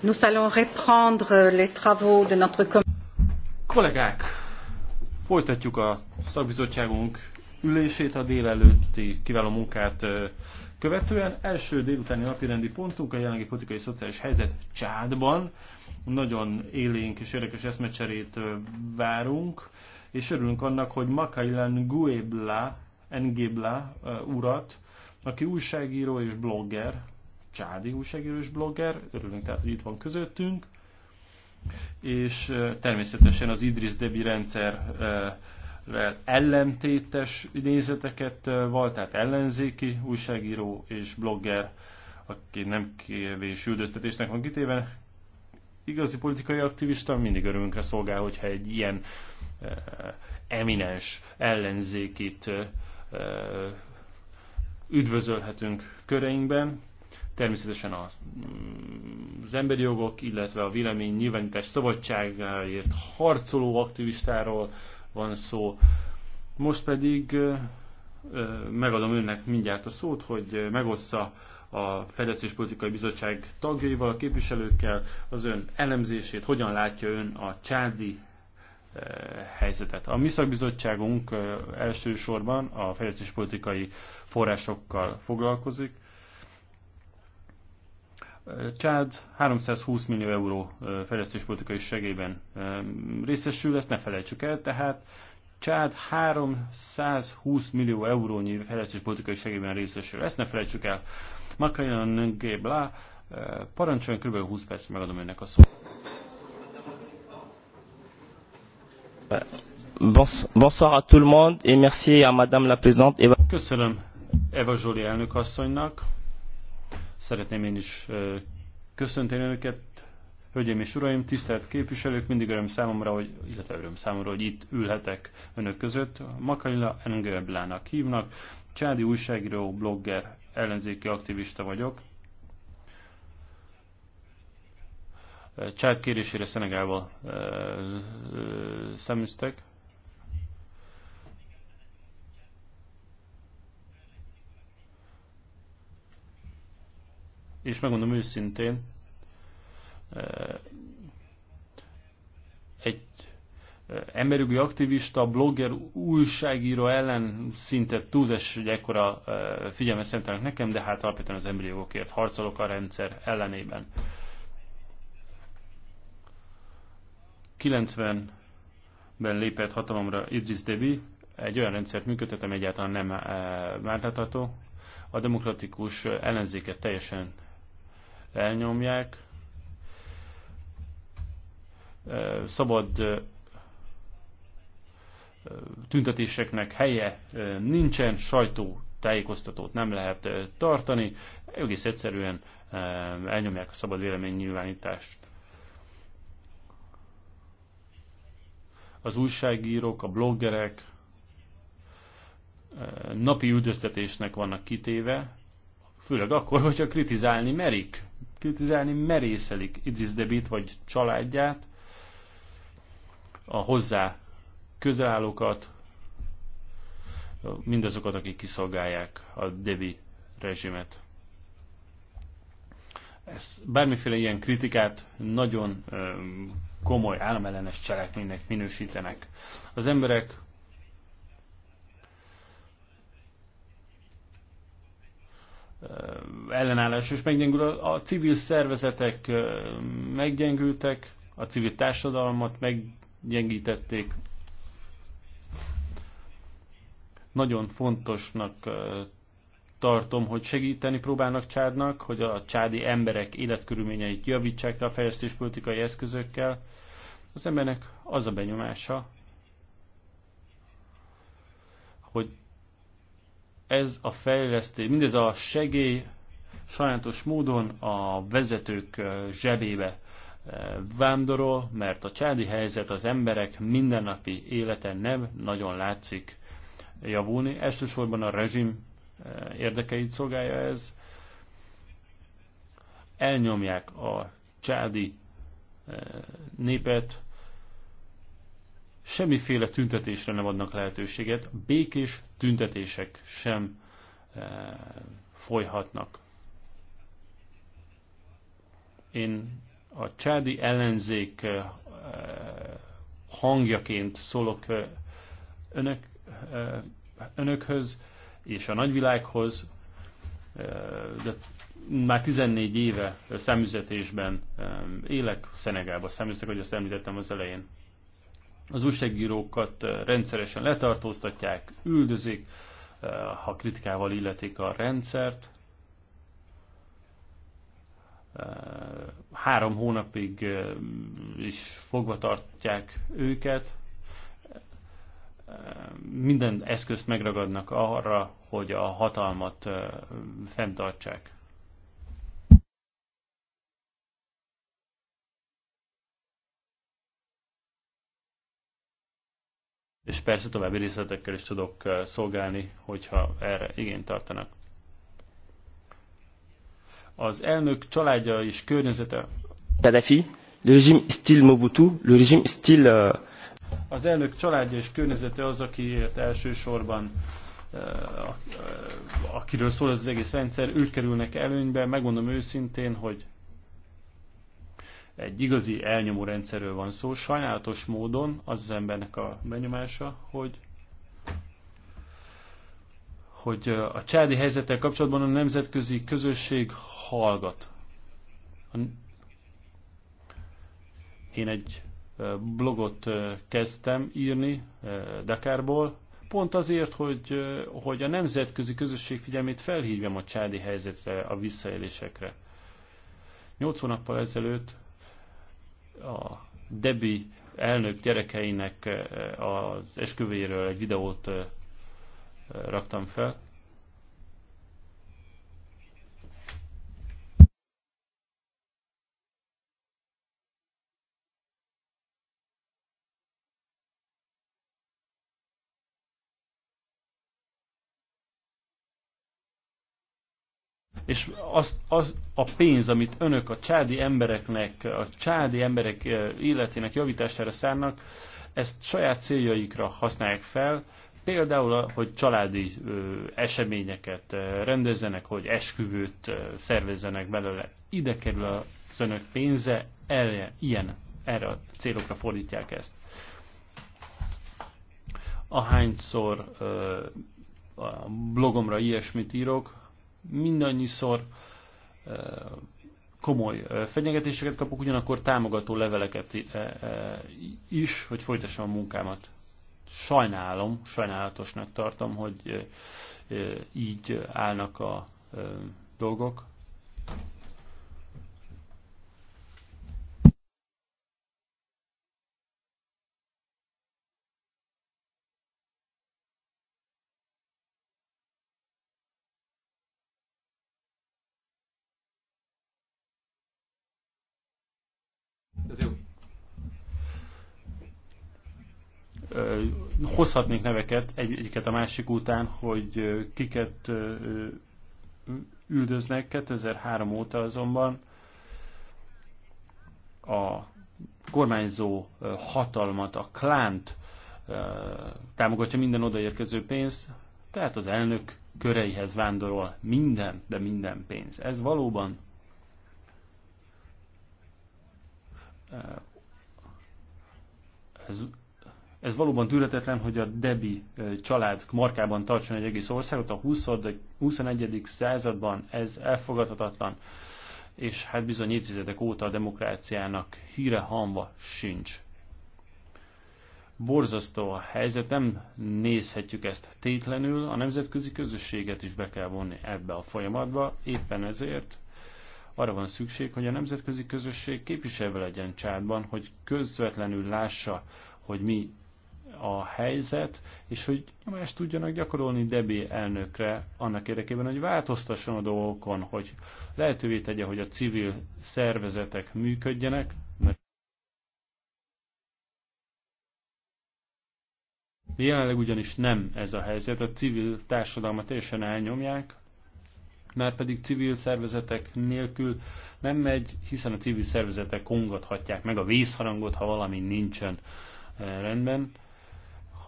Nous allons reprendre euh, les travaux de notre Kollégák, folytatjuk a szakbizottságunk ülését a délelőtti kiváló munkát követően. Első délutáni napirendi pontunk a jelenlegi politikai szociális helyzet Csádban. Nagyon élénk és érdekes eszmecserét várunk, és örülünk annak, hogy Makailan Guebla, Ngebla urat, aki újságíró és blogger, csádi újságírós blogger, örülünk tehát, hogy itt van közöttünk, és természetesen az Idris Debi rendszer ellentétes nézeteket volt, tehát ellenzéki újságíró és blogger, aki nem kevés üldöztetésnek van kitéve, igazi politikai aktivista mindig örömünkre szolgál, hogyha egy ilyen eminens ellenzékit üdvözölhetünk köreinkben. Természetesen a, mm, az emberi jogok, illetve a vélemény nyilvánítás szabadságáért harcoló aktivistáról van szó. Most pedig megadom önnek mindjárt a szót, hogy megossza a Fejlesztéspolitikai Bizottság tagjaival, a képviselőkkel az ön elemzését, hogyan látja ön a csádi helyzetet. A mi szakbizottságunk elsősorban a fejlesztéspolitikai forrásokkal foglalkozik, Csád 320 millió euró fejlesztéspolitikai segélyben részesül, ezt ne felejtsük el, tehát Csád 320 millió eurónyi fejlesztéspolitikai segélyben részesül, ezt ne felejtsük el. Makajan Ngebla, parancsoljon kb. 20 perc, megadom önnek a szót. Bonsoir à tout le monde, et merci à Madame la Présidente. Köszönöm Eva Zsoli elnök asszonynak, Szeretném én is köszönteni önöket, Hölgyeim és Uraim, tisztelt képviselők, mindig öröm számomra, hogy, illetve öröm számomra, hogy itt ülhetek önök között. Makalila Engelblának hívnak, csádi újságíró, blogger, ellenzéki aktivista vagyok. Csád kérésére Szenegával szemüztek. és megmondom őszintén, e, egy e, emberügyi aktivista, blogger, újságíró ellen szinte túlzás, hogy ekkora e, figyelmet szentelnek nekem, de hát alapvetően az emberi jogokért harcolok a rendszer ellenében. 90-ben lépett hatalomra Idris Debi, egy olyan rendszert működtetem, egyáltalán nem e, A demokratikus ellenzéket teljesen elnyomják. Szabad tüntetéseknek helye nincsen, sajtó tájékoztatót nem lehet tartani, egész egyszerűen elnyomják a szabad véleménynyilvánítást. Az újságírók, a bloggerek napi üldöztetésnek vannak kitéve, főleg akkor, hogyha kritizálni merik kritizálni merészelik Idris Debit vagy családját, a hozzá közelállókat, mindazokat, akik kiszolgálják a Debi rezsimet. Ez bármiféle ilyen kritikát nagyon komoly államellenes cselekménynek minősítenek. Az emberek ellenállás is meggyengül, a civil szervezetek meggyengültek, a civil társadalmat meggyengítették. Nagyon fontosnak tartom, hogy segíteni próbálnak Csádnak, hogy a csádi emberek életkörülményeit javítsák a a fejlesztéspolitikai eszközökkel. Az embernek az a benyomása, hogy ez a fejlesztés, mindez a segély sajátos módon a vezetők zsebébe vándorol, mert a csádi helyzet az emberek mindennapi élete nem nagyon látszik javulni. Elsősorban a rezsim érdekeit szolgálja ez. Elnyomják a csádi népet, semmiféle tüntetésre nem adnak lehetőséget, békés tüntetések sem e, folyhatnak. Én a csádi ellenzék e, hangjaként szólok eh, önök, e, önökhöz és a nagyvilághoz, e, de már 14 éve számüzetésben élek, Szenegálba számüzetek, hogy azt említettem az elején az újságírókat eh, rendszeresen letartóztatják, üldözik, eh, ha kritikával illetik a rendszert. Eh, három hónapig is fogva tartják őket. Minden eszközt megragadnak arra, hogy a hatalmat fenntartsák. és persze további részletekkel is tudok eh, szolgálni, hogyha erre igényt tartanak. Az elnök családja és környezete. Gaddafi, le régime style Mobutu, le régime style... Eh, az elnök családja és környezete az, akiért elsősorban eh, akiről szól az egész rendszer, ők kerülnek előnybe, megmondom őszintén, hogy egy igazi elnyomó rendszerről van szó. Sajnálatos módon az az embernek a benyomása, hogy hogy a csádi helyzettel kapcsolatban a nemzetközi közösség hallgat. Én egy blogot kezdtem írni Dakárból, pont azért, hogy, hogy a nemzetközi közösség figyelmét felhívjam a csádi helyzetre, a visszaélésekre. Nyolc hónappal ezelőtt a Debi elnök gyerekeinek eh, az esküvéről egy videót eh, raktam fel. és az, az a pénz, amit önök a csádi embereknek, a csádi emberek eh, életének javítására szánnak, ezt saját céljaikra használják fel, például, hogy családi eseményeket eh, rendezzenek, hogy esküvőt eh, szervezzenek belőle. Ide kerül a önök pénze, erre, ilyen, erre a célokra fordítják ezt. Ahányszor a blogomra ilyesmit írok, mindannyiszor komoly fenyegetéseket kapok, ugyanakkor támogató leveleket is, hogy folytassam a munkámat. Sajnálom, sajnálatosnak tartom, hogy így állnak a dolgok. hozhatnék neveket egy, egyiket a másik után, hogy kiket üldöznek 2003 óta azonban a kormányzó hatalmat, a klánt támogatja minden odaérkező pénzt, tehát az elnök köreihez vándorol minden, de minden pénz. Ez valóban ez ez valóban tűretetlen, hogy a Debi család markában tartson egy egész országot. A 20. 21. században ez elfogadhatatlan, és hát bizony évtizedek óta a demokráciának híre hamva sincs. Borzasztó a helyzet, nem nézhetjük ezt tétlenül, a nemzetközi közösséget is be kell vonni ebbe a folyamatba, éppen ezért arra van szükség, hogy a nemzetközi közösség képviselve legyen csádban, hogy közvetlenül lássa, hogy mi a helyzet, és hogy nyomást tudjanak gyakorolni Debi elnökre annak érdekében, hogy változtasson a dolgokon, hogy lehetővé tegye, hogy a civil szervezetek működjenek, Jelenleg ugyanis nem ez a helyzet, a civil társadalmat teljesen elnyomják, mert pedig civil szervezetek nélkül nem megy, hiszen a civil szervezetek kongathatják meg a vészharangot, ha valami nincsen eh, rendben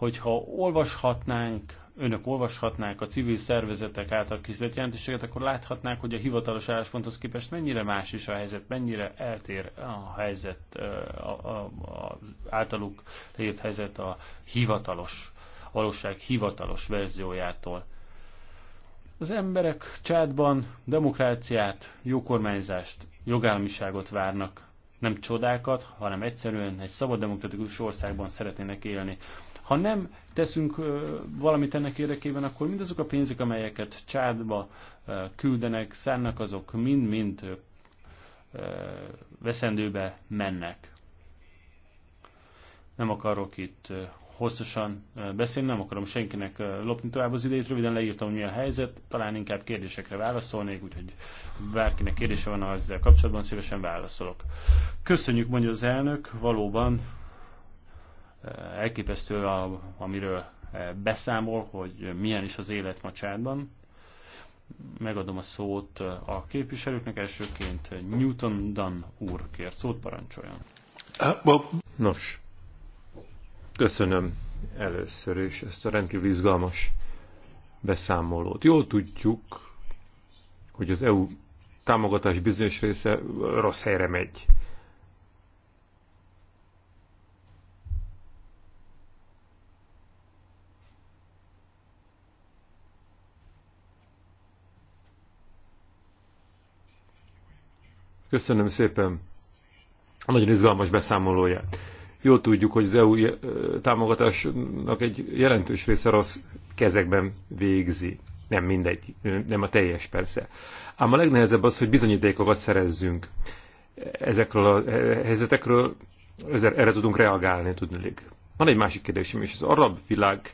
hogyha olvashatnánk, önök olvashatnák a civil szervezetek által készített jelentéseket, akkor láthatnák, hogy a hivatalos állásponthoz képest mennyire más is a helyzet, mennyire eltér a helyzet, az általuk leírt helyzet a hivatalos, valóság hivatalos verziójától. Az emberek csátban demokráciát, jókormányzást, jogállamiságot várnak, nem csodákat, hanem egyszerűen egy szabad demokratikus országban szeretnének élni. Ha nem teszünk valamit ennek érdekében, akkor mindazok a pénzek, amelyeket csádba küldenek, szánnak, azok mind-mind veszendőbe mennek. Nem akarok itt hosszasan beszélni, nem akarom senkinek lopni tovább az idejét, röviden leírtam, hogy mi a helyzet, talán inkább kérdésekre válaszolnék, úgyhogy bárkinek kérdése van ezzel kapcsolatban, szívesen válaszolok. Köszönjük, mondja az elnök, valóban Eh, elképesztő, amiről eh, beszámol, hogy milyen is az élet Macsádban. Megadom a szót eh, a képviselőknek, elsőként Newton Dunn úr kért szót, parancsoljon. Nos, köszönöm először is ezt a rendkívül izgalmas beszámolót. Jól tudjuk, hogy az EU támogatás bizonyos része rossz helyre megy. Köszönöm szépen a nagyon izgalmas beszámolóját. Jól tudjuk, hogy az EU eh, támogatásnak egy jelentős része rossz kezekben végzi. Nem mindegy, nem a teljes persze. Ám a legnehezebb az, hogy bizonyítékokat szerezzünk ezekről a eh, helyzetekről, erre tudunk reagálni, tudnilik. Van egy másik kérdésem is. Az arab világ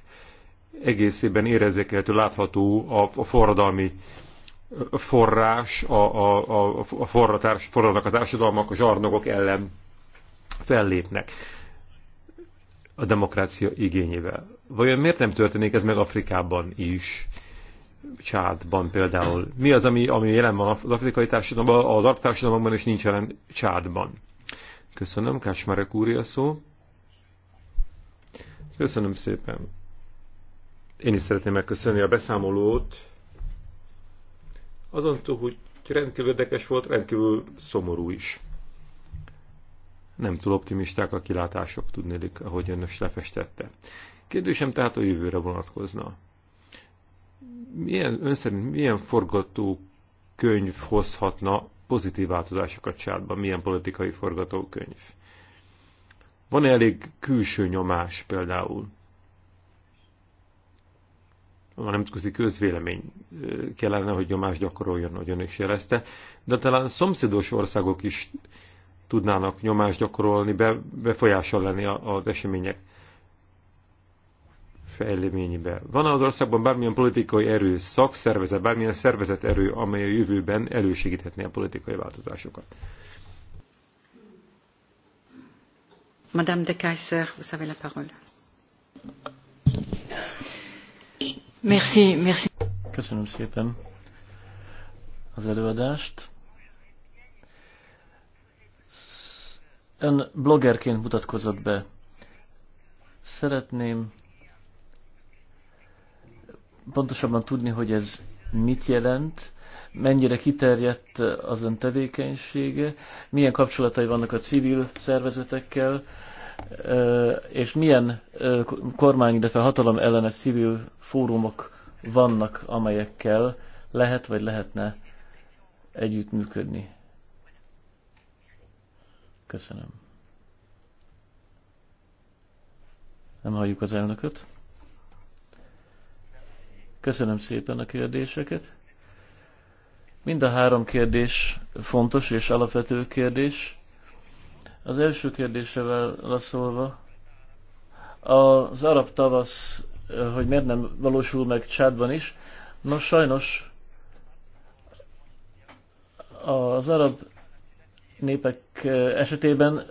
egészében érezékelhető, látható a forradalmi forrás, a, a, a, a forratárs, forradnak a társadalmak, a zsarnokok ellen fellépnek a demokrácia igényével. Vajon miért nem történik ez meg Afrikában is? Csádban például. Mi az, ami, ami jelen van az afrikai társadalomban, az arab társadalomban és nincs jelen Csádban? Köszönöm, Kásmarek úr a szó. Köszönöm szépen. Én is szeretném megköszönni a beszámolót. Azon túl, hogy rendkívül érdekes volt, rendkívül szomorú is. Nem túl optimisták a kilátások, tudnélik, ahogy önös lefestette. Kérdésem tehát a jövőre vonatkozna. Milyen, ön szerint milyen forgatókönyv hozhatna pozitív változásokat csátban? Milyen politikai forgatókönyv? Van -e elég külső nyomás például? a nemzetközi közvélemény kellene, hogy nyomást gyakoroljon, hogy ön is jelezte, de talán szomszédos országok is tudnának nyomást gyakorolni, befolyással lenni az események fejleményébe. Van az országban bármilyen politikai erő, szakszervezet, bármilyen szervezet erő, amely a jövőben elősegíthetné a politikai változásokat? Madame de Kaiser, vous avez la parole. Merci, merci. Köszönöm szépen az előadást. Ön bloggerként mutatkozott be. Szeretném pontosabban tudni, hogy ez mit jelent, mennyire kiterjedt az ön tevékenysége, milyen kapcsolatai vannak a civil szervezetekkel, és milyen kormány, illetve hatalom ellenes civil fórumok vannak, amelyekkel lehet vagy lehetne együttműködni. Köszönöm. Nem halljuk az elnököt. Köszönöm szépen a kérdéseket. Mind a három kérdés fontos és alapvető kérdés. Az első kérdésevel válaszolva, az arab tavasz, hogy miért nem valósul meg Csádban is, nos sajnos az arab népek esetében,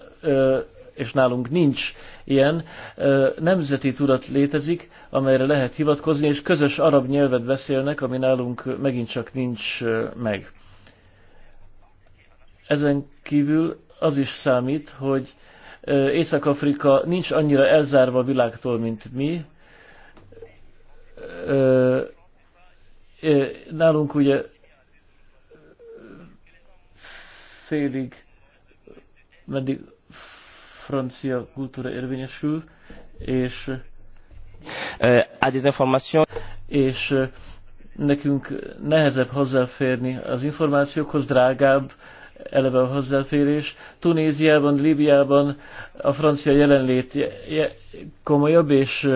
és nálunk nincs ilyen, nemzeti tudat létezik, amelyre lehet hivatkozni, és közös arab nyelvet beszélnek, ami nálunk megint csak nincs meg. Ezen kívül az is számít, hogy Észak-Afrika nincs annyira elzárva a világtól, mint mi. Nálunk ugye félig meddig francia kultúra érvényesül, és a euh, dezinformáció. És nekünk nehezebb hozzáférni az információkhoz, drágább eleve a hozzáférés. Tunéziában, Líbiában a francia jelenlét komolyabb, és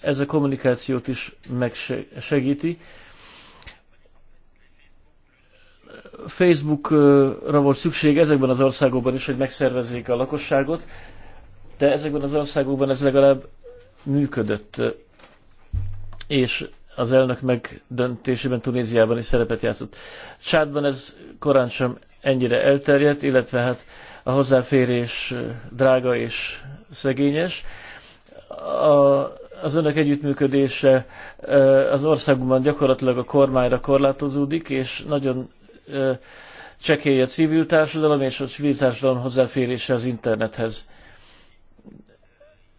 ez a kommunikációt is megsegíti. Facebookra volt szükség ezekben az országokban is, hogy megszervezzék a lakosságot, de ezekben az országokban ez legalább működött, és az elnök megdöntésében Tunéziában is szerepet játszott. Csádban ez korán sem ennyire elterjedt, illetve hát a hozzáférés drága és szegényes. A, az önök együttműködése az országban gyakorlatilag a kormányra korlátozódik, és nagyon csekély a civil társadalom és a civil társadalom hozzáférése az internethez.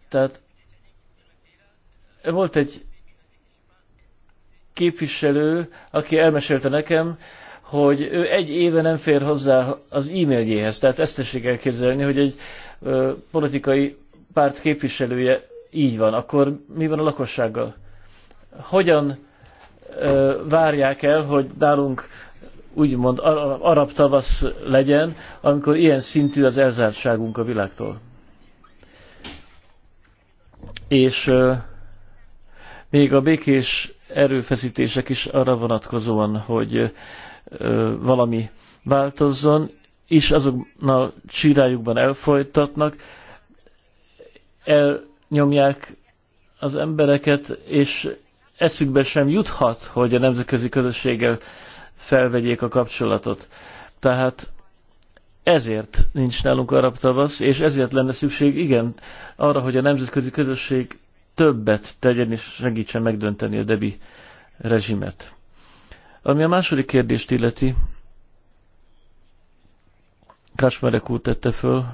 Tehát volt egy képviselő, aki elmesélte nekem, hogy ő egy éve nem fér hozzá az e-mailjéhez. Tehát ezt kell képzelni, hogy egy ö, politikai párt képviselője így van. Akkor mi van a lakossággal? Hogyan ö, várják el, hogy nálunk úgymond arab tavasz legyen, amikor ilyen szintű az elzártságunk a világtól? És ö, még a békés erőfeszítések is arra vonatkozóan, hogy valami változzon, és azoknál csírájukban elfolytatnak, elnyomják az embereket, és eszükbe sem juthat, hogy a nemzetközi közösséggel felvegyék a kapcsolatot. Tehát ezért nincs nálunk arab tavasz, és ezért lenne szükség, igen, arra, hogy a nemzetközi közösség többet tegyen és segítsen megdönteni a Debi rezsimet. Ami a második kérdést illeti, Kásmerek úr tette föl,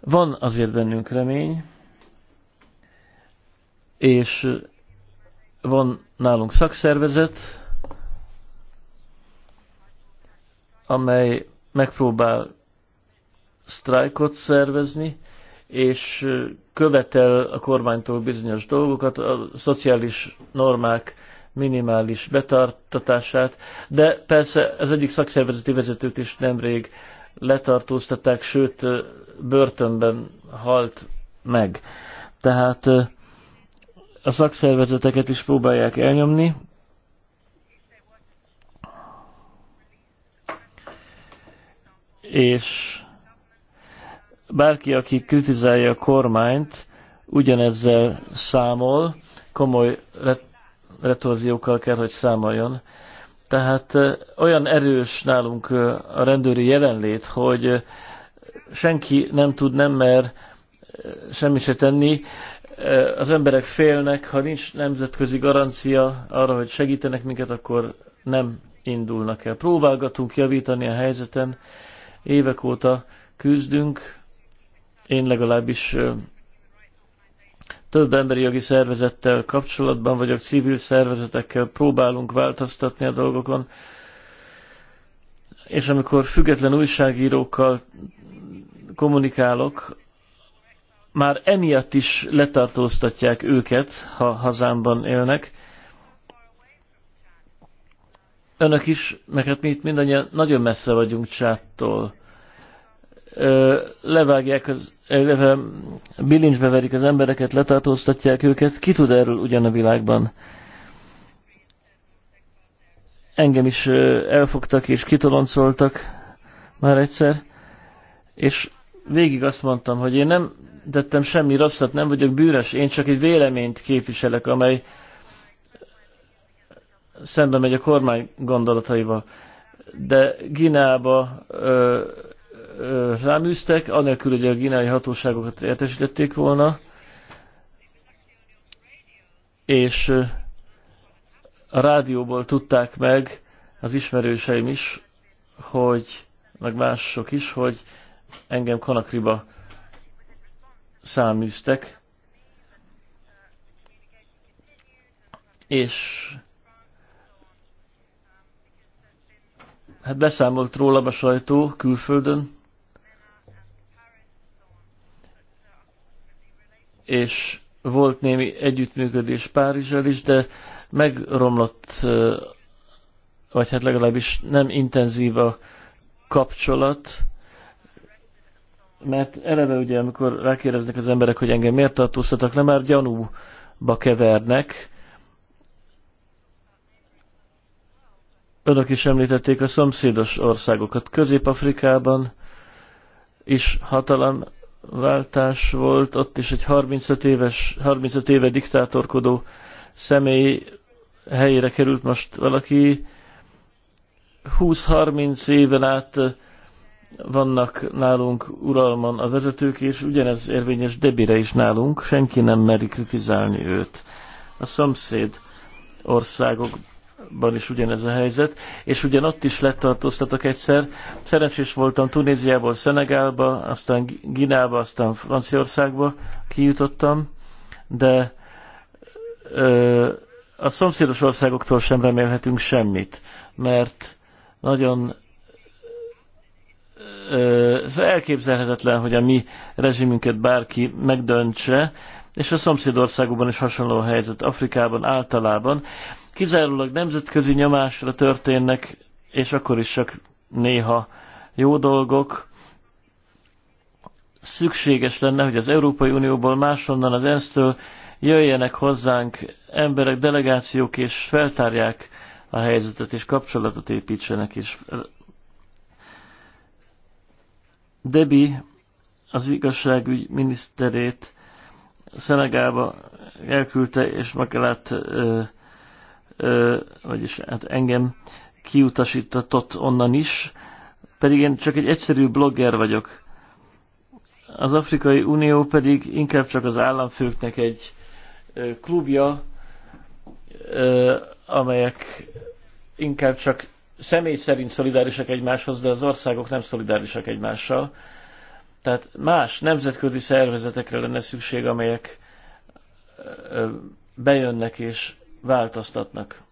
van azért bennünk remény, és van nálunk szakszervezet, amely megpróbál sztrájkot szervezni, és követel a kormánytól bizonyos dolgokat, a szociális normák minimális betartatását, de persze az egyik szakszervezeti vezetőt is nemrég letartóztatták, sőt börtönben halt meg. Tehát a szakszervezeteket is próbálják elnyomni. És bárki, aki kritizálja a kormányt, ugyanezzel számol komoly retorziókkal kell, hogy számoljon. Tehát olyan erős nálunk a rendőri jelenlét, hogy senki nem tud, nem mer semmi se tenni. Az emberek félnek, ha nincs nemzetközi garancia arra, hogy segítenek minket, akkor nem indulnak el. Próbálgatunk javítani a helyzeten, évek óta küzdünk, én legalábbis több emberi jogi szervezettel kapcsolatban vagyok, civil szervezetekkel próbálunk változtatni a dolgokon, és amikor független újságírókkal kommunikálok, már emiatt is letartóztatják őket, ha hazámban élnek. Önök is, meg hát mi itt mindannyian nagyon messze vagyunk csáttól levágják, az, illetve bilincsbe verik az embereket, letartóztatják őket. Ki tud erről ugyan a világban? Engem is elfogtak és kitoloncoltak már egyszer, és végig azt mondtam, hogy én nem tettem semmi rosszat, nem vagyok bűnös, én csak egy véleményt képviselek, amely szembe megy a kormány gondolataival. De Gineába ráműztek, anélkül, hogy a gínai hatóságokat értesítették volna, és a rádióból tudták meg az ismerőseim is, hogy, meg mások is, hogy engem Kanakriba száműztek, és hát beszámolt róla a sajtó külföldön, és volt némi együttműködés Párizsel is, de megromlott, vagy hát legalábbis nem intenzív a kapcsolat, mert eleve ugye, amikor rákérdeznek az emberek, hogy engem miért tartóztatak nem már gyanúba kevernek. Önök is említették a szomszédos országokat. Közép-Afrikában is hatalom váltás volt, ott is egy 35, éves, 35 éve diktátorkodó személy helyére került most valaki. 20-30 éven át vannak nálunk uralman a vezetők, és ugyanez érvényes Debire is nálunk, senki nem meri kritizálni őt. A szomszéd országok Tunéziában is ugyanez a helyzet, és ott is letartóztatok egyszer. Szerencsés voltam Tunéziából Szenegálba, aztán Ginába, aztán Franciaországba kijutottam, de ö, a szomszédos országoktól sem remélhetünk semmit, mert nagyon ö, elképzelhetetlen, hogy a mi rezsimünket bárki megdöntse, és a szomszédországokban is hasonló a helyzet, Afrikában általában. Kizárólag nemzetközi nyomásra történnek, és akkor is csak néha jó dolgok. Szükséges lenne, hogy az Európai Unióból máshonnan az ENSZ-től jöjjenek hozzánk emberek, delegációk, és feltárják a helyzetet, és kapcsolatot építsenek, és Debi az igazságügy miniszterét Szenegába elküldte, és ö, vagyis hát engem kiutasítatott onnan is, pedig én csak egy egyszerű blogger vagyok. Az Afrikai Unió pedig inkább csak az államfőknek egy klubja, amelyek inkább csak személy szerint szolidárisak egymáshoz, de az országok nem szolidárisak egymással. Tehát más nemzetközi szervezetekre lenne szükség, amelyek bejönnek és változtatnak.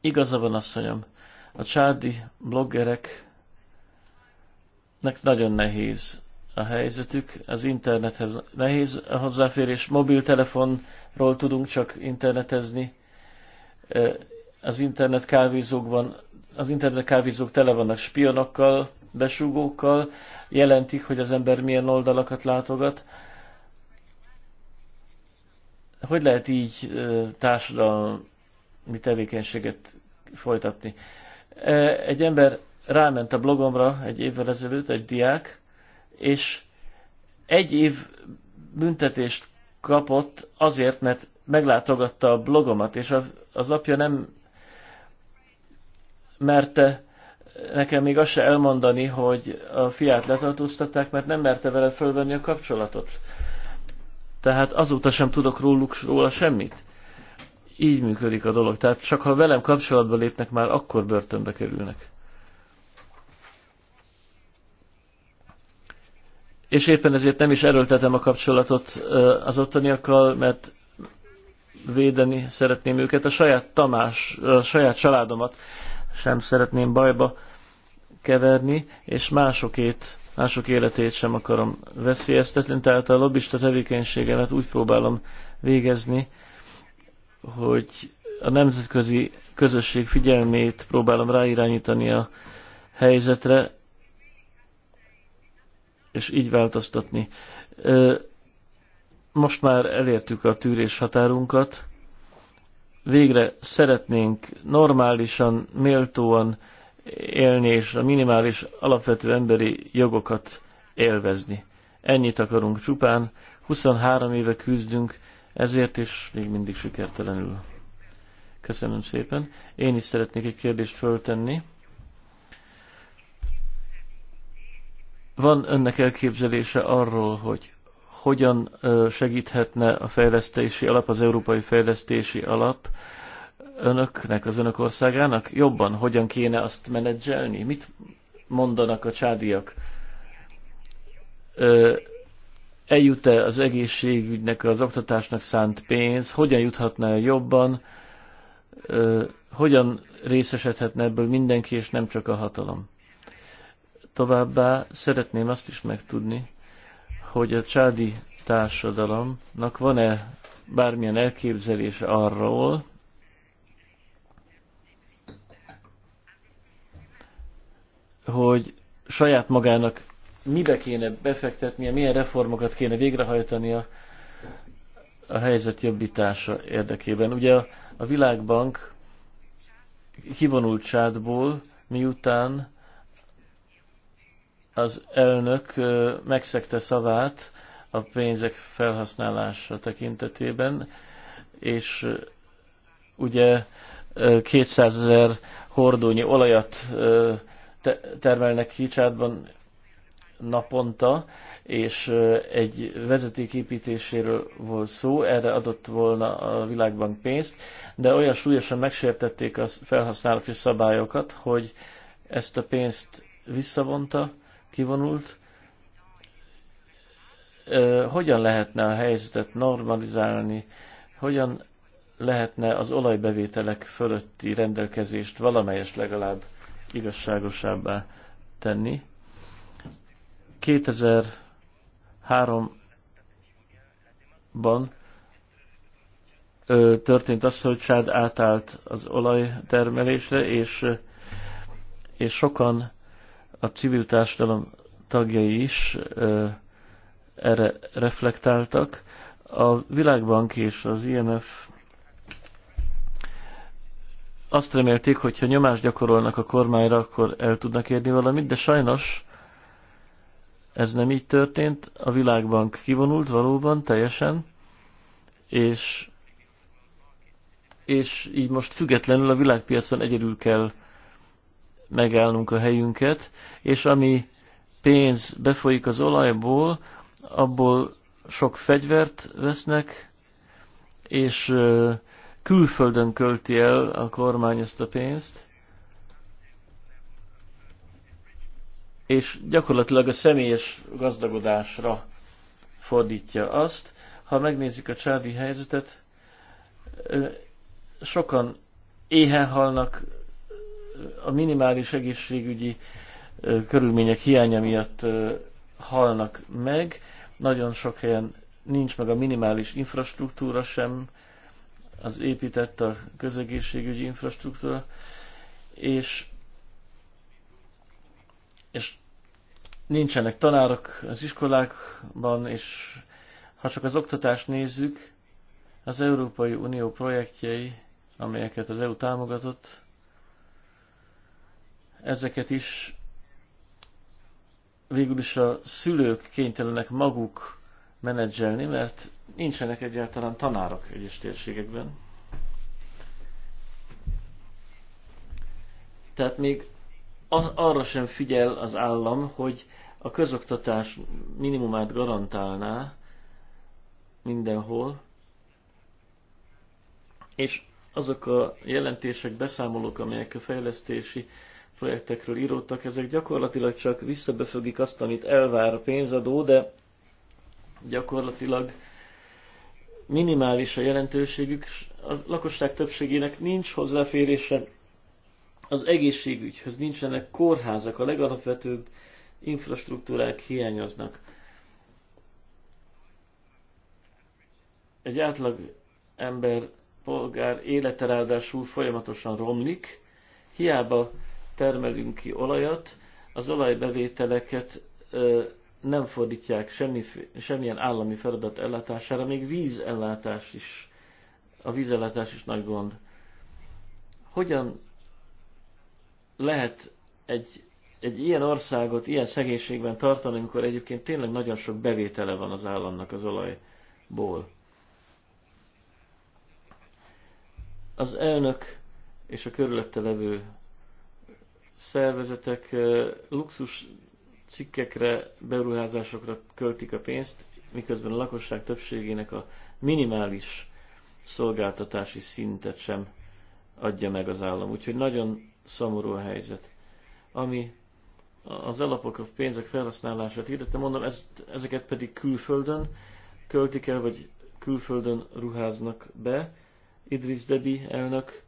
Igaza van, asszonyom, a csádi bloggereknek nagyon nehéz a helyzetük, az internethez nehéz a hozzáférés, mobiltelefonról tudunk csak internetezni, az internet kávézókban, az internet kávézók tele vannak spionokkal, besúgókkal, jelentik, hogy az ember milyen oldalakat látogat. Hogy lehet így társadalmi tevékenységet folytatni? Egy ember ráment a blogomra egy évvel ezelőtt, egy diák, és egy év büntetést kapott azért, mert meglátogatta a blogomat, és az apja nem merte nekem még azt se elmondani, hogy a fiát letartóztatták, mert nem merte vele fölvenni a kapcsolatot. Tehát azóta sem tudok róluk róla semmit. Így működik a dolog. Tehát csak ha velem kapcsolatba lépnek, már akkor börtönbe kerülnek. És éppen ezért nem is erőltetem a kapcsolatot az ottaniakkal, mert védeni szeretném őket, a saját Tamás, a saját családomat sem szeretném bajba keverni, és másokét, mások életét sem akarom veszélyeztetni, tehát a lobbista tevékenységemet úgy próbálom végezni, hogy a nemzetközi közösség figyelmét próbálom ráirányítani a helyzetre, és így változtatni. Most már elértük a tűrés határunkat, végre szeretnénk normálisan, méltóan élni és a minimális alapvető emberi jogokat élvezni. Ennyit akarunk csupán. 23 éve küzdünk ezért, is még mindig sikertelenül. Köszönöm szépen. Én is szeretnék egy kérdést föltenni. Van önnek elképzelése arról, hogy hogyan segíthetne a fejlesztési alap, az európai fejlesztési alap önöknek, az önök országának jobban, hogyan kéne azt menedzselni? Mit mondanak a csádiak? Eljut-e az egészségügynek, az oktatásnak szánt pénz? Hogyan juthatna -e jobban? Hogyan részesedhetne ebből mindenki, és nem csak a hatalom? Továbbá szeretném azt is megtudni, hogy a csádi társadalomnak van-e bármilyen elképzelése arról, hogy saját magának mibe kéne befektetnie, milyen reformokat kéne végrehajtania a helyzet jobbítása érdekében. Ugye a, a Világbank kivonult csádból, miután az elnök megszegte szavát a pénzek felhasználása tekintetében, és ugye 200 ezer hordónyi olajat termelnek Kicsádban naponta, és egy vezetéképítéséről volt szó, erre adott volna a világbank pénzt, de olyan súlyosan megsértették a felhasználási szabályokat, hogy ezt a pénzt visszavonta, kivonult. Hogyan lehetne a helyzetet normalizálni, hogyan lehetne az olajbevételek fölötti rendelkezést valamelyest legalább igazságosabbá tenni. 2003-ban történt az, hogy Csád átállt az olajtermelésre, és, és sokan a civil társadalom tagjai is erre reflektáltak. A Világbank és az IMF azt remélték, hogy ha nyomást gyakorolnak a kormányra, akkor el tudnak érni valamit, de sajnos ez nem így történt. A Világbank kivonult valóban teljesen, és, és így most függetlenül a világpiacon egyedül kell megállnunk a helyünket, és ami pénz befolyik az olajból, abból sok fegyvert vesznek, és külföldön költi el a kormány ezt a pénzt, és gyakorlatilag a személyes gazdagodásra fordítja azt. Ha megnézik a csádi helyzetet, sokan éhen halnak, a minimális egészségügyi körülmények hiánya miatt halnak meg. Nagyon sok helyen nincs meg a minimális infrastruktúra sem, az épített a közegészségügyi infrastruktúra, és, és nincsenek tanárok az iskolákban, és ha csak az oktatást nézzük, az Európai Unió projektjei, amelyeket az EU támogatott, ezeket is végül is a szülők kénytelenek maguk menedzselni, mert nincsenek egyáltalán tanárok egyes térségekben. Tehát még arra sem figyel az állam, hogy a közoktatás minimumát garantálná mindenhol, és azok a jelentések, beszámolók, amelyek a fejlesztési projektekről íródtak, ezek gyakorlatilag csak visszabefögik azt, amit elvár a pénzadó, de gyakorlatilag minimális a jelentőségük, a lakosság többségének nincs hozzáférése az egészségügyhöz, nincsenek kórházak, a legalapvetőbb infrastruktúrák hiányoznak. Egy átlag ember, polgár élete ráadásul folyamatosan romlik, hiába termelünk ki olajat, az olajbevételeket nem fordítják semmi, semmilyen állami feladat ellátására, még vízellátás is, a vízellátás is nagy gond. Hogyan lehet egy, egy ilyen országot ilyen szegénységben tartani, amikor egyébként tényleg nagyon sok bevétele van az államnak az olajból? Az elnök és a körülötte levő szervezetek luxus cikkekre, beruházásokra költik a pénzt, miközben a lakosság többségének a minimális szolgáltatási szintet sem adja meg az állam. Úgyhogy nagyon szomorú a helyzet. Ami az alapok, a pénzek felhasználását hirdette, mondom, ezt, ezeket pedig külföldön költik el, vagy külföldön ruháznak be. Idris Debi elnök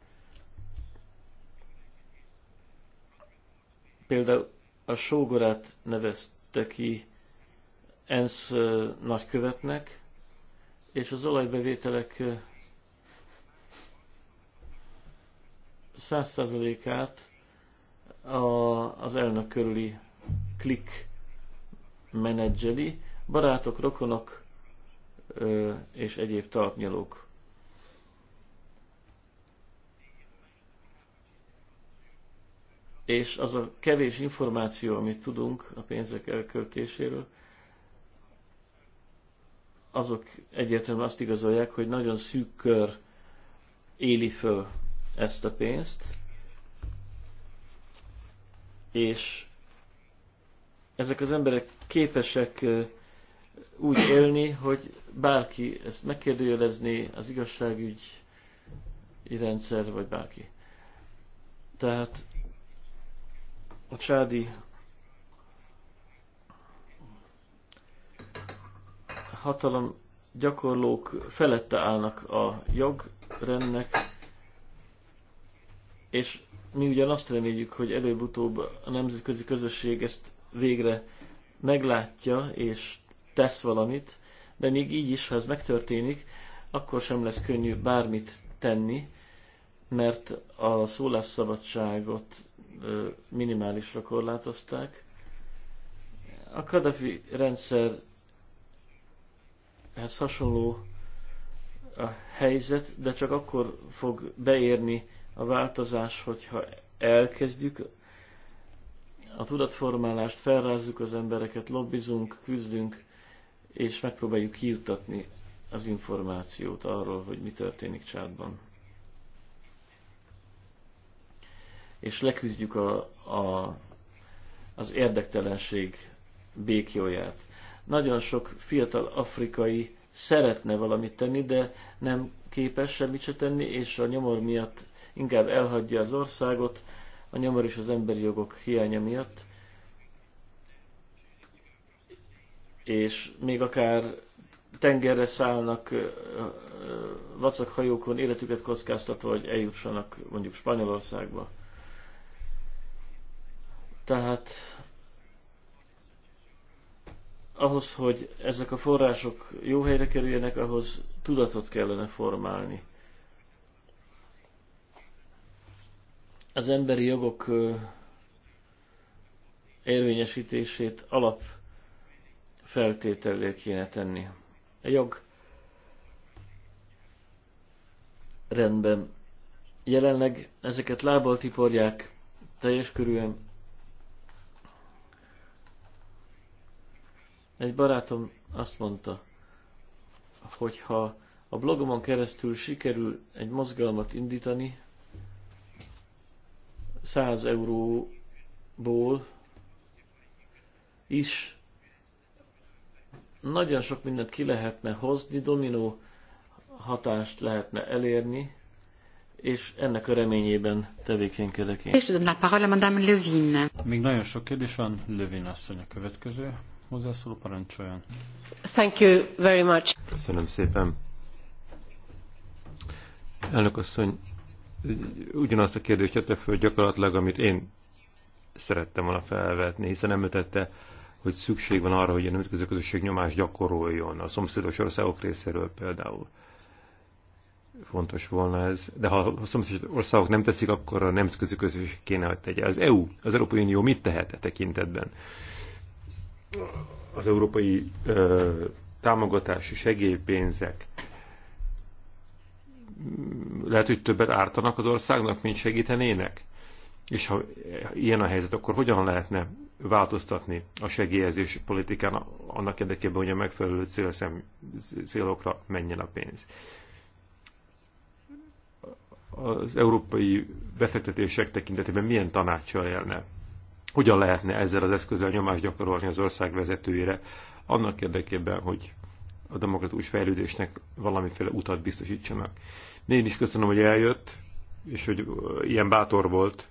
Például a sógorát nevezte ki ENSZ nagykövetnek, és az olajbevételek 100%-át az elnök körüli klik menedzseli, barátok, rokonok és egyéb talpnyalók és az a kevés információ, amit tudunk a pénzek elköltéséről, azok egyértelműen azt igazolják, hogy nagyon szűk kör éli föl ezt a pénzt, és ezek az emberek képesek úgy élni, hogy bárki ezt megkérdőjelezni, az igazságügyi rendszer, vagy bárki. Tehát a csádi hatalom gyakorlók felette állnak a jogrendnek, és mi ugyan azt reméljük, hogy előbb-utóbb a nemzetközi közösség ezt végre meglátja és tesz valamit, de még így is, ha ez megtörténik, akkor sem lesz könnyű bármit tenni, mert a szólásszabadságot minimálisra korlátozták. A Kadafi rendszerhez hasonló a helyzet, de csak akkor fog beérni a változás, hogyha elkezdjük a tudatformálást, felrázzuk az embereket, lobbizunk, küzdünk, és megpróbáljuk kijutatni az információt arról, hogy mi történik csátban. és leküzdjük a, a, az érdektelenség békjóját. Nagyon sok fiatal afrikai szeretne valamit tenni, de nem képes semmit se tenni, és a nyomor miatt inkább elhagyja az országot, a nyomor és az emberi jogok hiánya miatt. És még akár tengerre szállnak hajókon életüket kockáztatva, hogy eljussanak mondjuk Spanyolországba. Tehát ahhoz, hogy ezek a források jó helyre kerüljenek, ahhoz tudatot kellene formálni. Az emberi jogok érvényesítését alap feltétellé kéne tenni. A jog rendben. Jelenleg ezeket lábbal tiporják teljes körülön, Egy barátom azt mondta, hogy ha a blogomon keresztül sikerül egy mozgalmat indítani, 100 euróból is nagyon sok mindent ki lehetne hozni, dominó hatást lehetne elérni, és ennek a reményében tevékenykedek én. Még nagyon sok kérdés van, Lövin asszony a következő hozzászóló parancsoljon. Thank you very much. Köszönöm szépen. Elnök asszony, ugyanazt a kérdést tette föl gyakorlatilag, amit én szerettem volna felvetni, hiszen említette, hogy szükség van arra, hogy a nemzetközi közösség nyomás gyakoroljon, a szomszédos országok részéről például. Fontos volna ez, de ha a szomszédos országok nem tetszik, akkor a nemzetközi közösség kéne, hogy tegye. Az EU, az Európai Unió mit tehet e tekintetben? az európai ö, támogatási segélypénzek lehet, hogy többet ártanak az országnak, mint segítenének? És ha ilyen a helyzet, akkor hogyan lehetne változtatni a segélyezés politikán annak érdekében, hogy a megfelelő célszem, célokra menjen a pénz? Az európai befektetések tekintetében milyen tanácsa élne? hogyan lehetne ezzel az eszközzel nyomást gyakorolni az ország vezetőjére, annak érdekében, hogy a demokratikus fejlődésnek valamiféle utat biztosítsanak. Én is köszönöm, hogy eljött, és hogy ilyen bátor volt,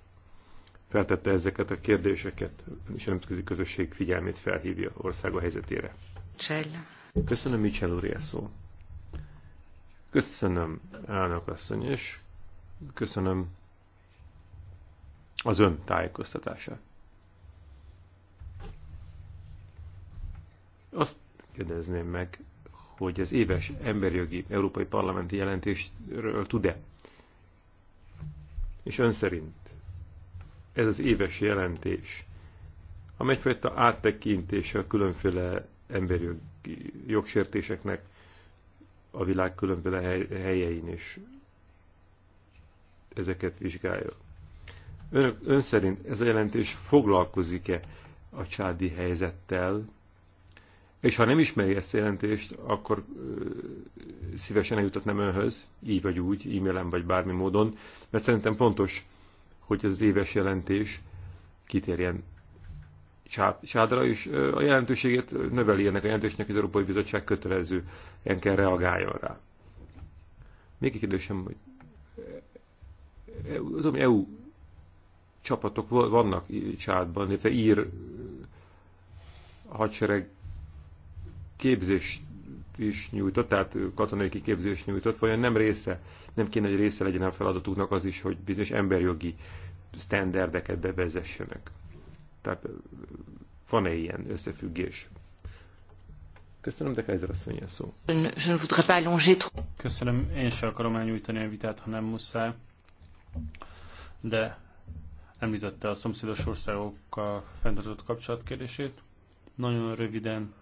feltette ezeket a kérdéseket, és a nemzetközi közösség figyelmét felhívja országa helyzetére. Csella. Köszönöm, Michel úr, szó. Köszönöm, elnök asszony, és köszönöm az ön tájékoztatását. Azt kérdezném meg, hogy az éves emberi jogi európai parlamenti jelentésről tud-e? És ön szerint ez az éves jelentés, amely egyfajta áttekintése a különféle emberi jogsértéseknek a világ különféle helyein is ezeket vizsgálja. Önök, ön szerint ez a jelentés foglalkozik-e a csádi helyzettel, és ha nem ismeri ezt a jelentést, akkor szívesen eljutatnám önhöz, így vagy úgy, e-mailen vagy bármi módon, mert szerintem fontos, hogy az éves jelentés kitérjen sádra, és a jelentőségét növeli ennek a jelentésnek, az Európai Bizottság kötelező, ilyen kell reagáljon rá. Még egy kérdésem, hogy az, ami EU csapatok vannak csádban, illetve ír hadsereg képzést is nyújtott, tehát katonai kiképzést nyújtott, vajon nem része, nem kéne, hogy része legyen a feladatuknak az is, hogy bizonyos emberjogi sztenderdeket bevezessenek. Tehát van-e ilyen összefüggés? Köszönöm, de Kaiser asszony a szó. Köszönöm, én sem akarom elnyújtani a vitát, ha nem muszáj. De említette a szomszédos országokkal fenntartott kapcsolatkérdését. Nagyon röviden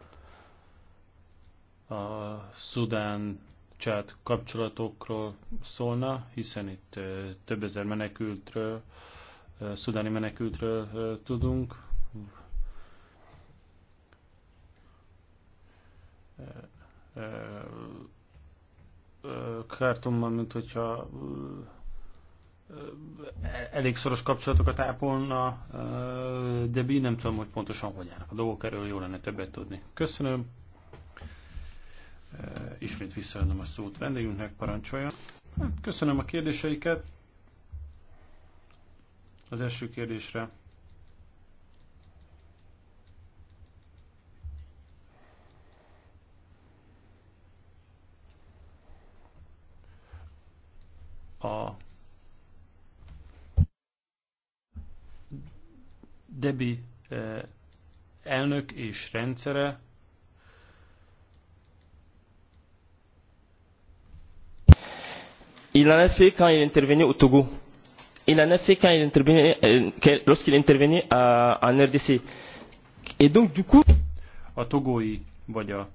a Szudán csát kapcsolatokról szólna, hiszen itt több ezer menekültről, szudáni menekültről tudunk. Kártomban, mint hogyha e, elég szoros kapcsolatokat ápolna, de bí nem tudom, hogy pontosan hogy állnak a dolgok, erről jó lenne többet tudni. Köszönöm. Eh, ismét visszaadom a szót vendégünknek, parancsolja hát, Köszönöm a kérdéseiket. Az első kérdésre a Debi eh, elnök és rendszere il en a fait quand il intervenu au Togo. Il en a fait quand il intervenait, euh, lorsqu'il intervenait à, en RDC. Et donc du coup... A Togo, vagy a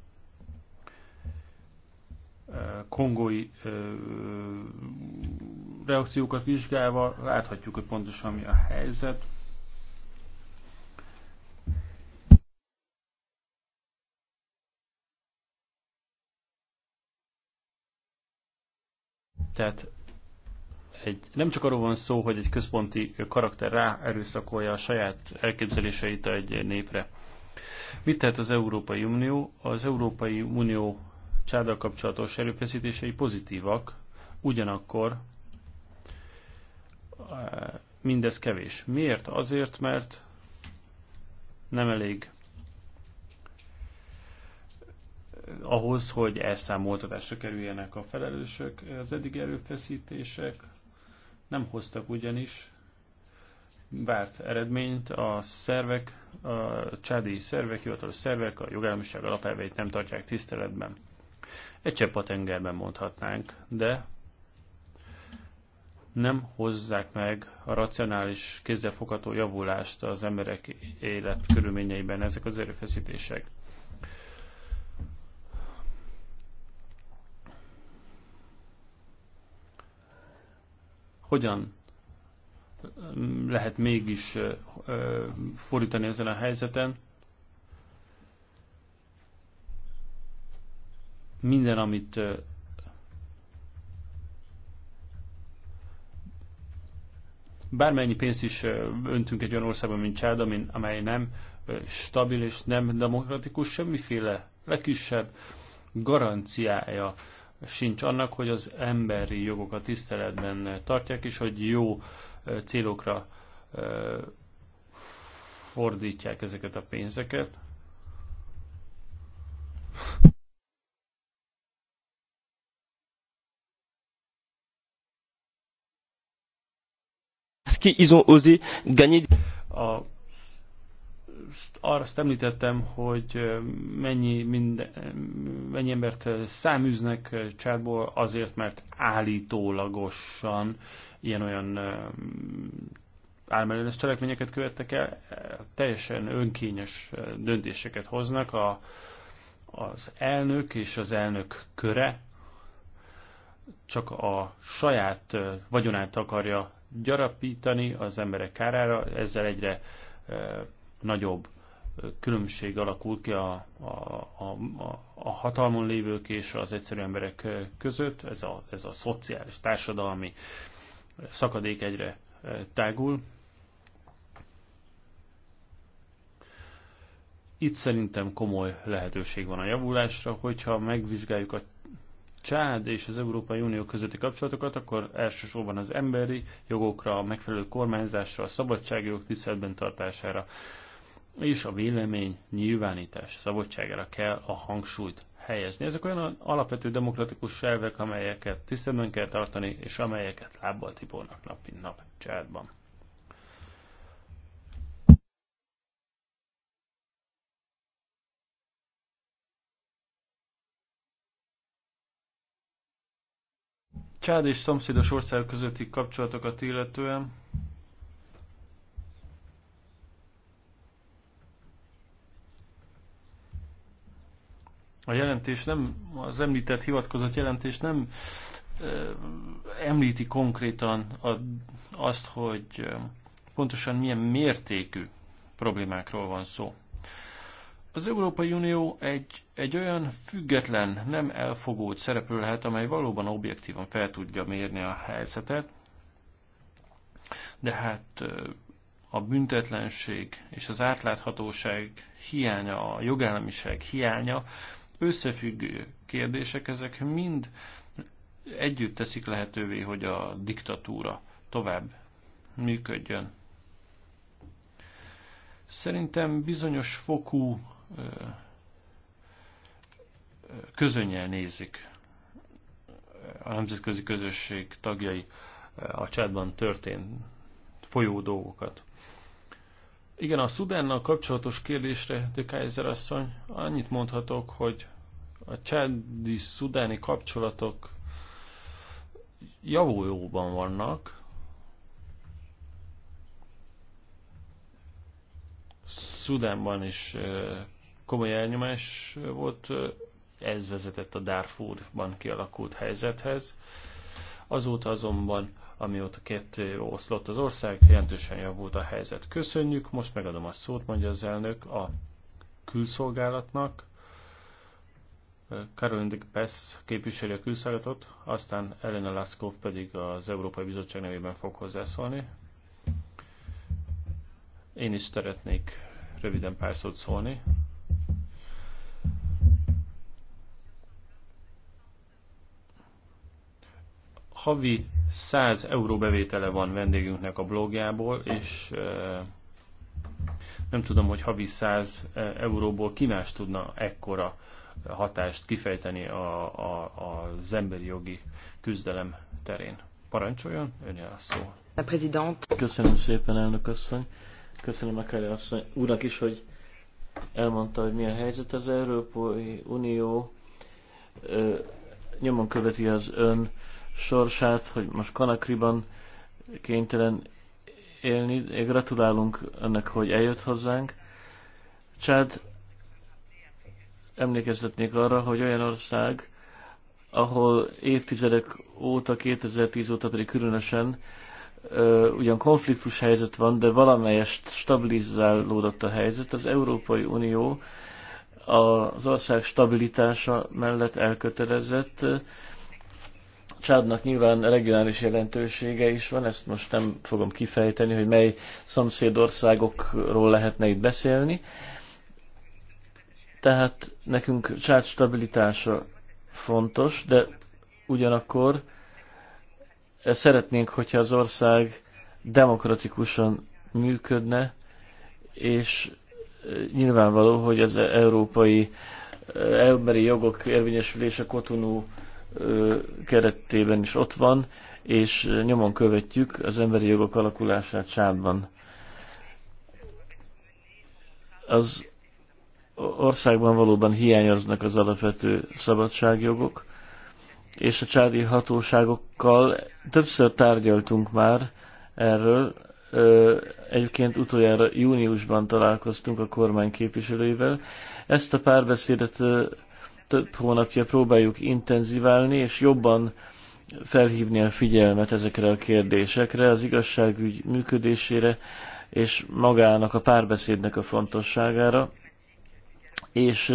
kongói ö, reakciókat vizsgálva láthatjuk, hogy pontosan mi a helyzet. Tehát egy, nem csak arról van szó, hogy egy központi karakter ráerőszakolja a saját elképzeléseit egy népre. Mit tehet az Európai Unió? Az Európai Unió csárdal kapcsolatos erőfeszítései pozitívak, ugyanakkor eh, mindez kevés. Miért? Azért, mert nem elég ahhoz, hogy elszámoltatásra kerüljenek a felelősök. Az eddig erőfeszítések nem hoztak ugyanis várt eredményt. A szervek, a csádi szervek, hivatalos szervek a jogállamiság alapelveit nem tartják tiszteletben. Egy csepp a tengerben mondhatnánk, de nem hozzák meg a racionális, kézzelfogható javulást az emberek életkörülményeiben ezek az erőfeszítések. hogyan lehet mégis fordítani ezen a helyzeten. Minden, amit bármennyi pénzt is öntünk egy olyan országban, mint Csád, amely nem stabil és nem demokratikus, semmiféle legkisebb garanciája sincs annak, hogy az emberi jogokat tiszteletben tartják, és hogy jó célokra fordítják ezeket a pénzeket. A azt említettem, hogy mennyi, minden, mennyi embert száműznek csátból azért, mert állítólagosan ilyen-olyan álmellenes cselekményeket követtek el, teljesen önkényes döntéseket hoznak a, az elnök és az elnök köre, csak a saját vagyonát akarja gyarapítani az emberek kárára, ezzel egyre nagyobb különbség alakul ki a, a, a, a hatalmon lévők és az egyszerű emberek között. Ez a, ez a szociális, társadalmi szakadék egyre tágul. Itt szerintem komoly lehetőség van a javulásra, hogyha megvizsgáljuk a Csád és az Európai Unió közötti kapcsolatokat, akkor elsősorban az emberi jogokra, a megfelelő kormányzásra, a szabadságjogok tiszteletben tartására, és a vélemény nyilvánítás szabadságára kell a hangsúlyt helyezni. Ezek olyan alapvető demokratikus elvek, amelyeket tisztelben kell tartani, és amelyeket lábbal tipornak nap mint nap csátban. Csád és szomszédos ország közötti kapcsolatokat illetően a jelentés nem, az említett hivatkozott jelentés nem említi konkrétan azt, hogy pontosan milyen mértékű problémákról van szó. Az Európai Unió egy, egy olyan független, nem elfogót szereplő lehet, amely valóban objektívan fel tudja mérni a helyzetet, de hát a büntetlenség és az átláthatóság hiánya, a jogállamiság hiánya összefüggő kérdések, ezek mind együtt teszik lehetővé, hogy a diktatúra tovább működjön. Szerintem bizonyos fokú közönnyel nézik a nemzetközi közösség tagjai a csátban történt folyó dolgokat. Igen, a Szudánnal kapcsolatos kérdésre, de Kaiser asszony, annyit mondhatok, hogy a csádi-szudáni kapcsolatok javulóban vannak. Szudánban is komoly elnyomás volt, ez vezetett a Darfurban kialakult helyzethez. Azóta azonban amióta kettő oszlott az ország, jelentősen javult a helyzet. Köszönjük, most megadom a szót, mondja az elnök a külszolgálatnak. Karolin de Pesz képviseli a külszolgálatot, aztán Elena Laskov pedig az Európai Bizottság nevében fog hozzászólni. Én is szeretnék röviden pár szót szólni. Havi 100 euró bevétele van vendégünknek a blogjából, és nem tudom, hogy havi 100 euróból ki más tudna ekkora hatást kifejteni a, a, az emberi jogi küzdelem terén. Parancsoljon, önje a szó. A prezident. Köszönöm szépen, elnök asszony. Köszönöm a Kelly asszony úrnak is, hogy elmondta, hogy mi a helyzet az Európai Unió. Ö, nyomon követi az ön sorsát, hogy most Kanakriban kénytelen élni. Gratulálunk ennek, hogy eljött hozzánk. Csád, emlékeztetnék arra, hogy olyan ország, ahol évtizedek óta, 2010 óta pedig különösen ö, ugyan konfliktus helyzet van, de valamelyest stabilizálódott a helyzet. Az Európai Unió az ország stabilitása mellett elkötelezett, Csádnak nyilván regionális jelentősége is van, ezt most nem fogom kifejteni, hogy mely szomszédországokról lehetne itt beszélni. Tehát nekünk Csád stabilitása fontos, de ugyanakkor e, szeretnénk, hogyha az ország demokratikusan működne, és e, nyilvánvaló, hogy az e, európai emberi jogok érvényesülése Kotonú keretében is ott van, és nyomon követjük az emberi jogok alakulását Csádban. Az országban valóban hiányoznak az alapvető szabadságjogok, és a csádi hatóságokkal többször tárgyaltunk már erről. Egyébként utoljára júniusban találkoztunk a kormány képviselőivel. Ezt a párbeszédet több hónapja próbáljuk intenzíválni, és jobban felhívni a figyelmet ezekre a kérdésekre, az igazságügy működésére, és magának a párbeszédnek a fontosságára. És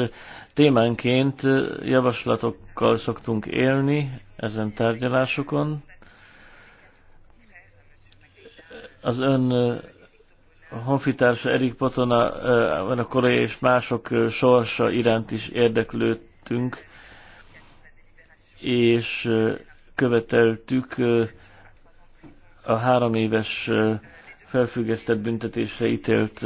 témánként javaslatokkal szoktunk élni ezen tárgyalásokon. Az ön honfitársa Erik Patona, a korai és mások sorsa iránt is érdeklőd döntöttünk, és követeltük a három éves felfüggesztett büntetésre ítélt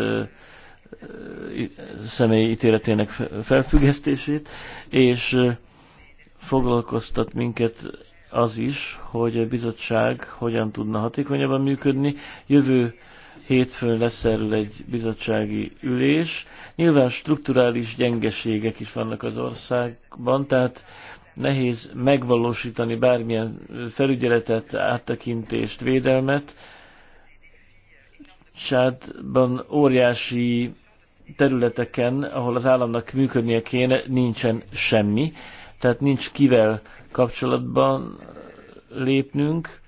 személy ítéletének felfüggesztését, és foglalkoztat minket az is, hogy a bizottság hogyan tudna hatékonyabban működni. Jövő hétfőn lesz erről egy bizottsági ülés. Nyilván strukturális gyengeségek is vannak az országban, tehát nehéz megvalósítani bármilyen felügyeletet, áttekintést, védelmet. Csádban óriási területeken, ahol az államnak működnie kéne, nincsen semmi, tehát nincs kivel kapcsolatban lépnünk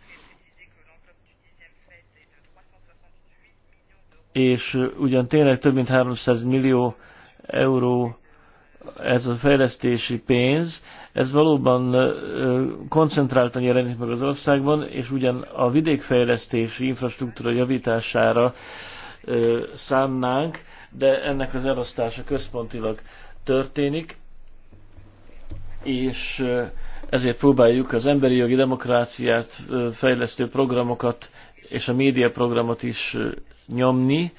és ugyan tényleg több mint 300 millió euró ez a fejlesztési pénz, ez valóban koncentráltan jelenik meg az országban, és ugyan a vidékfejlesztési infrastruktúra javítására szánnánk, de ennek az elosztása központilag történik, és ezért próbáljuk az emberi jogi demokráciát, fejlesztő programokat és a média programot is nyomni.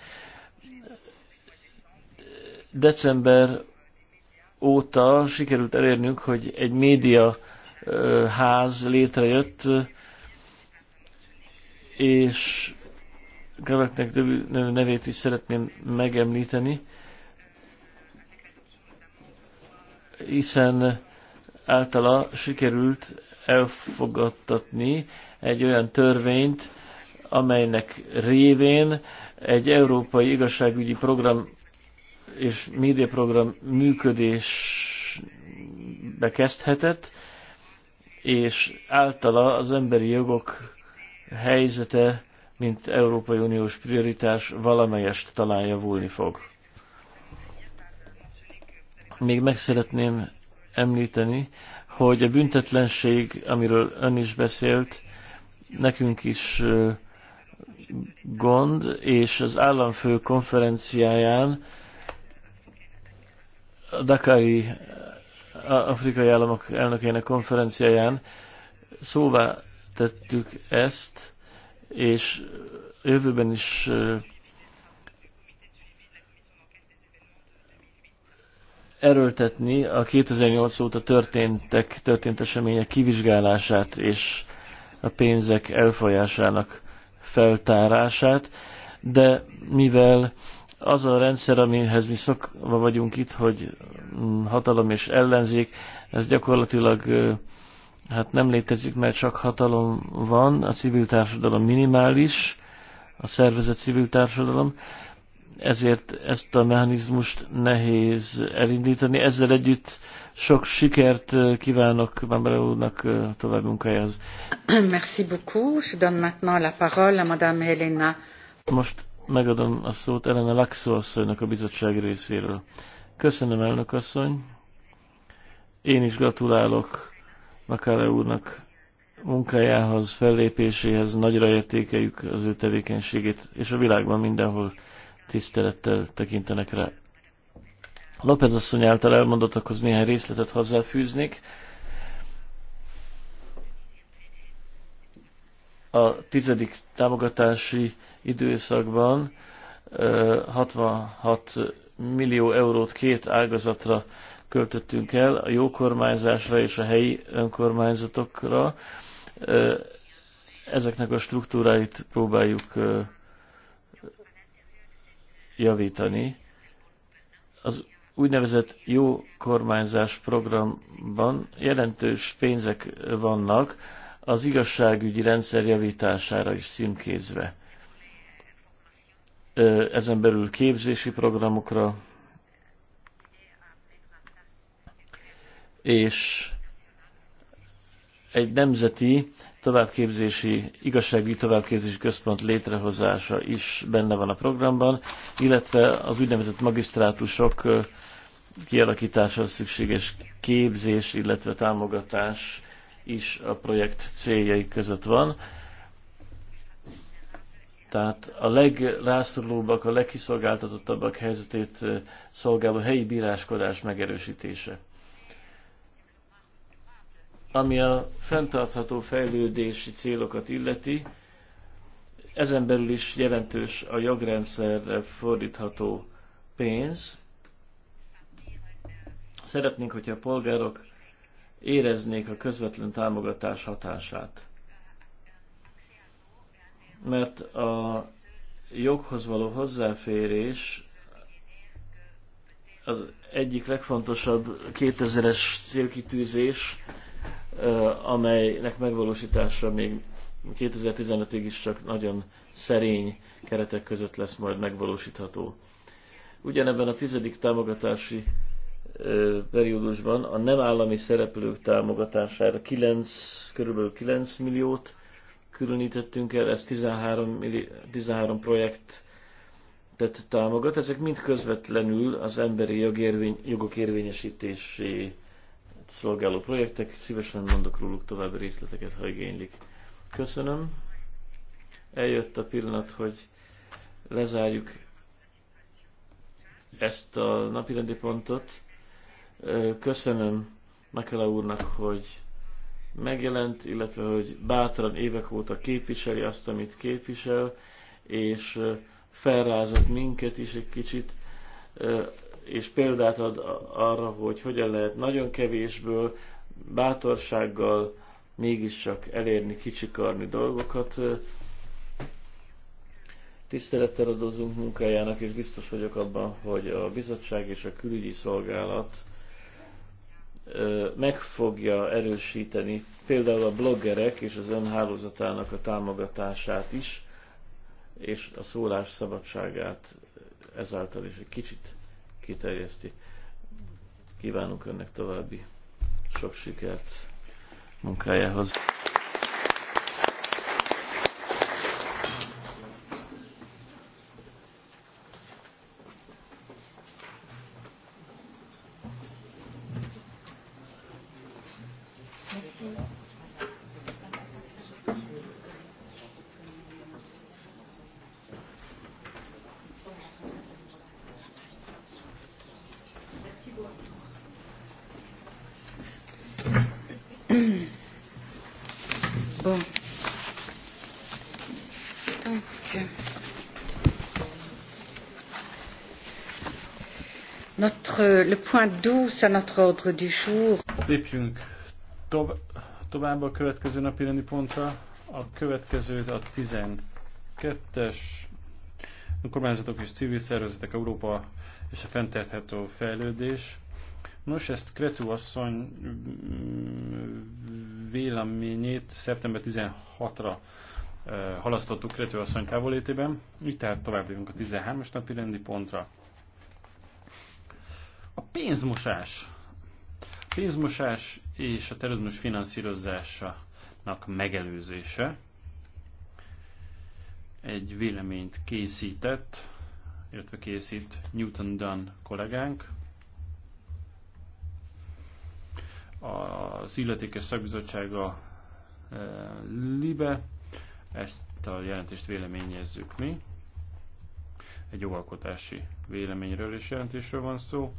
December óta sikerült elérnünk, hogy egy média ház létrejött, és Greveknek nevét is szeretném megemlíteni, hiszen általa sikerült elfogadtatni egy olyan törvényt, amelynek révén egy európai igazságügyi program és médiaprogram működésbe kezdhetett, és általa az emberi jogok helyzete, mint Európai Uniós prioritás valamelyest talán javulni fog. Még meg szeretném említeni, hogy a büntetlenség, amiről ön is beszélt, nekünk is gond, és az államfő konferenciáján a Dakari afrikai államok elnökének konferenciáján szóvá tettük ezt, és jövőben is erőltetni a 2008 óta történtek, történt események kivizsgálását és a pénzek elfolyásának feltárását, de mivel az a rendszer, amihez mi szokva vagyunk itt, hogy mm, hatalom és ellenzék, ez gyakorlatilag hát nem létezik, mert csak hatalom van, a civil társadalom minimális, a szervezet civil társadalom, ezért ezt a mechanizmust nehéz elindítani. Ezzel együtt sok sikert eh, kívánok Bambara úrnak eh, tovább munkájához. Merci beaucoup. Je donne maintenant la parole à Madame Helena. Most megadom a szót Elena Laxo asszonynak a bizottság részéről. Köszönöm, elnök asszony. Én is gratulálok Makale úrnak munkájához, fellépéséhez, nagyra értékeljük az ő tevékenységét, és a világban mindenhol tisztelettel tekintenek rá. López asszony által elmondottakhoz néhány részletet hozzáfűznék. A tizedik támogatási időszakban 66 millió eurót két ágazatra költöttünk el, a jó kormányzásra és a helyi önkormányzatokra. Ezeknek a struktúráit próbáljuk javítani. Az úgynevezett jó kormányzás programban jelentős pénzek vannak az igazságügyi rendszer javítására is címkézve. Ezen belül képzési programokra, és egy nemzeti továbbképzési, igazságügyi továbbképzési központ létrehozása is benne van a programban, illetve az úgynevezett magisztrátusok kialakításra szükséges képzés, illetve támogatás is a projekt céljai között van. Tehát a legrászorulóbbak, a legkiszolgáltatottabbak helyzetét eh, szolgáló helyi bíráskodás megerősítése. Ami a fenntartható fejlődési célokat illeti, ezen belül is jelentős a jogrendszerre fordítható pénz, Szeretnénk, hogyha a polgárok éreznék a közvetlen támogatás hatását. Mert a joghoz való hozzáférés az egyik legfontosabb 2000-es célkitűzés, amelynek megvalósítása még 2015-ig is csak nagyon szerény keretek között lesz majd megvalósítható. Ugyanebben a tizedik támogatási periódusban a nem állami szereplők támogatására 9, kb. 9 milliót különítettünk el, ez 13, milli, 13 projekt tett támogat, ezek mind közvetlenül az emberi jogérvény, jogok érvényesítésé szolgáló projektek, szívesen mondok róluk további részleteket, ha igénylik. Köszönöm. Eljött a pillanat, hogy lezárjuk ezt a napirendi pontot. Köszönöm Mekele úrnak, hogy megjelent, illetve hogy bátran évek óta képviseli azt, amit képvisel, és felrázott minket is egy kicsit, és példát ad arra, hogy hogyan lehet nagyon kevésből, bátorsággal mégiscsak elérni, kicsikarni dolgokat. Tisztelettel adózunk munkájának, és biztos vagyok abban, hogy a bizottság és a külügyi szolgálat meg fogja erősíteni például a bloggerek és az önhálózatának a támogatását is, és a szólás szabadságát ezáltal is egy kicsit kiterjeszti. Kívánunk önnek további sok sikert munkájához. Alors, euh, le point 12 à notre ordre du jour. Lépjünk tov tovább a következő napi rendi pontra. A következő a 12-es kormányzatok és civil szervezetek Európa és a fenntartható fejlődés. Nos, ezt Kretu asszony mm, véleményét szeptember 16-ra eh, halasztottuk Kretu asszony távolétében, Mi tehát tovább a 13-as napi rendi pontra pénzmosás. A pénzmosás és a terrorizmus finanszírozásának megelőzése. Egy véleményt készített, illetve készít Newton Dunn kollégánk, az illetékes szakbizottsága eh, LIBE, ezt a jelentést véleményezzük mi. Egy jogalkotási véleményről és jelentésről van szó.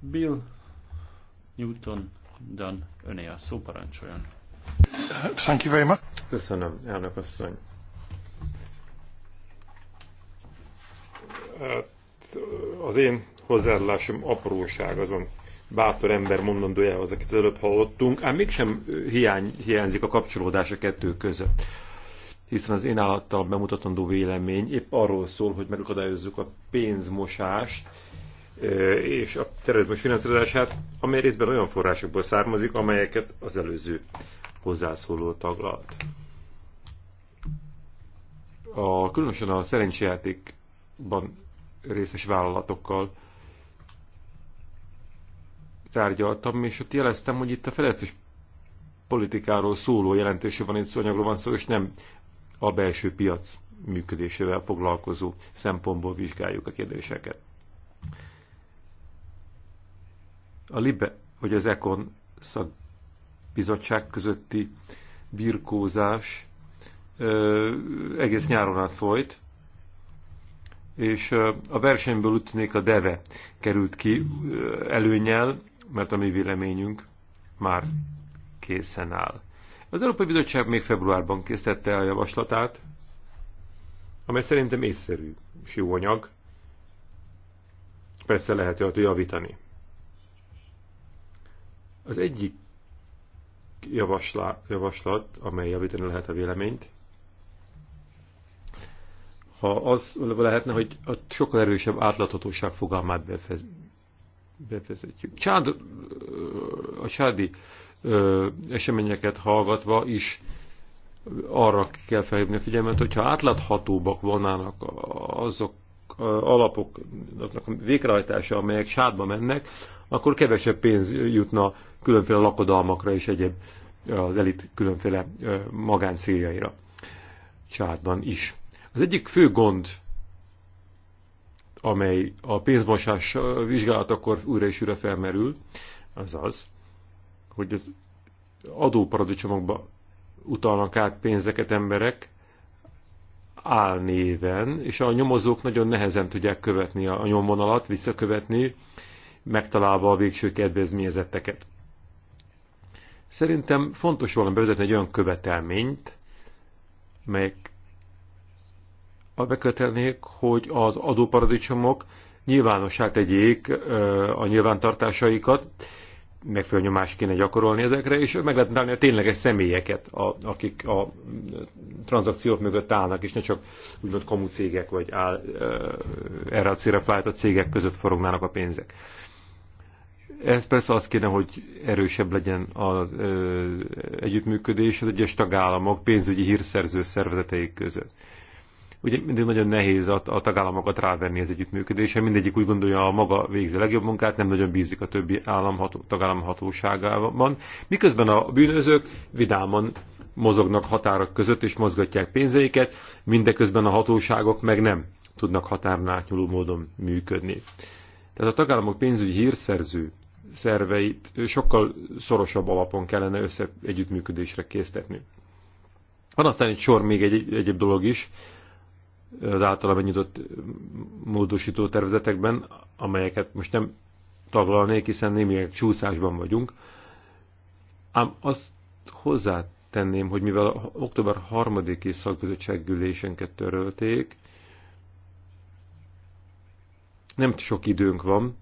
Bill Newton Dan öné a szóparancsoljon. Thank you very much. Köszönöm, elnök asszony. Hát, az én hozzáállásom apróság azon bátor ember mondandójához, akit előbb hallottunk, ám mégsem hiány, hiányzik a kapcsolódás a kettő között. Hiszen az én által bemutatandó vélemény épp arról szól, hogy megakadályozzuk a pénzmosást, és a terrorizmus finanszírozását, amely részben olyan forrásokból származik, amelyeket az előző hozzászóló taglalt. A, különösen a szerencsejátékban részes vállalatokkal tárgyaltam, és ott jeleztem, hogy itt a fejlesztés politikáról szóló jelentőső van, egy szóanyagról van szó, és nem a belső piac működésével foglalkozó szempontból vizsgáljuk a kérdéseket a LIBE, vagy az Ekon szakbizottság közötti birkózás ö, egész nyáron át folyt, és ö, a versenyből utnék a DEVE került ki ö, előnyel, mert a mi véleményünk már készen áll. Az Európai Bizottság még februárban készítette a javaslatát, amely szerintem észszerű és jó anyag. Persze lehet hogy javítani. Az egyik javasla, javaslat, amely javítani lehet a véleményt, ha az lehetne, hogy a sokkal erősebb átláthatóság fogalmát befez, befezetjük. Csád, a csádi ö, eseményeket hallgatva is arra kell felhívni a figyelmet, hogyha átláthatóbbak volnának azok alapoknak a végrehajtása, amelyek sádba mennek, akkor kevesebb pénz jutna különféle lakodalmakra és egyéb az elit különféle céljaira csádban is. Az egyik fő gond, amely a pénzmosás vizsgálatakor újra és újra felmerül, az az, hogy az adóparadicsomokba utalnak át pénzeket emberek, álnéven, és a nyomozók nagyon nehezen tudják követni a nyomvonalat, visszakövetni, megtalálva a végső kedvezményezetteket. Szerintem fontos volna bevezetni egy olyan követelményt, melyek bekötelnék, hogy az adóparadicsomok nyilvánossá tegyék a nyilvántartásaikat, megfelelő nyomást kéne gyakorolni ezekre, és meg lehet találni a tényleges személyeket, a, akik a tranzakciók mögött állnak, és ne csak úgymond komu cégek, vagy áll, erre a célra a cégek között forognának a pénzek. Ez persze az kéne, hogy erősebb legyen az ö, együttműködés az egyes tagállamok pénzügyi hírszerző szervezetei között ugye mindig nagyon nehéz a, a tagállamokat rávenni az együttműködésre, mindegyik úgy gondolja, a maga végzi a legjobb munkát, nem nagyon bízik a többi államható, tagállam hatóságában, miközben a bűnözők vidáman mozognak határok között és mozgatják pénzeiket, mindeközben a hatóságok meg nem tudnak határon átnyúló módon működni. Tehát a tagállamok pénzügyi hírszerző szerveit sokkal szorosabb alapon kellene össze együttműködésre késztetni. Van aztán egy sor még egy, egyéb dolog is, az általában benyitott módosító tervezetekben, amelyeket most nem taglalnék, hiszen némileg csúszásban vagyunk. Ám azt hozzátenném, hogy mivel október 3-i szakbizottsággyűlésenket törölték, nem sok időnk van,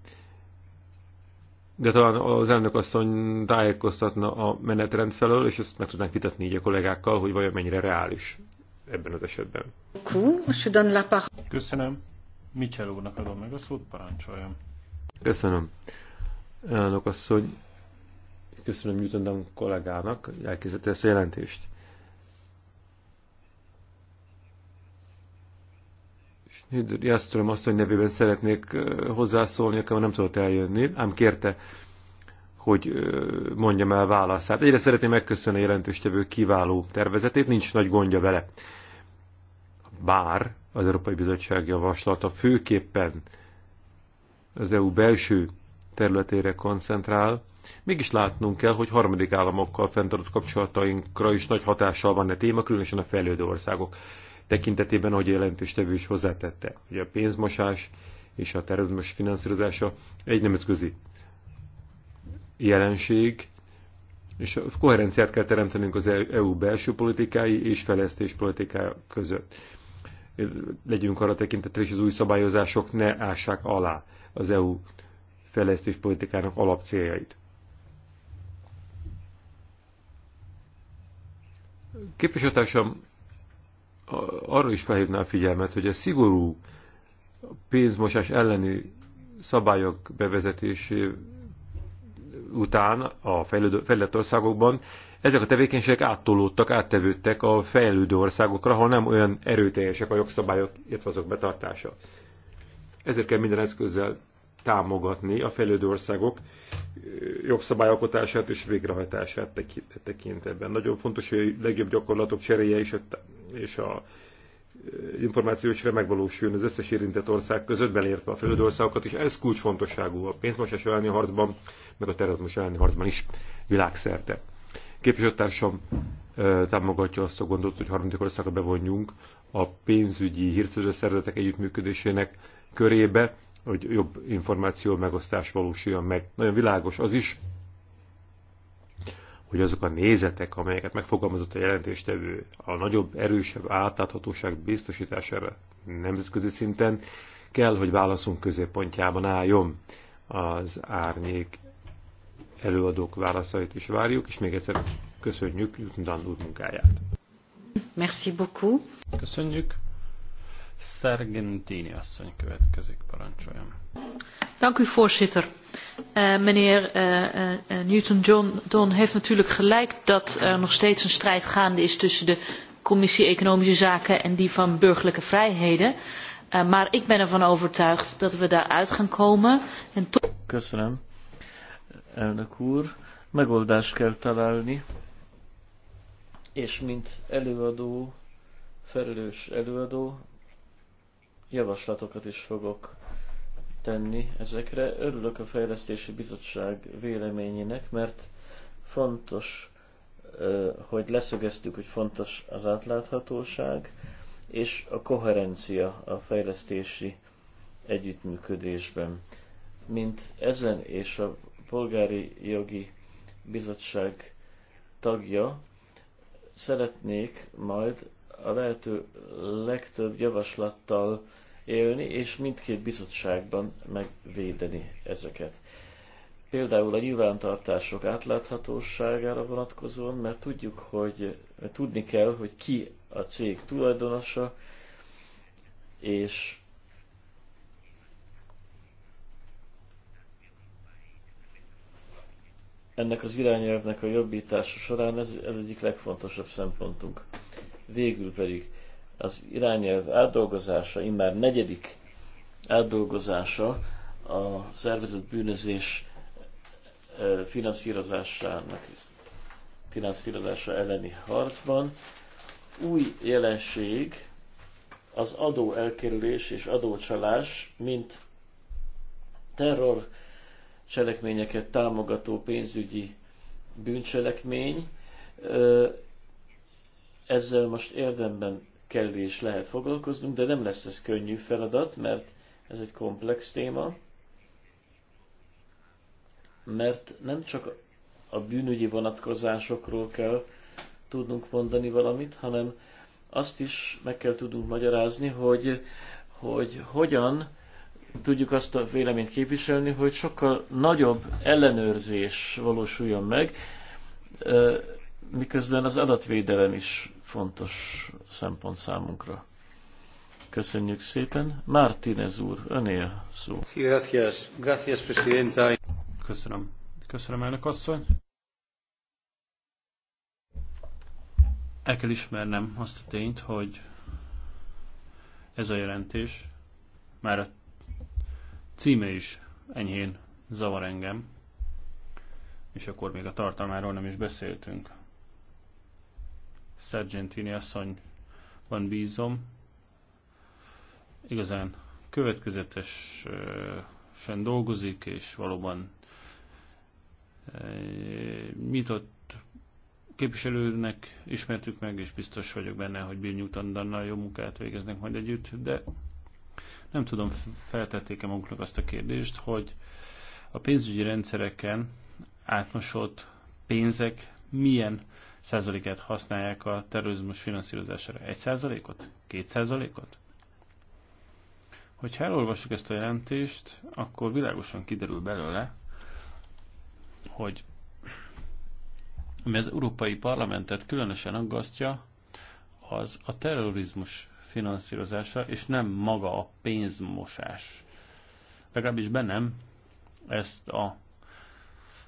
de talán az elnök asszony tájékoztatna a menetrend felől, és ezt meg tudnánk vitatni így a kollégákkal, hogy vajon mennyire reális ebben az esetben. Köszönöm. Michel úrnak adom meg a szót, parancsoljam. Köszönöm. Elnök asszony, köszönöm Newton Dunn kollégának, elkészítette ezt a jelentést. Jásztolom asszony nevében szeretnék hozzászólni, akkor nem tudott eljönni, ám kérte hogy mondjam el válaszát. Egyre szeretném megköszönni a jelentőstevő kiváló tervezetét, nincs nagy gondja vele. Bár az Európai Bizottság javaslata főképpen az EU belső területére koncentrál, mégis látnunk kell, hogy harmadik államokkal fenntartott kapcsolatainkra is nagy hatással van a téma, különösen a fejlődő országok tekintetében, ahogy a jelentéstevő is hozzátette, hogy a pénzmosás és a terrorizmus finanszírozása egy nemzetközi jelenség, és a koherenciát kell teremtenünk az e- EU belső politikái és fejlesztés politikája között. Legyünk arra tekintetre, és az új szabályozások ne ássák alá az EU fejlesztés politikának alapcéljait. Képviselőtársam arra is felhívná a figyelmet, hogy a szigorú pénzmosás elleni szabályok bevezetésével után a fejlődő, fejlett országokban ezek a tevékenységek áttolódtak, áttevődtek a fejlődő országokra, ha nem olyan erőteljesek a jogszabályok, illetve azok betartása. Ezért kell minden eszközzel támogatni a fejlődő országok jogszabályalkotását és végrehajtását tekintetben. Nagyon fontos, hogy a legjobb gyakorlatok cseréje és a, és a információcsere megvalósuljon az összes érintett ország között, belértve a fejlődő országokat, és ez kulcsfontosságú a pénzmosás elleni harcban, meg a terrorizmus elleni harcban is világszerte. Képviselőtársam támogatja azt a gondot, hogy harmadik országra bevonjunk a pénzügyi hírszerző szervezetek együttműködésének körébe, hogy jobb információ megosztás valósuljon meg. Nagyon világos az is, hogy azok a nézetek, amelyeket megfogalmazott a jelentéstevő a nagyobb, erősebb átláthatóság biztosítására nemzetközi szinten kell, hogy válaszunk középpontjában álljon az árnyék előadók válaszait is várjuk, és még egyszer köszönjük Jutndan úr munkáját. Merci beaucoup. Köszönjük. Sargentini asszony következik, parancsoljon. Dank u voorzitter. Uh, meneer uh, eh, uh, eh, Newton-John heeft natuurlijk gelijk dat er nog steeds een strijd gaande is tussen de Commissie Economische Zaken en die van Burgerlijke Vrijheden. Uh, maar ik ben ervan overtuigd dat we daaruit gaan komen. En to- Köszönöm, elnök úr. Megoldást kell találni, és mint előadó, felelős előadó, javaslatokat is fogok tenni ezekre. Örülök a Fejlesztési Bizottság véleményének, mert fontos, hogy leszögeztük, hogy fontos az átláthatóság és a koherencia a fejlesztési együttműködésben. Mint ezen és a Polgári Jogi Bizottság tagja, szeretnék majd a lehető legtöbb javaslattal élni, és mindkét bizottságban megvédeni ezeket. Például a nyilvántartások átláthatóságára vonatkozóan, mert tudjuk, hogy mert tudni kell, hogy ki a cég tulajdonosa, és ennek az irányelvnek a jobbítása során ez, ez egyik legfontosabb szempontunk. Végül pedig az irányelv átdolgozása, immár negyedik átdolgozása a szervezett bűnözés finanszírozásának finanszírozása elleni harcban. Új jelenség az adó elkerülés és adócsalás, mint terror cselekményeket támogató pénzügyi bűncselekmény, ezzel most érdemben kell és lehet foglalkoznunk, de nem lesz ez könnyű feladat, mert ez egy komplex téma, mert nem csak a bűnügyi vonatkozásokról kell tudnunk mondani valamit, hanem azt is meg kell tudnunk magyarázni, hogy, hogy hogyan tudjuk azt a véleményt képviselni, hogy sokkal nagyobb ellenőrzés valósuljon meg, miközben az adatvédelem is fontos szempont számunkra. Köszönjük szépen. Martínez úr, öné a szó. Gracias. Gracias, presidenta. Köszönöm. Köszönöm, elnök asszony. El kell ismernem azt a tényt, hogy ez a jelentés már a címe is enyhén zavar engem, és akkor még a tartalmáról nem is beszéltünk. Sargentini asszonyban bízom. Igazán következetesen dolgozik, és valóban e, nyitott képviselőnek ismertük meg, és biztos vagyok benne, hogy Bill Newton jó munkát végeznek majd együtt, de nem tudom, feltették-e maguknak azt a kérdést, hogy a pénzügyi rendszereken átmosott pénzek milyen százalékát használják a terrorizmus finanszírozására. Egy százalékot? Két százalékot? Hogyha elolvassuk ezt a jelentést, akkor világosan kiderül belőle, hogy ami az Európai Parlamentet különösen aggasztja, az a terrorizmus finanszírozása, és nem maga a pénzmosás. Legalábbis bennem ezt a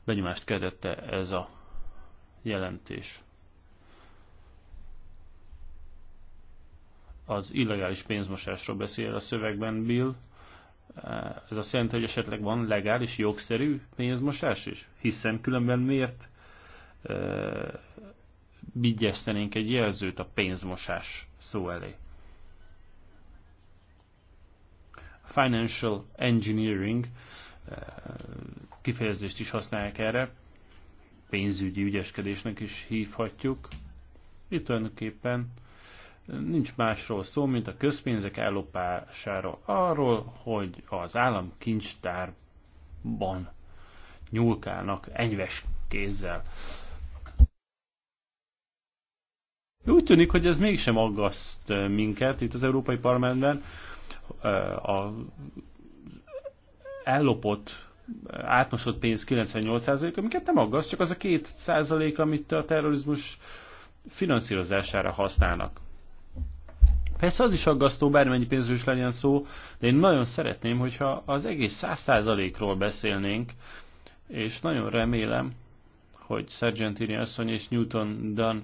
benyomást keltette ez a jelentés. az illegális pénzmosásról beszél a szövegben Bill. Ez azt jelenti, hogy esetleg van legális, jogszerű pénzmosás is? Hiszen különben miért vigyesztenénk e, egy jelzőt a pénzmosás szó elé? Financial engineering e, kifejezést is használják erre, pénzügyi ügyeskedésnek is hívhatjuk. Itt tulajdonképpen Nincs másról szó, mint a közpénzek ellopásáról, arról, hogy az állam kincstárban nyúlkálnak enyves kézzel. úgy tűnik, hogy ez mégsem aggaszt eh, minket itt az Európai Parlamentben. Eh, a ellopott, eh, átmosott pénz 98%, amiket nem aggaszt, csak az a 2%, amit a terrorizmus finanszírozására használnak. Persze az is aggasztó, bármennyi pénzről is legyen szó, de én nagyon szeretném, hogyha az egész 100%-ról beszélnénk, és nagyon remélem, hogy Sargentini asszony és Newton Dunn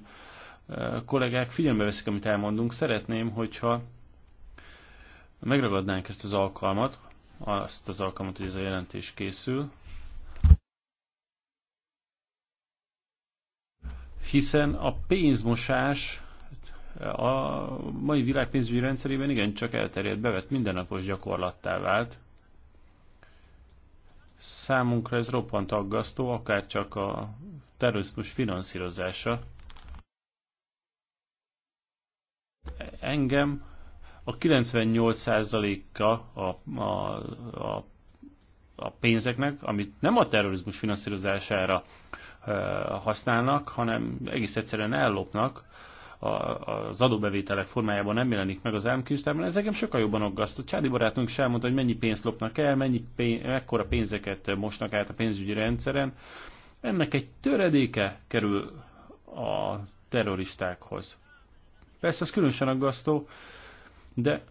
eh, kollégák figyelme veszik, amit elmondunk. Szeretném, hogyha megragadnánk ezt az alkalmat, azt az alkalmat, hogy ez a jelentés készül, hiszen a pénzmosás a mai világ pénzügyi rendszerében igencsak elterjedt, bevett mindennapos gyakorlattá vált. Számunkra ez roppant aggasztó, akár csak a terrorizmus finanszírozása. Engem a 98%-a a, a, a, a pénzeknek, amit nem a terrorizmus finanszírozására használnak, hanem egész egyszerűen ellopnak, a, az adóbevételek formájában nem jelenik meg az államkistában, ez engem sokkal jobban aggaszt. Csádi barátunk sem mondta, hogy mennyi pénzt lopnak el, mennyi pénz, mekkora pénzeket mosnak át a pénzügyi rendszeren. Ennek egy töredéke kerül a terroristákhoz. Persze ez különösen aggasztó, de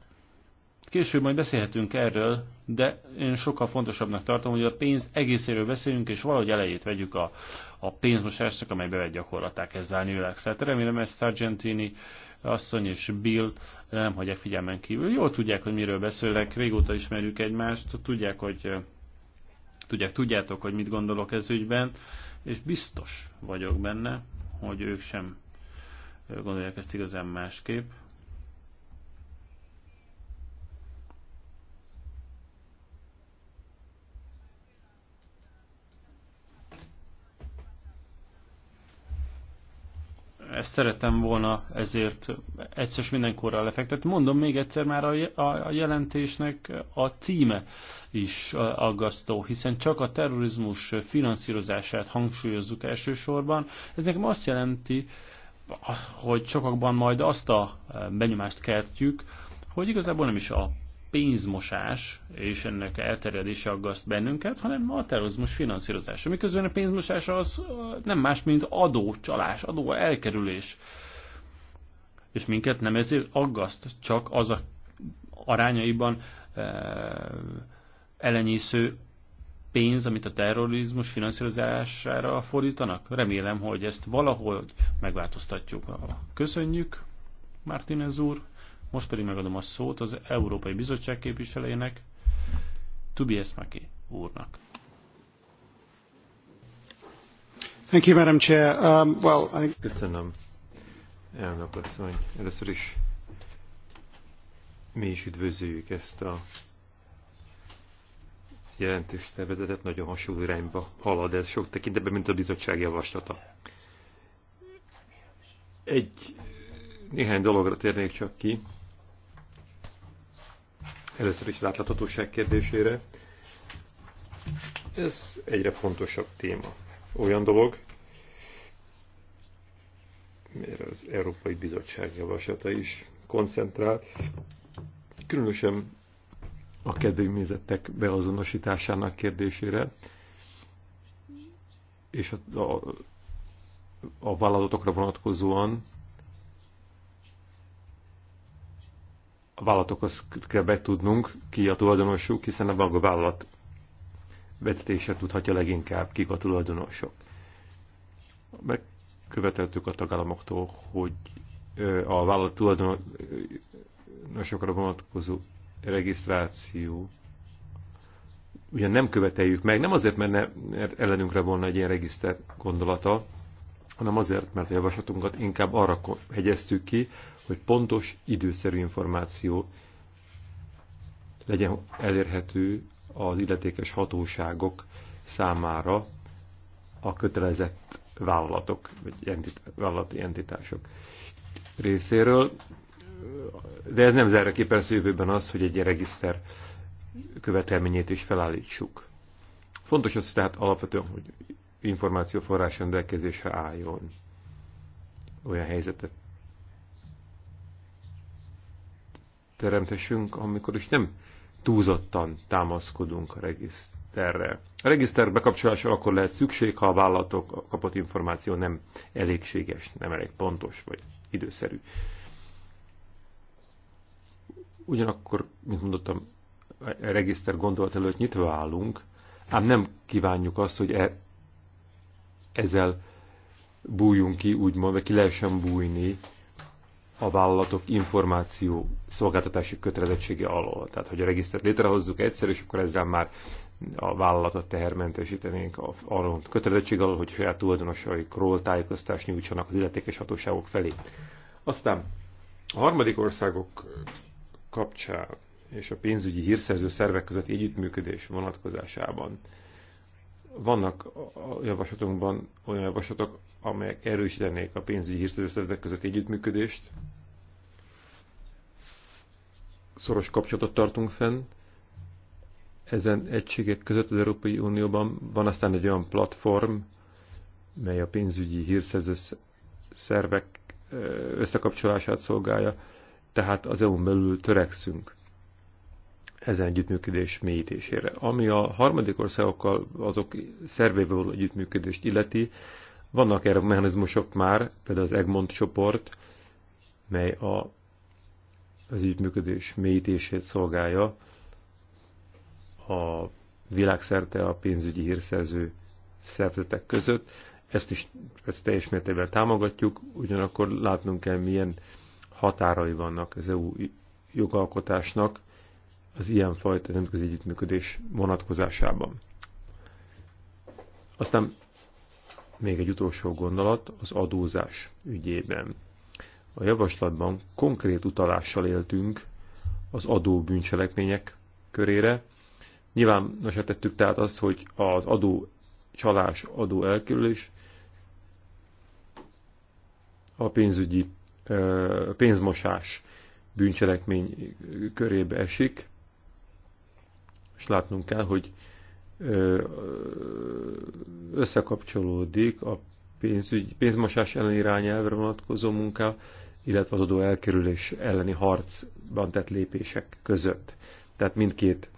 Később majd beszélhetünk erről, de én sokkal fontosabbnak tartom, hogy a pénz egészéről beszéljünk, és valahogy elejét vegyük a, a pénzmosásnak, amely bevett gyakorlatá kezd válni Szóval Remélem ezt Sargentini asszony és Bill nem hagyják figyelmen kívül. Jól tudják, hogy miről beszélek, régóta ismerjük egymást, tudják, hogy tudják, tudjátok, hogy mit gondolok ez ügyben, és biztos vagyok benne, hogy ők sem gondolják ezt igazán másképp. ezt szeretem volna ezért egyszer mindenkorra lefektetni. Mondom még egyszer már a jelentésnek a címe is aggasztó, hiszen csak a terrorizmus finanszírozását hangsúlyozzuk elsősorban. Ez nekem azt jelenti, hogy sokakban majd azt a e, benyomást kertjük, hogy igazából nem is a pénzmosás és ennek elterjedése aggaszt bennünket, hanem a terrorizmus finanszírozása. Miközben a pénzmosás az nem más, mint adócsalás, adó elkerülés. És minket nem ezért aggaszt, csak az a arányaiban elenyésző pénz, amit a terrorizmus finanszírozására fordítanak? Remélem, hogy ezt valahogy megváltoztatjuk. Köszönjük, Martinez úr. Most pedig megadom a szót az Európai Bizottság képviselőjének, Tobias Maki úrnak. Thank you, Madam Chair. Um, well, I... Köszönöm, elnök asszony. Először is mi is üdvözlőjük ezt a jelentős tervezetet, nagyon hasonló irányba halad ez sok tekintetben, mint a bizottság javaslata. Egy néhány dologra térnék csak ki, Először is az átláthatóság kérdésére. Ez egyre fontosabb téma. Olyan dolog, mert az Európai Bizottság javaslata is koncentrál, különösen a kedvényezettek beazonosításának kérdésére, és a, a, a vállalatokra vonatkozóan vállalatokhoz kell betudnunk, ki a tulajdonosuk, hiszen a maga vállalat vezetése tudhatja leginkább, kik a tulajdonosok. Megköveteltük a tagállamoktól, hogy a vállalat tulajdonosokra vonatkozó regisztráció ugyan nem követeljük meg, nem azért, mert, ne, mert ellenünkre volna egy ilyen regiszter gondolata, hanem azért, mert a javaslatunkat inkább arra hegyeztük ki, hogy pontos, időszerű információ legyen elérhető az illetékes hatóságok számára a kötelezett vállalatok, vagy entitá vállalati entitások részéről. De ez nem zárja ki persze jövőben az, hogy egy regiszter követelményét is felállítsuk. Fontos az tehát alapvetően, hogy információforrás rendelkezésre álljon. Olyan helyzetet teremtessünk, amikor is nem túlzottan támaszkodunk a regiszterre. A regiszter bekapcsolása akkor lehet szükség, ha a vállalatok kapott információ nem elégséges, nem elég pontos vagy időszerű. Ugyanakkor, mint mondottam, a regiszter gondolat előtt nyitva állunk, ám nem kívánjuk azt, hogy e ezzel bújjunk ki, úgymond, vagy ki lehessen bújni a vállalatok információ szolgáltatási kötelezettsége alól. Tehát, hogy a regisztert létrehozzuk egyszer, és akkor ezzel már a vállalatot tehermentesítenénk a kötelezettség alól, hogy saját tulajdonosaikról tájékoztást nyújtsanak az illetékes hatóságok felé. Aztán a harmadik országok kapcsán és a pénzügyi hírszerző szervek közötti együttműködés vonatkozásában vannak a javaslatunkban olyan javaslatok, amelyek erősítenék a pénzügyi hírszervezetek közötti együttműködést. Szoros kapcsolatot tartunk fenn. Ezen egységek között az Európai Unióban van aztán egy olyan platform, mely a pénzügyi hírszerző szervek összekapcsolását szolgálja, tehát az EU-n belül törekszünk ezen együttműködés mélyítésére. Ami a harmadik országokkal azok szervéből való együttműködést illeti, vannak erre mechanizmusok már, például az Egmont csoport, mely a, az együttműködés mélyítését szolgálja a világszerte a pénzügyi hírszerző szervezetek között. Ezt is ezt teljes mértékben támogatjuk, ugyanakkor látnunk kell, milyen határai vannak az EU jogalkotásnak, az ilyenfajta nemzetközi együttműködés vonatkozásában. Aztán még egy utolsó gondolat az adózás ügyében. A javaslatban konkrét utalással éltünk az adó bűncselekmények körére. nos, hát tettük tehát azt, hogy az adó csalás, adó elkerülés a pénzügyi pénzmosás bűncselekmény körébe esik, és látnunk kell, hogy összekapcsolódik a pénzügy, pénzmosás elleni irányelvre vonatkozó munka, illetve az adó elkerülés elleni harcban tett lépések között. Tehát mindkét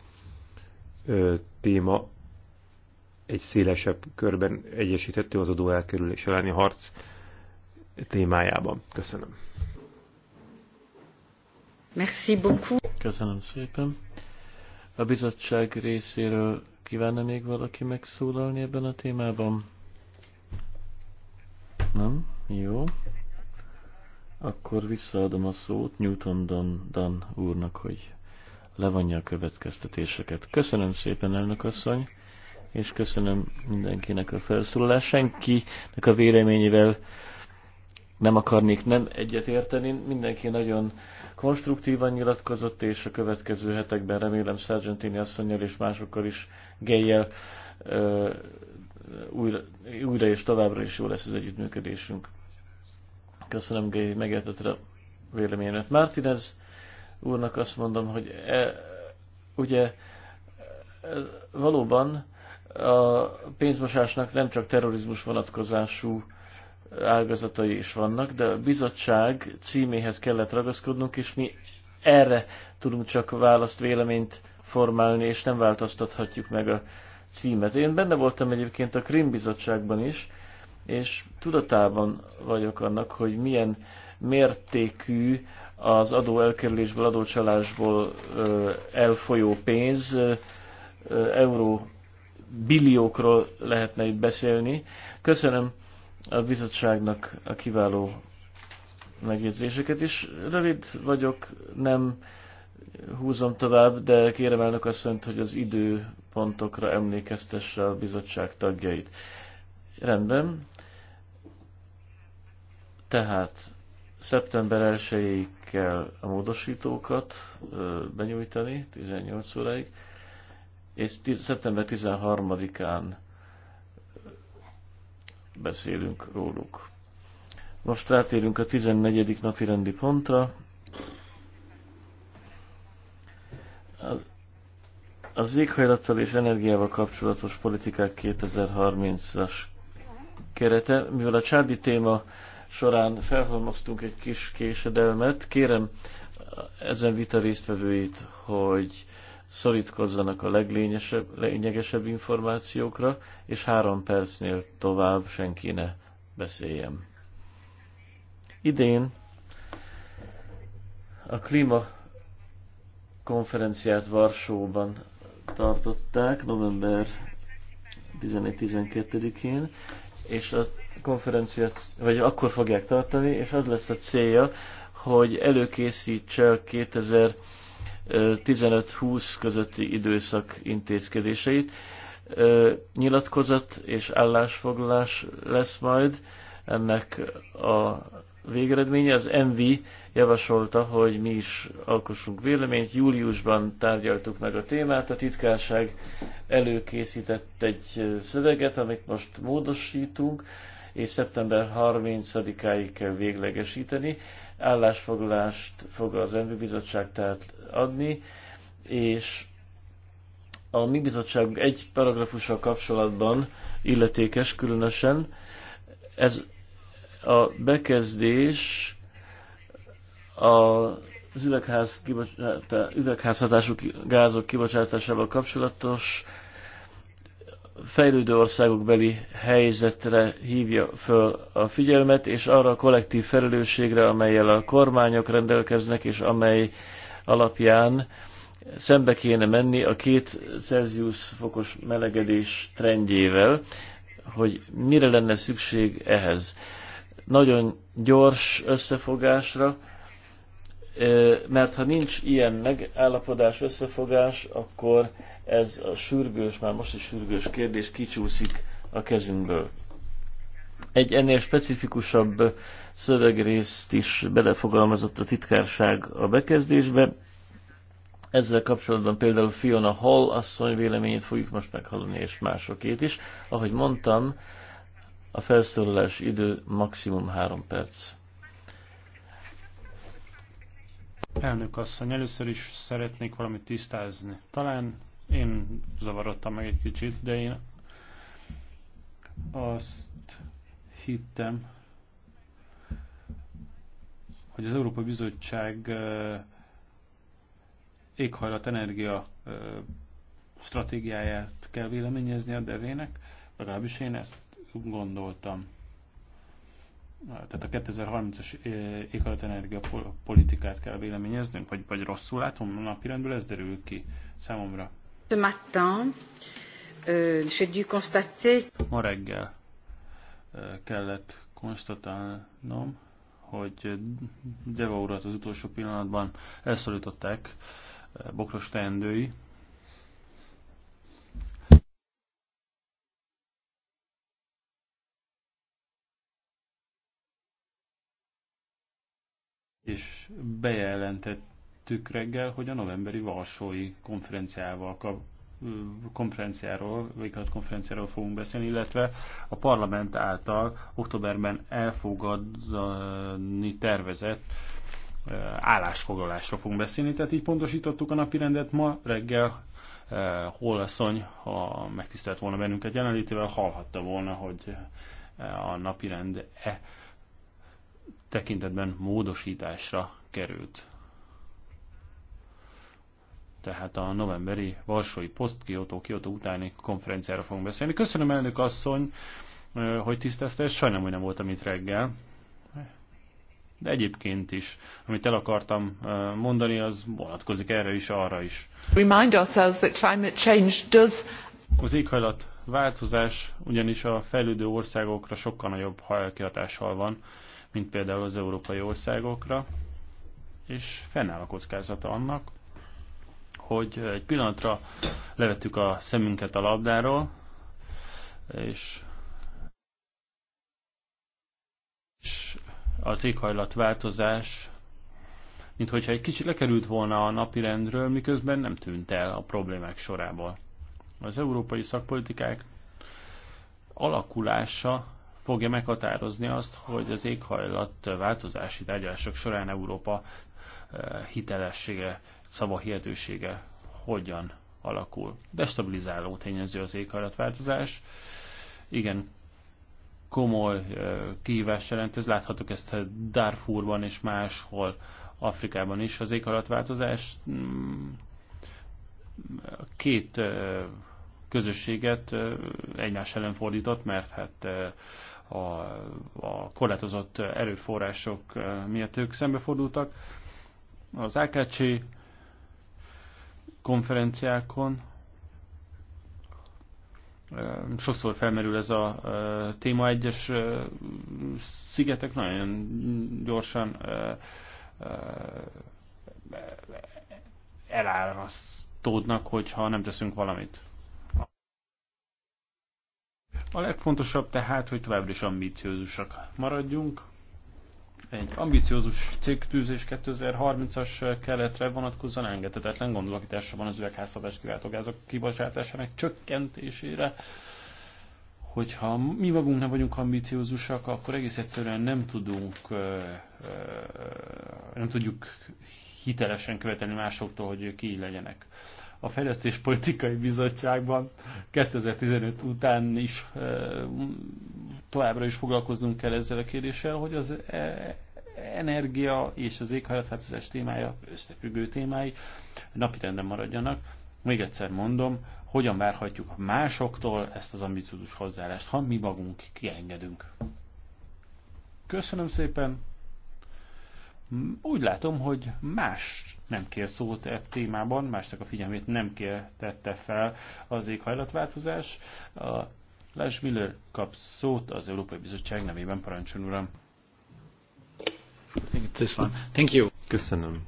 ö, téma egy szélesebb körben egyesíthető az adó elkerülés elleni harc témájában. Köszönöm. Merci beaucoup. Köszönöm szépen. A bizottság részéről kívánna még valaki megszólalni ebben a témában? Nem? Jó. Akkor visszaadom a szót Newton Dan, Dan úrnak, hogy levonja a következtetéseket. Köszönöm szépen, elnök asszony, és köszönöm mindenkinek a felszólalás. Senkinek a véleményével nem akarnék nem egyetérteni. Mindenki nagyon konstruktívan nyilatkozott, és a következő hetekben remélem Sargentini asszonynal és másokkal is gejjel újra, újra és továbbra is jó lesz az együttműködésünk. Köszönöm, Gay, a véleményemet. Martinez úrnak azt mondom, hogy e, ugye e, valóban a pénzmosásnak nem csak terrorizmus vonatkozású ágazatai is vannak, de a bizottság címéhez kellett ragaszkodnunk, és mi erre tudunk csak választ, véleményt formálni, és nem változtathatjuk meg a címet. Én benne voltam egyébként a Krim bizottságban is, és tudatában vagyok annak, hogy milyen mértékű az adó elkerülésből, adócsalásból elfolyó pénz, euró billiókról lehetne itt beszélni. Köszönöm a bizottságnak a kiváló megjegyzéseket is. Rövid vagyok, nem húzom tovább, de kérem elnök asszonyt, hogy az időpontokra emlékeztesse a bizottság tagjait. Rendben. Tehát szeptember 1 kell a módosítókat benyújtani 18 óráig, és szeptember 13-án beszélünk róluk. Most rátérünk a 14. napi rendi pontra. Az, az éghajlattal és energiával kapcsolatos politikák 2030-as kerete. Mivel a csádi téma során felhalmoztunk egy kis késedelmet, kérem ezen vita résztvevőit, hogy szorítkozzanak a leglényesebb, leglényegesebb információkra, és három percnél tovább senki ne beszéljem. Idén a klíma konferenciát Varsóban tartották november 11-12-én, és a konferenciát, vagy akkor fogják tartani, és az lesz a célja, hogy előkészítse a 2000 15-20 közötti időszak intézkedéseit. Nyilatkozat és állásfoglalás lesz majd ennek a végeredménye. Az MV javasolta, hogy mi is alkossunk véleményt. Júliusban tárgyaltuk meg a témát, a titkárság előkészített egy szöveget, amit most módosítunk, és szeptember 30-áig kell véglegesíteni állásfoglalást fog az ENVI bizottság tehát adni, és a mi bizottság egy paragrafussal kapcsolatban illetékes különösen, ez a bekezdés az üvegház, üvegházhatású gázok kibocsátásával kapcsolatos fejlődő országokbeli helyzetre hívja föl a figyelmet, és arra a kollektív felelősségre, amelyel a kormányok rendelkeznek, és amely alapján szembe kéne menni a két Celsius fokos melegedés trendjével, hogy mire lenne szükség ehhez. Nagyon gyors összefogásra, mert ha nincs ilyen megállapodás, összefogás, akkor ez a sürgős, már most is sürgős kérdés kicsúszik a kezünkből. Egy ennél specifikusabb szövegrészt is belefogalmazott a titkárság a bekezdésbe. Ezzel kapcsolatban például Fiona Hall asszony véleményét fogjuk most meghallani, és másokét is. Ahogy mondtam, a felszólalás idő maximum három perc. Elnök asszony, először is szeretnék valamit tisztázni. Talán én zavarodtam meg egy kicsit, de én azt hittem, hogy az Európai Bizottság éghajlat energia stratégiáját kell véleményezni a devének, legalábbis én ezt gondoltam tehát a 2030-as éghajlatenergia politikát kell véleményeznünk, vagy, vagy rosszul látom, a napirendből ez derül ki számomra. Euh, Ma reggel kellett konstatálnom, hogy Deva urat az utolsó pillanatban elszorították bokros teendői, és bejelentettük reggel, hogy a novemberi Varsói konferenciával kap, konferenciáról, végrehajt konferenciáról fogunk beszélni, illetve a parlament által októberben elfogadni tervezett állásfoglalásról fogunk beszélni. Tehát így pontosítottuk a napirendet ma reggel Hol Hollasszony, ha megtisztelt volna bennünket jelenlétével, hallhatta volna, hogy a rend e tekintetben módosításra került. Tehát a novemberi Varsói Post Kyoto, Kyoto utáni konferenciára fogunk beszélni. Köszönöm elnök asszony, hogy tisztázta, és sajnálom, hogy nem voltam itt reggel. De egyébként is, amit el akartam mondani, az vonatkozik erre is, arra is. Remind ourselves that climate change does... Az éghajlat változás ugyanis a fejlődő országokra sokkal nagyobb hajlkihatással van, mint például az európai országokra, és fennáll a kockázata annak, hogy egy pillanatra levettük a szemünket a labdáról, és, az éghajlatváltozás, mint hogyha egy kicsit lekerült volna a napirendről, miközben nem tűnt el a problémák sorából. Az európai szakpolitikák alakulása fogja meghatározni azt, hogy az éghajlat változási tárgyalások során Európa eh, hitelessége, szavahihetősége hogyan alakul. Destabilizáló tényező az éghajlatváltozás. Igen, komoly eh, kihívást jelent, ez láthatok ezt Darfurban és máshol Afrikában is az éghajlatváltozás mm, két eh, közösséget egymás ellen fordított, mert hát a, a korlátozott erőforrások eh, miatt ők szembefordultak. Az AKC konferenciákon eh, sokszor felmerül ez a eh, téma. Egyes szigetek nagyon gyorsan elárasztódnak, hogyha nem teszünk valamit. A legfontosabb tehát, hogy továbbra is ambiciózusak maradjunk. Egy ambiciózus cégtűzés 2030-as keletre vonatkozóan engedhetetlen gondolkodásra van az üvegházhatás kiváltogázok kibocsátásának csökkentésére. Hogyha mi magunk nem vagyunk ambiciózusak, akkor egész egyszerűen nem tudunk, nem tudjuk hitelesen követelni másoktól, hogy ők így legyenek a Fejlesztés Politikai Bizottságban 2015 után is továbbra is foglalkoznunk kell ezzel a kérdéssel, hogy az e, energia és az éghajlatváltozás témája összefüggő témái napirenden maradjanak. Még egyszer mondom, hogyan várhatjuk másoktól ezt az ambiciózus hozzáállást, ha mi magunk kiengedünk. Köszönöm szépen! Úgy látom, hogy más nem kér szót e témában, másnak a figyelmét nem kértette fel az éghajlatváltozás. A Les Miller kap szót az Európai Bizottság nevében, parancsol uram. Thank you. Köszönöm.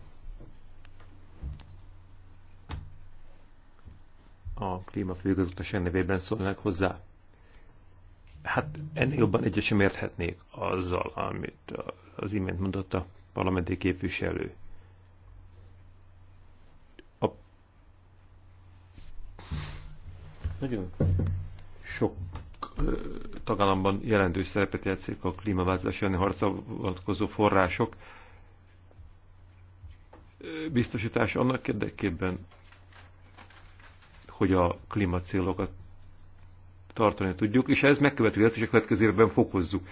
A klímafőgazdaság nevében szólnak hozzá. Hát ennél jobban egyet sem érthetnék azzal, amit az imént mondott a parlamenti képviselő. Nagyon sok tagállamban jelentős szerepet játszik a klímaváltozás elleni harcra vonatkozó források biztosítás annak érdekében, hogy a klímacélokat tartani tudjuk, és ez megkövető lesz, és a következő évben fokozzuk,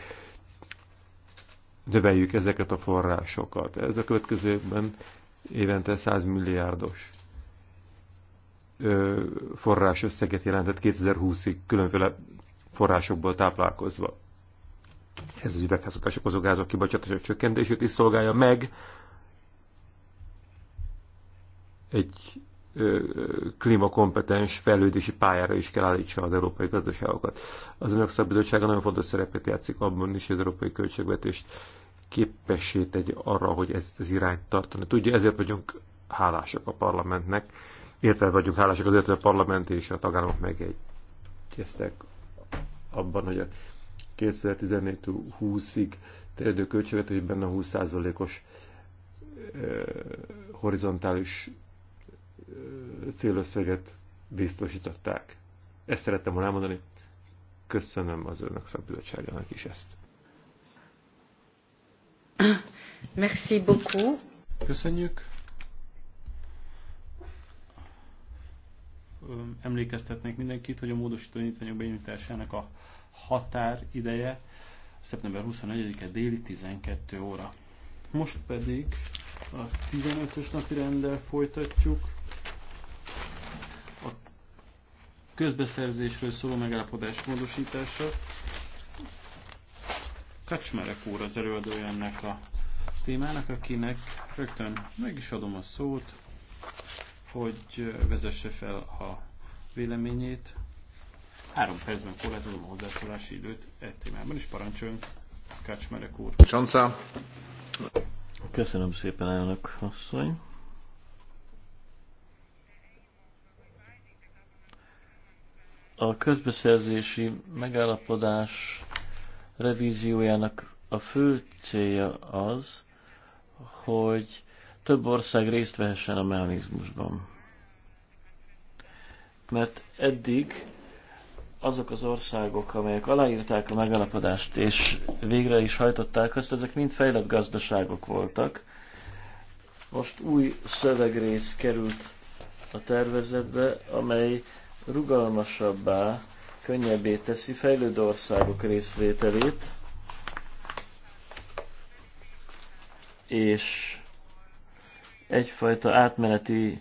növeljük ezeket a forrásokat. Ez a következő évben évente 100 milliárdos forrás összeget jelentett 2020-ig különféle forrásokból táplálkozva. Ez az üvegházhatás okozó gázok kibocsátása csökkentését is szolgálja meg egy klímakompetens fejlődési pályára is kell állítsa az európai gazdaságokat. Az Önök Szabbizottsága nagyon fontos szerepet játszik abban is, hogy az európai költségvetést képessé tegy arra, hogy ezt az irányt tartani tudja. Ezért vagyunk hálásak a parlamentnek, értve vagyunk hálásak azért, hogy a parlament és a tagállamok megegyeztek abban, hogy a 2014-20-ig terjedő költségvetésben a 20%-os horizontális célösszeget biztosították. Ezt szerettem volna elmondani. Köszönöm az önök szakbizottságának is ezt. Merci beaucoup. Köszönjük. emlékeztetnék mindenkit, hogy a módosító nyitványok benyújtásának a határ ideje szeptember 24-e déli 12 óra. Most pedig a 15-ös napi rendel folytatjuk. A közbeszerzésről szóló megállapodás módosítása. Kacsmerek úr az előadója ennek a témának, akinek rögtön meg is adom a szót hogy vezesse fel a véleményét. Három percben korlátozom a hozzászólási időt e témában is parancsoljon. Kácsmerek úr. Csonca. Köszönöm szépen, elnök asszony. A közbeszerzési megállapodás revíziójának a fő célja az, hogy több ország részt vehessen a mechanizmusban. Mert eddig azok az országok, amelyek aláírták a megállapodást és végre is hajtották azt, ezek mind fejlett gazdaságok voltak. Most új szövegrész került a tervezetbe, amely rugalmasabbá, könnyebbé teszi fejlődő országok részvételét, és egyfajta átmeneti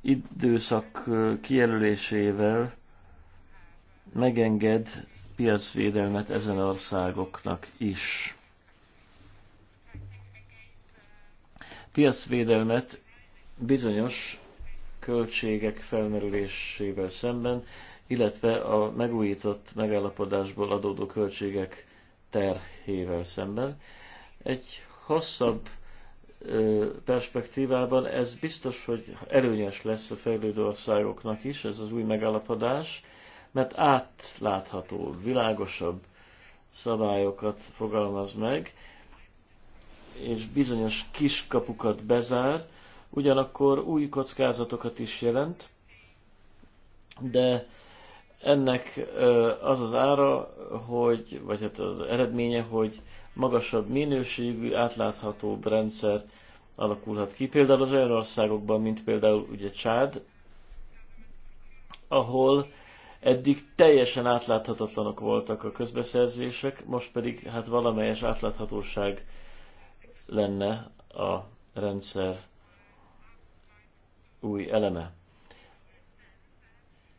időszak kijelölésével megenged piacvédelmet ezen országoknak is. Piacvédelmet bizonyos költségek felmerülésével szemben, illetve a megújított megállapodásból adódó költségek terhével szemben. Egy hosszabb perspektívában ez biztos, hogy előnyes lesz a fejlődő országoknak is, ez az új megállapodás, mert átlátható, világosabb szabályokat fogalmaz meg, és bizonyos kis kapukat bezár, ugyanakkor új kockázatokat is jelent, de ennek az az ára, hogy, vagy hát az eredménye, hogy magasabb minőségű, átláthatóbb rendszer alakulhat ki. Például az olyan országokban, mint például ugye Csád, ahol eddig teljesen átláthatatlanok voltak a közbeszerzések, most pedig hát valamelyes átláthatóság lenne a rendszer új eleme.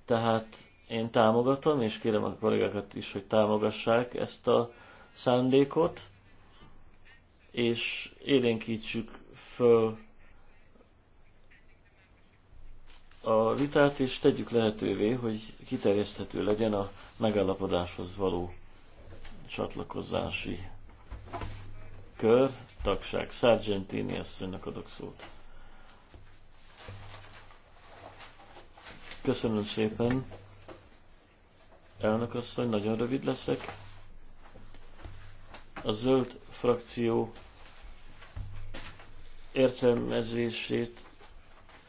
Tehát én támogatom, és kérem a kollégákat is, hogy támogassák ezt a szándékot, és élénkítsük föl a vitát, és tegyük lehetővé, hogy kiterjeszthető legyen a megállapodáshoz való csatlakozási kör, tagság. Sargentini asszonynak adok szót. Köszönöm szépen, elnök asszony, nagyon rövid leszek a zöld frakció értelmezését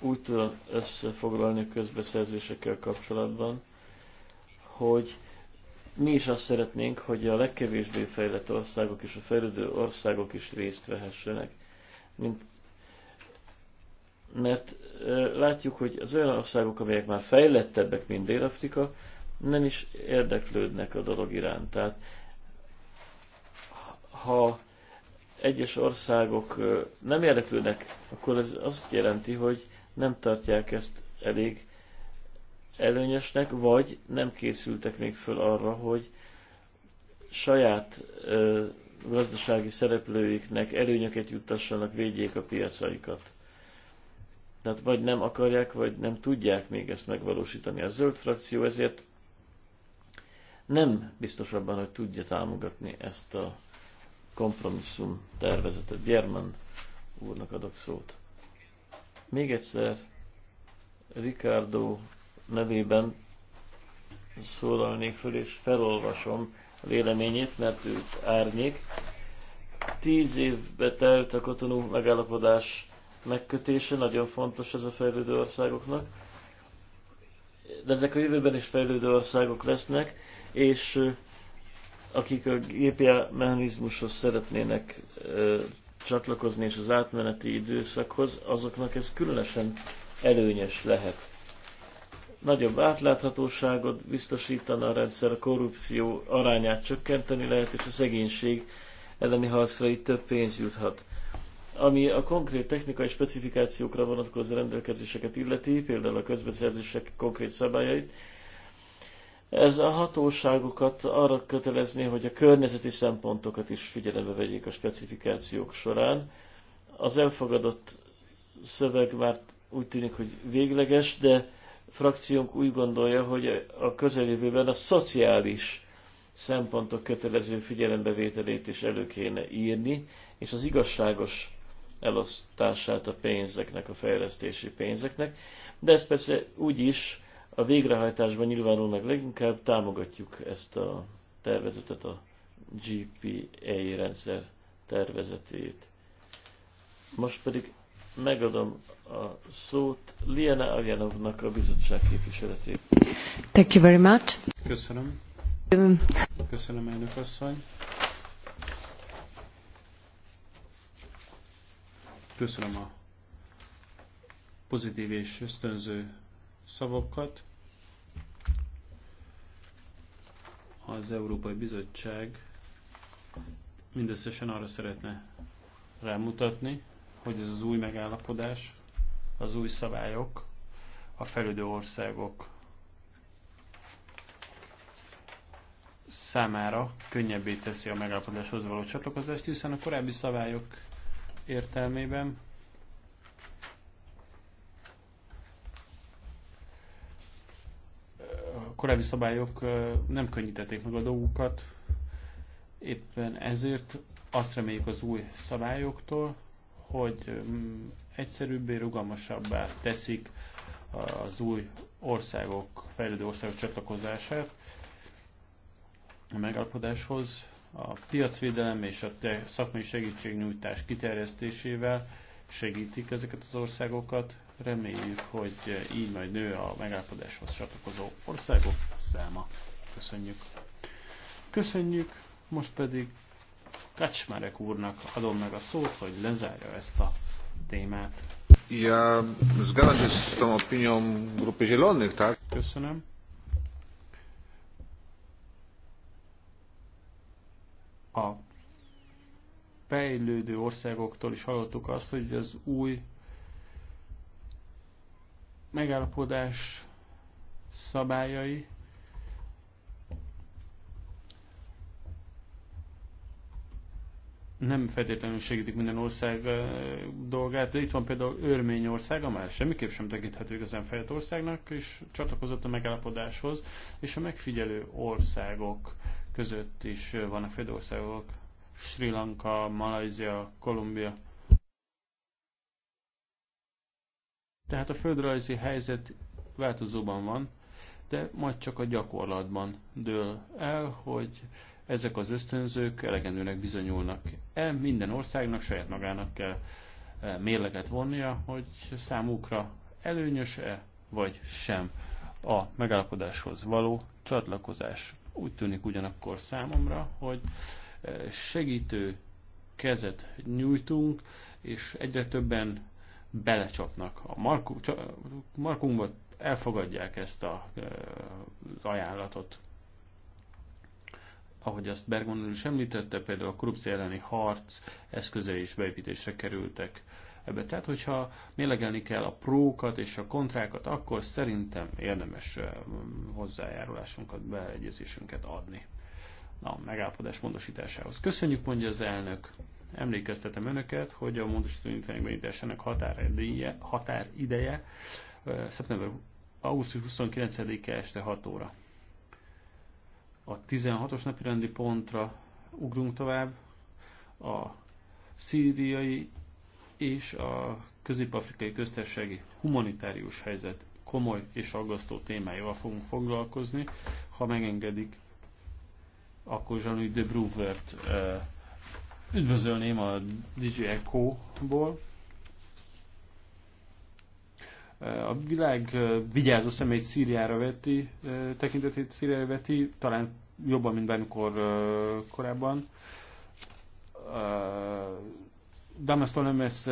úgy tudom összefoglalni a közbeszerzésekkel kapcsolatban, hogy mi is azt szeretnénk, hogy a legkevésbé fejlett országok és a fejlődő országok is részt vehessenek. Mint, mert látjuk, hogy az olyan országok, amelyek már fejlettebbek, mint Dél-Afrika, nem is érdeklődnek a dolog iránt. Tehát ha egyes országok nem érdeklődnek, akkor ez azt jelenti, hogy nem tartják ezt elég előnyösnek, vagy nem készültek még föl arra, hogy saját ö, gazdasági szereplőiknek előnyöket juttassanak, védjék a piacaikat. Tehát vagy nem akarják, vagy nem tudják még ezt megvalósítani. A zöld frakció ezért nem biztos abban, hogy tudja támogatni ezt a kompromisszum tervezete Bjerman úrnak adok szót. Még egyszer Ricardo nevében szólalnék föl, és felolvasom a véleményét, mert őt árnyék. Tíz évbe telt a kotonú megállapodás megkötése, nagyon fontos ez a fejlődő országoknak, de ezek a jövőben is fejlődő országok lesznek, és akik a GPA mechanizmushoz szeretnének csatlakozni és az átmeneti időszakhoz, azoknak ez különösen előnyes lehet. Nagyobb átláthatóságot biztosítana a rendszer, a korrupció arányát csökkenteni lehet, és a szegénység elleni harcra itt több pénz juthat. Ami a konkrét technikai specifikációkra vonatkozó rendelkezéseket illeti, például a közbeszerzések konkrét szabályait, ez a hatóságokat arra kötelezni, hogy a környezeti szempontokat is figyelembe vegyék a specifikációk során. Az elfogadott szöveg már úgy tűnik, hogy végleges, de frakciónk úgy gondolja, hogy a közeljövőben a szociális szempontok kötelező figyelembevételét is elő kéne írni, és az igazságos elosztását a pénzeknek, a fejlesztési pénzeknek, de ez persze úgy is a végrehajtásban nyilvánul meg, leginkább, támogatjuk ezt a tervezetet, a GPA rendszer tervezetét. Most pedig megadom a szót Liana Aljanovnak a bizottság képviseletét. Thank you very much. Köszönöm. Köszönöm, elnök asszony. Köszönöm a pozitív és ösztönző szavakat. Az Európai Bizottság mindösszesen arra szeretne rámutatni, hogy ez az új megállapodás, az új szabályok a felüldő országok számára könnyebbé teszi a megállapodáshoz való csatlakozást, hiszen a korábbi szabályok értelmében korábbi szabályok nem könnyítették meg a dolgukat, éppen ezért azt reméljük az új szabályoktól, hogy egyszerűbbé, rugalmasabbá teszik az új országok, fejlődő országok csatlakozását a megállapodáshoz, a piacvédelem és a szakmai segítségnyújtás kiterjesztésével segítik ezeket az országokat, Reméljük, hogy így majd nő a megállapodáshoz csatlakozó országok száma. Köszönjük. Köszönjük, most pedig Kacsmarek úrnak adom meg a szót, hogy lezárja ezt a témát. Ja zgadzam się z tą opinią Grupy Zielonych, tak? Köszönöm. A fejlődő országoktól is hallottuk azt, hogy az új megállapodás szabályai nem feltétlenül segítik minden ország dolgát, de itt van például Örményország, amely semmiképp sem tekinthető igazán fejlett országnak, és csatlakozott a megállapodáshoz, és a megfigyelő országok között is vannak fejlett országok, Sri Lanka, Malajzia, Kolumbia, Tehát a földrajzi helyzet változóban van, de majd csak a gyakorlatban dől el, hogy ezek az ösztönzők elegendőnek bizonyulnak-e. Minden országnak saját magának kell e, mérleget vonnia, hogy számukra előnyös-e vagy sem a megállapodáshoz való csatlakozás. Úgy tűnik ugyanakkor számomra, hogy e, segítő kezet nyújtunk, és egyre többen belecsapnak a marku, markunkba, elfogadják ezt a, az ajánlatot. Ahogy azt Bergman úr is említette, például a korrupció elleni harc eszközei is beépítésre kerültek ebbe. Tehát, hogyha mélegelni kell a prókat és a kontrákat, akkor szerintem érdemes hozzájárulásunkat, beegyezésünket adni a megállapodás módosításához. Köszönjük, mondja az elnök. Emlékeztetem önöket, hogy a módosító intézménybeításának határideje, határideje szeptember augusztus 29-e este 6 óra. A 16-os napi rendi pontra ugrunk tovább. A szíriai és a közép-afrikai köztársasági humanitárius helyzet komoly és aggasztó témájával fogunk foglalkozni. Ha megengedik, akkor Jean-Louis de uh, Üdvözölném a DJ Echo-ból. A világ vigyázó szemét Szíriára veti, tekintetét Szíriára veti, talán jobban, mint bármikor korábban. Damasztól nem lesz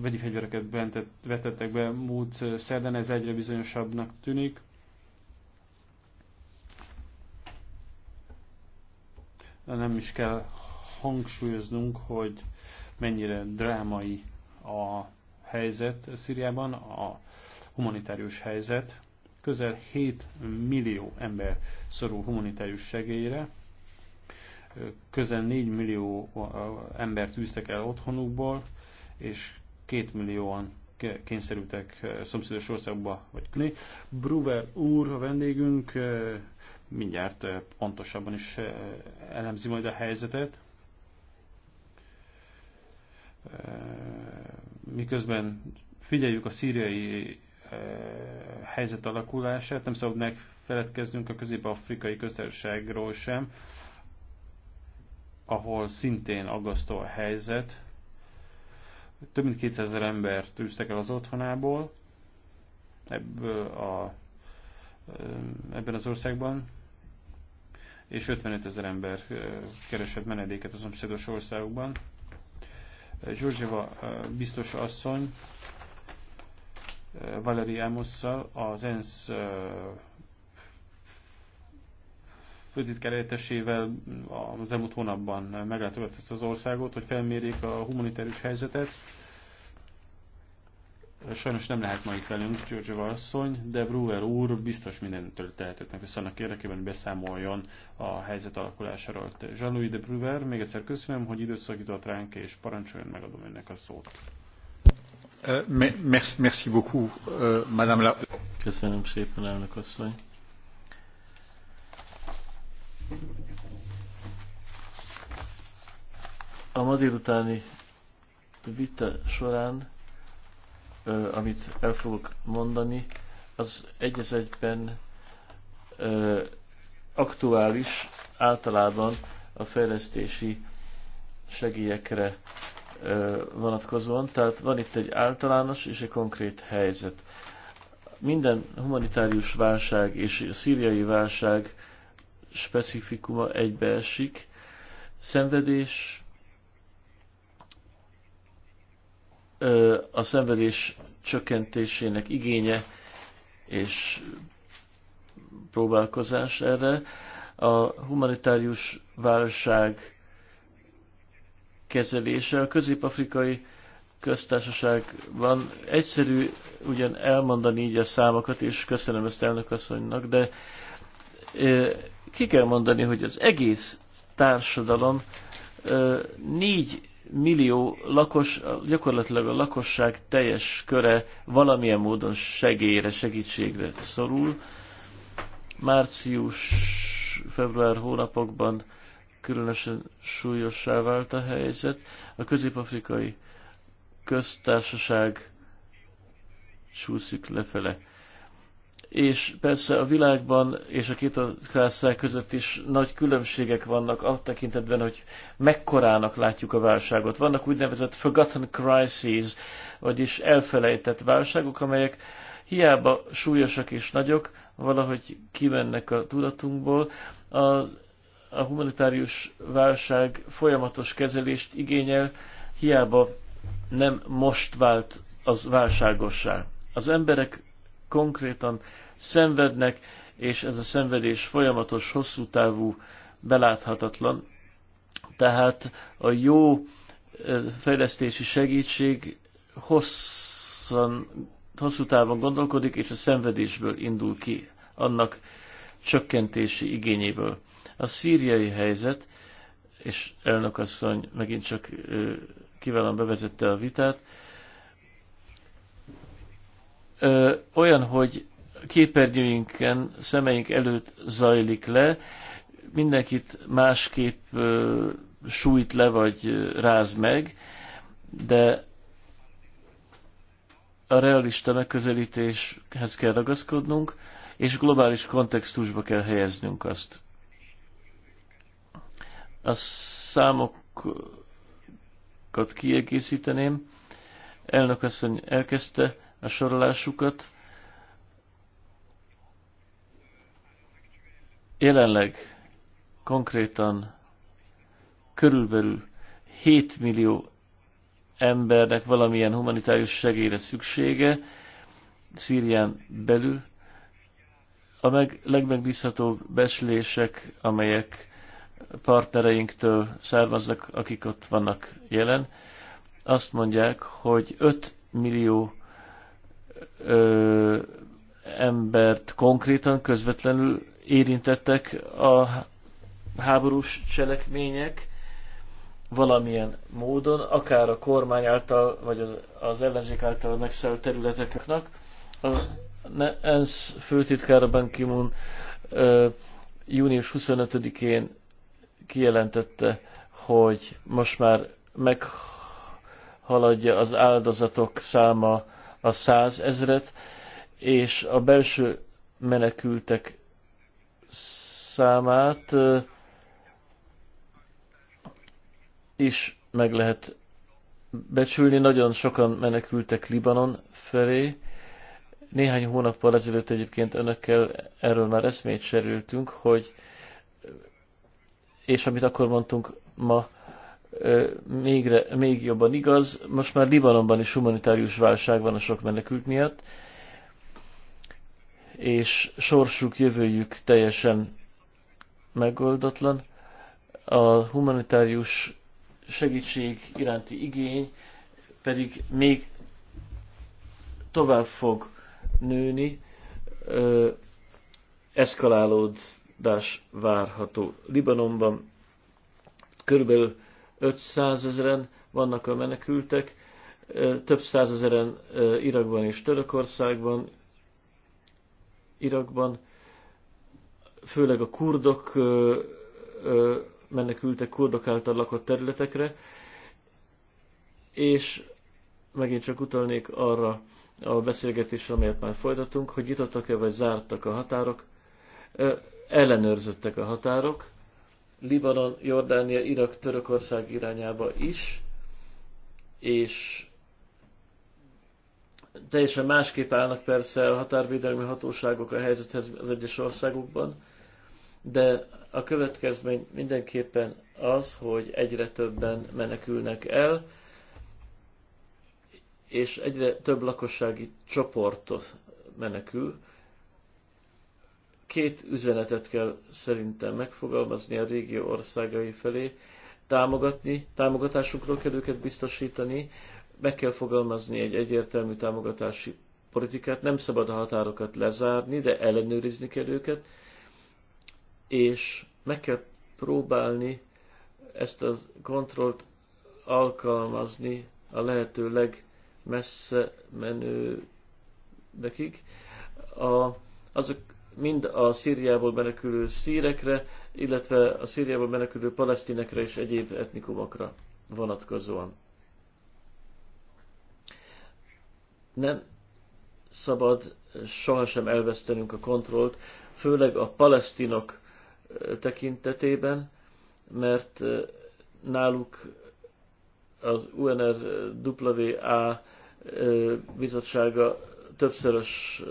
vegyi fegyvereket vetettek be múlt szerdán, ez egyre bizonyosabbnak tűnik. nem is kell hangsúlyoznunk, hogy mennyire drámai a helyzet Szíriában, a humanitárius helyzet. Közel 7 millió ember szorul humanitárius segélyre, közel 4 millió embert tűztek el otthonukból, és 2 millióan kényszerültek szomszédos országba vagy külni. Bruver úr, a vendégünk, mindjárt pontosabban is elemzi majd a helyzetet miközben figyeljük a szíriai helyzet alakulását, nem szabad megfeledkeznünk a közép-afrikai közösségről sem, ahol szintén aggasztó a helyzet. Több mint 200 ezer embert tűztek el az otthonából, ebből a, ebben az országban, és 55 ezer ember keresett menedéket a szomszédos országokban. Zsuzsiva biztos asszony Valeri Amosszal, az ENSZ főtitkerejtesével az elmúlt hónapban meglátogatott ezt az országot, hogy felmérjék a humanitárius helyzetet, Sajnos nem lehet ma itt velünk Györgyöva Valszony, de Brewer úr biztos mindentől tehetett meg annak érdekében, hogy beszámoljon a helyzet alakulásáról. Jean-Louis de Brewer, még egyszer köszönöm, hogy időt szakított ránk, és parancsoljon, megadom önnek a szót. Euh, merci beaucoup, euh, Madame la... Köszönöm szépen, elnök asszony. A ma délutáni vita során amit el fogok mondani, az egy az egyben aktuális általában a fejlesztési segélyekre vonatkozóan. Tehát van itt egy általános és egy konkrét helyzet. Minden humanitárius válság és a szíriai válság specifikuma egybeesik. Szenvedés, a szenvedés csökkentésének igénye és próbálkozás erre. A humanitárius válság kezelése a közép-afrikai köztársaságban egyszerű ugyan elmondani így a számokat, és köszönöm ezt elnökasszonynak, de ki kell mondani, hogy az egész társadalom négy millió lakos, gyakorlatilag a lakosság teljes köre valamilyen módon segélyre, segítségre szorul. Március, február hónapokban különösen súlyossá vált a helyzet. A közép-afrikai köztársaság csúszik lefele és persze a világban és a két ország között is nagy különbségek vannak a tekintetben, hogy mekkorának látjuk a válságot. Vannak úgynevezett forgotten crises, vagyis elfelejtett válságok, amelyek hiába súlyosak és nagyok, valahogy kimennek a tudatunkból. A, a humanitárius válság folyamatos kezelést igényel, hiába nem most vált az válságossá. Az emberek konkrétan szenvednek, és ez a szenvedés folyamatos, hosszú távú, beláthatatlan. Tehát a jó fejlesztési segítség hosszan, hosszú távon gondolkodik, és a szenvedésből indul ki, annak csökkentési igényéből. A szíriai helyzet, és elnökasszony megint csak kiválóan bevezette a vitát, ö, olyan, hogy képernyőinken, szemeink előtt zajlik le, mindenkit másképp ö, sújt le vagy ráz meg, de a realista megközelítéshez kell ragaszkodnunk, és globális kontextusba kell helyeznünk azt. A számokat kiegészíteném. Elnök asszony elkezdte, a sorolásukat. Jelenleg konkrétan körülbelül 7 millió embernek valamilyen humanitárius segélyre szüksége Szírián belül. A meg, legmegbízhatóbb beszélések, amelyek partnereinktől származnak, akik ott vannak jelen, azt mondják, hogy 5 millió ö, embert konkrétan, közvetlenül érintettek a háborús cselekmények valamilyen módon, akár a kormány által, vagy az ellenzék által megszállt területeknek. Az ENSZ főtitkára Ban Ki-moon június 25-én kijelentette, hogy most már meghaladja az áldozatok száma a százezret, és a belső menekültek számát is meg lehet becsülni. Nagyon sokan menekültek Libanon felé. Néhány hónappal ezelőtt egyébként önökkel erről már eszmét serültünk, hogy és amit akkor mondtunk ma, mégre még jobban igaz. Most már Libanonban is humanitárius válság van a sok menekült miatt, és sorsuk, jövőjük teljesen megoldatlan. A humanitárius segítség iránti igény pedig még tovább fog nőni, ö, eszkalálódás várható. Libanonban körülbelül 500 ezeren vannak a menekültek, több százezeren Irakban és Törökországban, Irakban, főleg a kurdok menekültek kurdok által lakott területekre, és megint csak utalnék arra a beszélgetésre, amelyet már folytatunk, hogy nyitottak-e vagy zártak a határok, ellenőrzöttek a határok, Libanon, Jordánia, Irak, Törökország irányába is, és teljesen másképp állnak persze a határvédelmi hatóságok a helyzethez az egyes országokban, de a következmény mindenképpen az, hogy egyre többen menekülnek el, és egyre több lakossági csoportot menekül, Két üzenetet kell szerintem megfogalmazni a régió országai felé, támogatni, támogatásukról kell őket biztosítani, meg kell fogalmazni egy egyértelmű támogatási politikát, nem szabad a határokat lezárni, de ellenőrizni kell őket, és meg kell próbálni ezt a kontrollt alkalmazni a lehető legmessze menő nekik. A, azok mind a Szíriából menekülő szírekre, illetve a Szíriából menekülő palesztinekre és egyéb etnikumokra vonatkozóan. Nem szabad sohasem elvesztenünk a kontrollt, főleg a palesztinok tekintetében, mert náluk az UNRWA bizottsága többszörös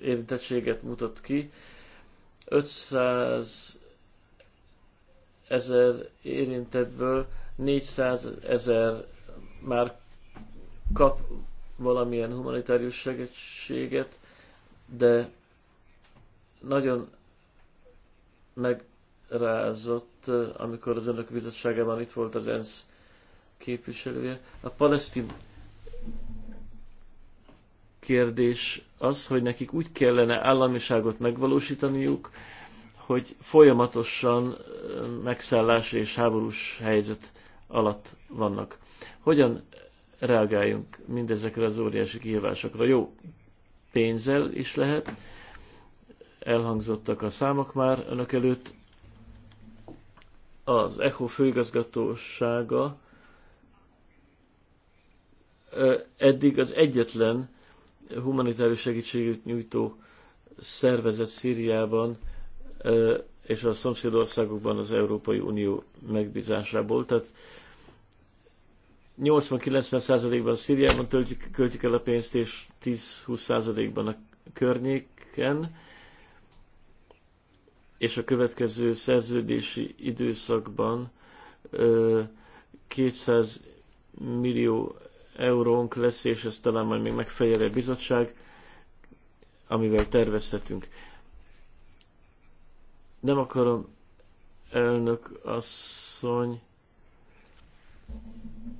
érintettséget mutat ki. 500 ezer érintettből 400 ezer már kap valamilyen humanitárius segítséget, de nagyon megrázott, amikor az önök bizottságában itt volt az ENSZ képviselője. A palesztin kérdés az, hogy nekik úgy kellene államiságot megvalósítaniuk, hogy folyamatosan megszállás és háborús helyzet alatt vannak. Hogyan reagáljunk mindezekre az óriási kihívásokra? Jó, pénzzel is lehet, elhangzottak a számok már önök előtt. Az ECHO főigazgatósága eddig az egyetlen humanitárius segítséget nyújtó szervezet Szíriában és a szomszédországokban az Európai Unió megbízásából. Tehát 80 90 százalékban Szíriában töltjük, költjük el a pénzt, és 10 20 százalékban a környéken, és a következő szerződési időszakban 200 millió eurónk lesz, és ez talán majd még megfejeli egy bizottság, amivel tervezhetünk. Nem akarom, elnök asszony,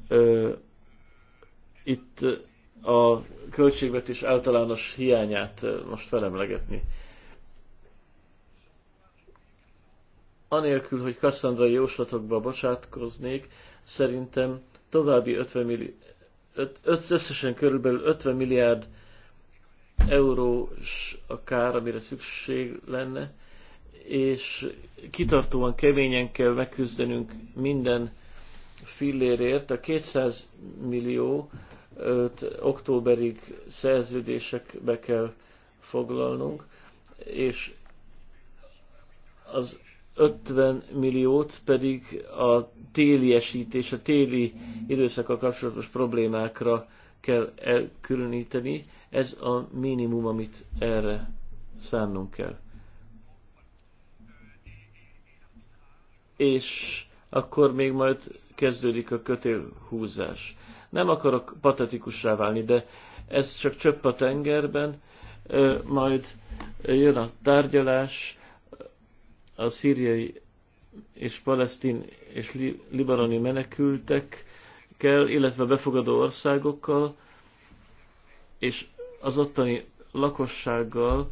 ö, itt a költségvetés általános hiányát most felemlegetni. Anélkül, hogy kasszandrai jóslatokba bocsátkoznék, szerintem további 50 millió öt összesen körülbelül 50 milliárd eurós a kár, amire szükség lenne, és kitartóan keményen kell megküzdenünk minden fillérért. A 200 millió októberig szerződésekbe kell foglalnunk, és az 50 milliót pedig a téli esítés, a téli időszakkal kapcsolatos problémákra kell elkülöníteni. Ez a minimum, amit erre szánnunk kell. És akkor még majd kezdődik a kötélhúzás. Nem akarok patetikussá válni, de ez csak csöpp a tengerben, majd jön a tárgyalás, a szíriai és palesztin és libanoni menekültekkel, illetve befogadó országokkal, és az ottani lakossággal,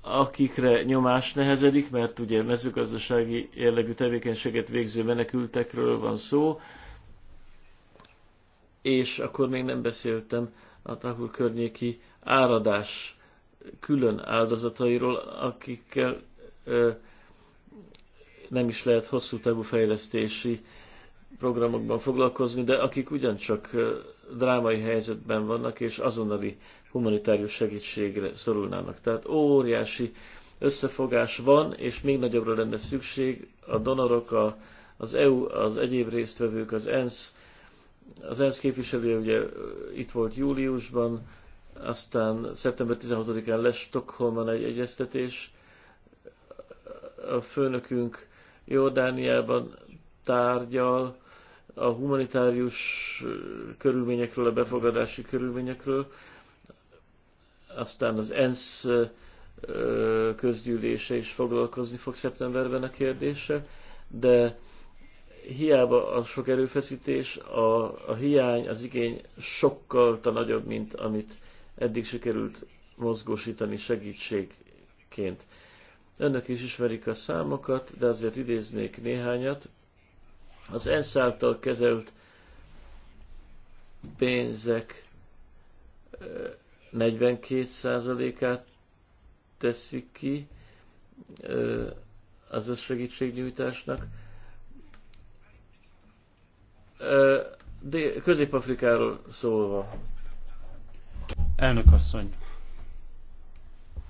akikre nyomás nehezedik, mert ugye mezőgazdasági jellegű tevékenységet végző menekültekről van szó, és akkor még nem beszéltem a Tahul környéki áradás külön áldozatairól, akikkel nem is lehet hosszú távú fejlesztési programokban foglalkozni, de akik ugyancsak drámai helyzetben vannak, és azonnali humanitárius segítségre szorulnának. Tehát óriási összefogás van, és még nagyobbra lenne szükség a donorok, a, az EU, az egyéb résztvevők, az ENSZ, az ENSZ képviselője ugye itt volt júliusban, aztán szeptember 16-án lesz Stockholmban egy egyeztetés, a főnökünk Jordániában tárgyal a humanitárius körülményekről, a befogadási körülményekről, aztán az ENSZ közgyűlése is foglalkozni fog szeptemberben a kérdése, de hiába a sok erőfeszítés, a, a hiány, az igény sokkal nagyobb, mint amit eddig sikerült mozgósítani segítségként. Önök is ismerik a számokat, de azért idéznék néhányat. Az ENSZ által kezelt pénzek 42%-át teszik ki az segítségnyújtásnak, Közép-Afrikáról szólva, Elnök asszony,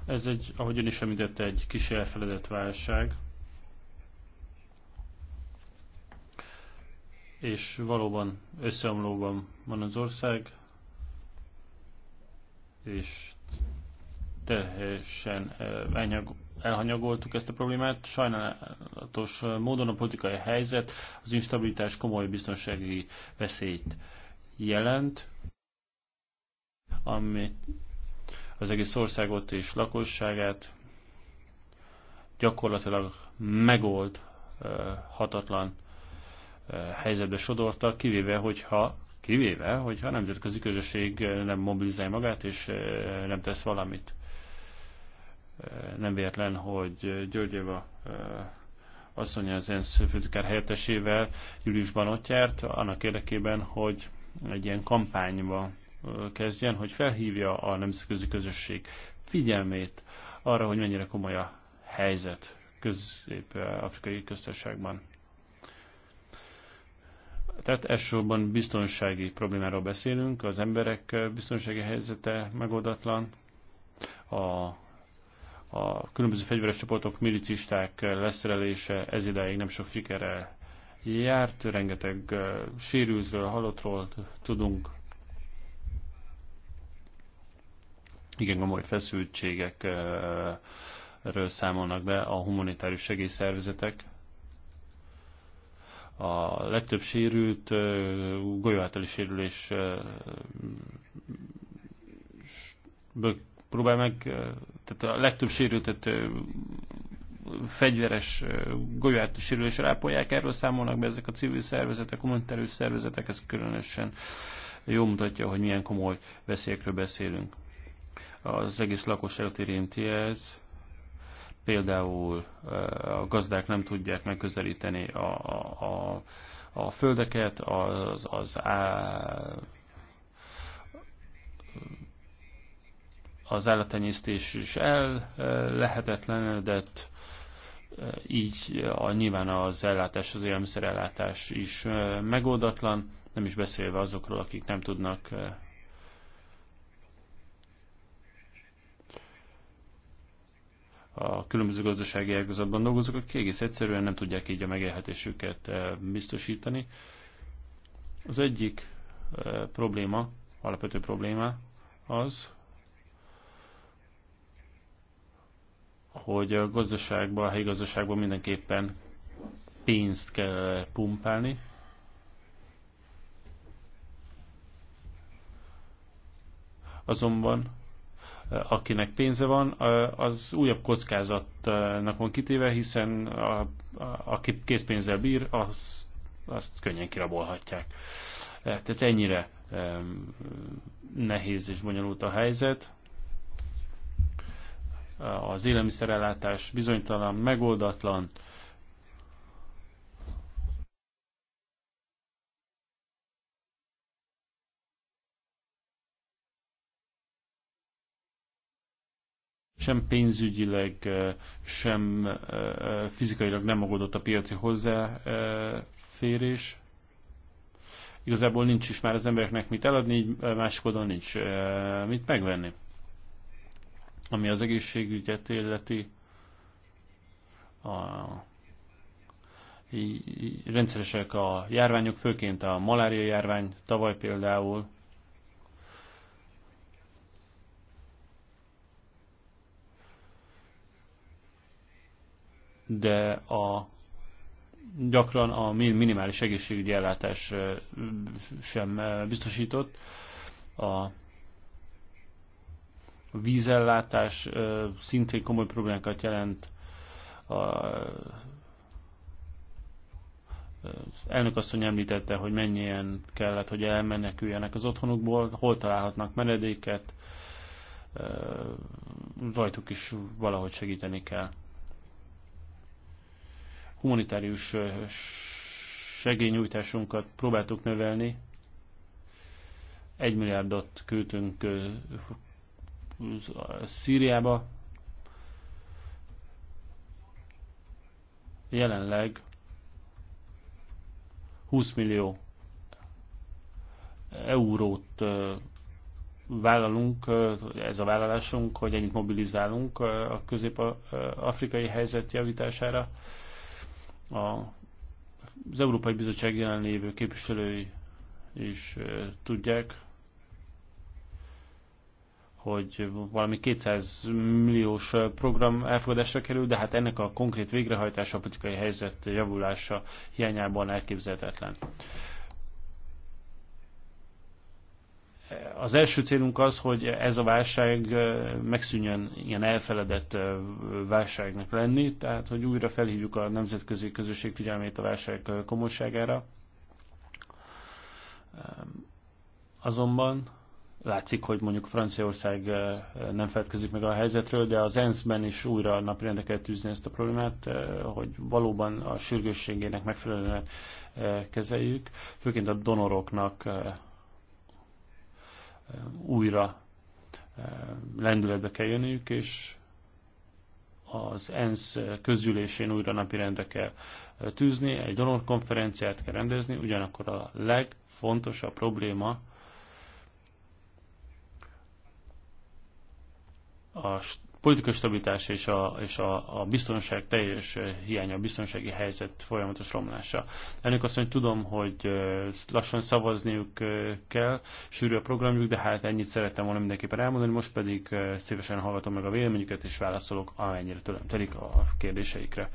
ez egy, ahogy ön is említette, egy kis elfeledett válság. És valóban összeomlóban van az ország, és teljesen eh, elhanyagoltuk ezt a problémát. Sajnálatos módon a politikai helyzet az instabilitás komoly biztonsági veszélyt jelent ami az egész országot és lakosságát gyakorlatilag megold hatatlan helyzetbe sodorta, kivéve, hogyha kivéve, hogyha a nemzetközi közösség nem mobilizálja magát és nem tesz valamit. Nem véletlen, hogy Györgyeva asszonya az ENSZ főtitkár helyettesével júliusban ott járt, annak érdekében, hogy egy ilyen kampányba kezdjen, hogy felhívja a nemzetközi közösség figyelmét arra, hogy mennyire komoly a helyzet közép-afrikai köztársaságban. Tehát elsősorban biztonsági problémáról beszélünk, az emberek biztonsági helyzete megoldatlan, a, a különböző fegyveres csoportok, milicisták leszerelése ez idáig nem sok sikerrel járt, rengeteg sérültről, halottról tudunk igen komoly feszültségekről számolnak be a humanitárius segélyszervezetek. A legtöbb sérült golyóháteli sérülés próbál meg, tehát a legtöbb sérültet fegyveres golyóháteli sérülésre ápolják, erről számolnak be ezek a civil szervezetek, humanitárius szervezetek, ez különösen jól mutatja, hogy milyen komoly veszélyekről beszélünk az egész lakosságot érinti ez. Például a gazdák nem tudják megközelíteni a, a, a földeket, az, az á, az állatenyésztés is el lehetetlenedett, így a, nyilván az ellátás, az élelmiszerellátás is megoldatlan, nem is beszélve azokról, akik nem tudnak a különböző gazdasági ágazatban dolgozók, akik egész egyszerűen nem tudják így a megélhetésüket eh, biztosítani. Az egyik eh, probléma, alapvető probléma az, hogy a gazdaságban, a helyi gazdaságban mindenképpen pénzt kell pumpálni. Azonban akinek pénze van, az újabb kockázatnak van kitéve, hiszen a, a, aki készpénzzel bír, az, azt könnyen kirabolhatják. Tehát ennyire nehéz és bonyolult a helyzet. Az élelmiszerellátás bizonytalan, megoldatlan, sem pénzügyileg, sem fizikailag nem megoldott a piaci hozzáférés. Igazából nincs is már az embereknek mit eladni, így másik oldalon nincs mit megvenni. Ami az egészségügyet illeti, a rendszeresek a járványok, főként a malária járvány, tavaly például de a gyakran a minimális egészségügyi ellátás sem biztosított. A vízellátás szintén komoly problémákat jelent. A elnök asszony említette, hogy mennyien kellett, hogy elmeneküljenek az otthonukból, hol találhatnak menedéket, rajtuk is valahogy segíteni kell humanitárius segélynyújtásunkat próbáltuk növelni. Egy milliárdot küldtünk Szíriába. Jelenleg 20 millió eurót vállalunk, ez a vállalásunk, hogy ennyit mobilizálunk a közép-afrikai helyzet javítására a, az Európai Bizottság jelenlévő képviselői is tudják, hogy valami 200 milliós program elfogadásra kerül, de hát ennek a konkrét végrehajtása, a politikai helyzet javulása hiányában elképzelhetetlen. Az első célunk az, hogy ez a válság megszűnjön ilyen elfeledett válságnak lenni, tehát hogy újra felhívjuk a nemzetközi közösség figyelmét a válság komolyságára. Azonban látszik, hogy mondjuk Franciaország nem feledkezik meg a helyzetről, de az ENSZ-ben is újra napirendre kell tűzni ezt a problémát, hogy valóban a sürgősségének megfelelően kezeljük, főként a donoroknak újra lendületbe kell jönniük, és az ENSZ közgyűlésén újra napirendre kell tűzni, egy donorkonferenciát kell rendezni, ugyanakkor a legfontosabb probléma a politikai stabilitás és a, és a, a biztonság teljes eh, hiánya, a biztonsági helyzet folyamatos romlása. Ennek azt mondja, tudom, hogy eh, lassan szavazniuk eh, kell, sűrű a programjuk, de hát ennyit szerettem volna mindenképpen elmondani, most pedig szívesen hallgatom meg a véleményüket, és válaszolok, amennyire tőlem telik a kérdéseikre.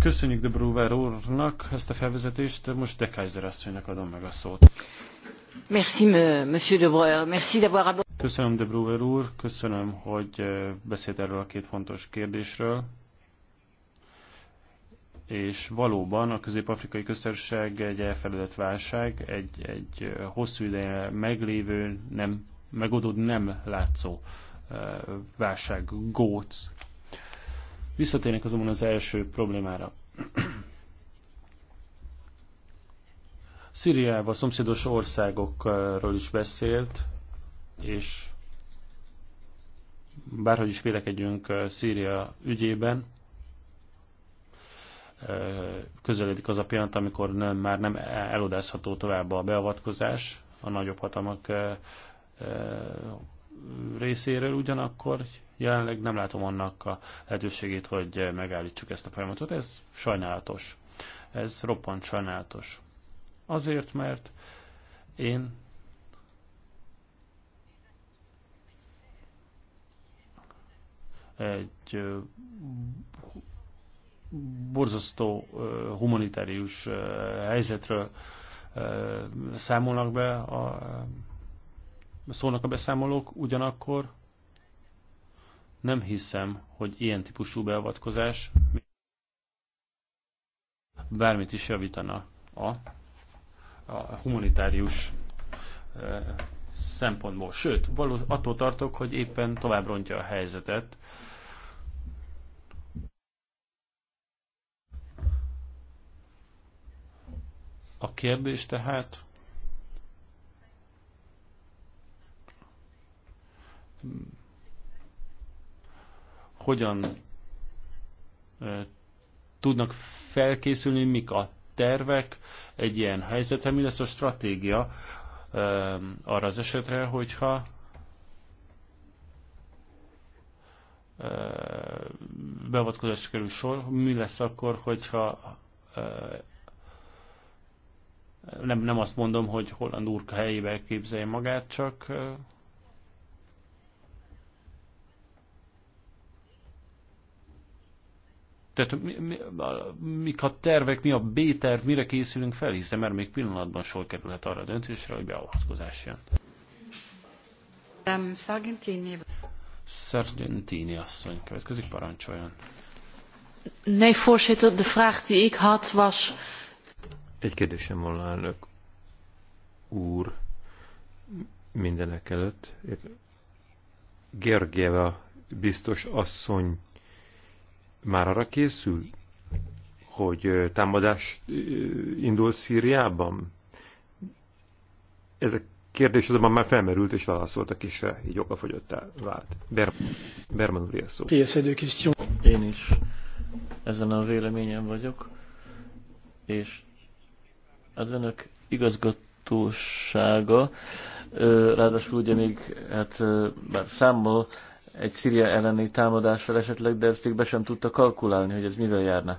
Köszönjük De Brouwer úrnak ezt a felvezetést, most De Kaiser asszonynak adom meg a szót. Köszönöm, de Brouwer úr, köszönöm, hogy eh, beszélt erről a két fontos kérdésről. És valóban a közép-afrikai köztársaság egy elfeledett válság, egy, egy eh, hosszú ideje meglévő, nem, megoldódó, nem látszó eh, válság, góc. Visszatérnek azonban az első problémára. Szíriába, szomszédos országokról is beszélt, és bárhogy is vélekedjünk Szíria ügyében, közeledik az a pillanat, amikor nem, már nem elodázható tovább a beavatkozás a nagyobb hatalmak részéről, ugyanakkor jelenleg nem látom annak a lehetőségét, hogy megállítsuk ezt a folyamatot. Ez sajnálatos. Ez roppant sajnálatos. Azért, mert én egy borzasztó humanitárius helyzetről számolnak be, a, szólnak a beszámolók, ugyanakkor nem hiszem, hogy ilyen típusú beavatkozás bármit is javítana a a humanitárius szempontból. Sőt, való, attól tartok, hogy éppen tovább rontja a helyzetet. A kérdés tehát, hogyan tudnak felkészülni, mik a tervek egy ilyen helyzetre, mi lesz a stratégia ehm, arra az esetre, hogyha ehm, beavatkozásra kerül sor, mi lesz akkor, hogyha ehm, nem, nem azt mondom, hogy Holland úr helyébe képzelje magát, csak Tehát mi, mi, mik a tervek, mi a B-terv, mire készülünk fel, hiszen már még pillanatban sor kerülhet arra a döntésre, hogy beavatkozás jön. Um, Sargentini. Sargentini asszony következik, parancsoljon. Nee, voorzitter, de vraag die ik had was... Egy kérdésem volna, elnök úr, mindenek előtt. Gergeva biztos asszony már arra készül, hogy támadás indul Szíriában? Ez a kérdés azonban már felmerült, és válaszoltak is rá, így okafogyottá vált. Ber Berman úr szó. Én is ezen a véleményen vagyok, és az önök igazgatósága, ráadásul ugye még hát, bár számmal egy Szíria elleni támadással esetleg, de ezt még be sem tudta kalkulálni, hogy ez mivel járna.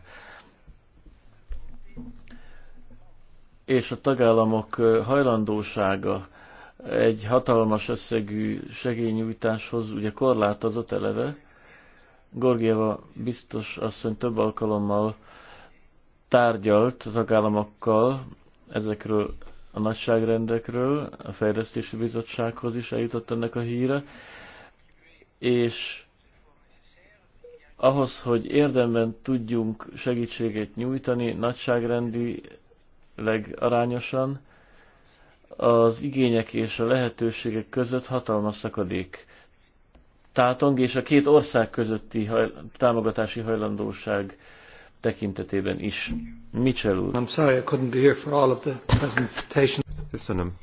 És a tagállamok hajlandósága egy hatalmas összegű segélynyújtáshoz ugye korlátozott eleve. Gorgieva biztos asszony több alkalommal tárgyalt a tagállamokkal ezekről a nagyságrendekről, a Fejlesztési Bizottsághoz is eljutott ennek a híre, és ahhoz, hogy érdemben tudjunk segítséget nyújtani, nagyságrendileg arányosan, az igények és a lehetőségek között hatalmas szakadék tátong, és a két ország közötti haj, támogatási hajlandóság tekintetében is. Mitchell úr. I'm sorry, I couldn't be here for all of the presentation. Köszönöm.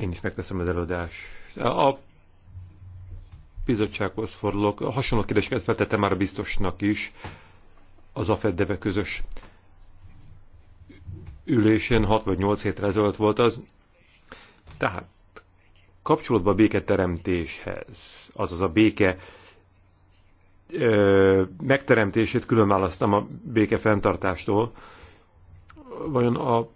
Én is megköszönöm az előadást. A bizottsághoz fordulok. Hasonló kérdéseket feltettem már a biztosnak is az AFED-deve közös ülésén 6 vagy 8 hétre ezelőtt volt az. Tehát kapcsolódva a béketeremtéshez, azaz a béke ö, megteremtését külön választam a béke fenntartástól, vajon a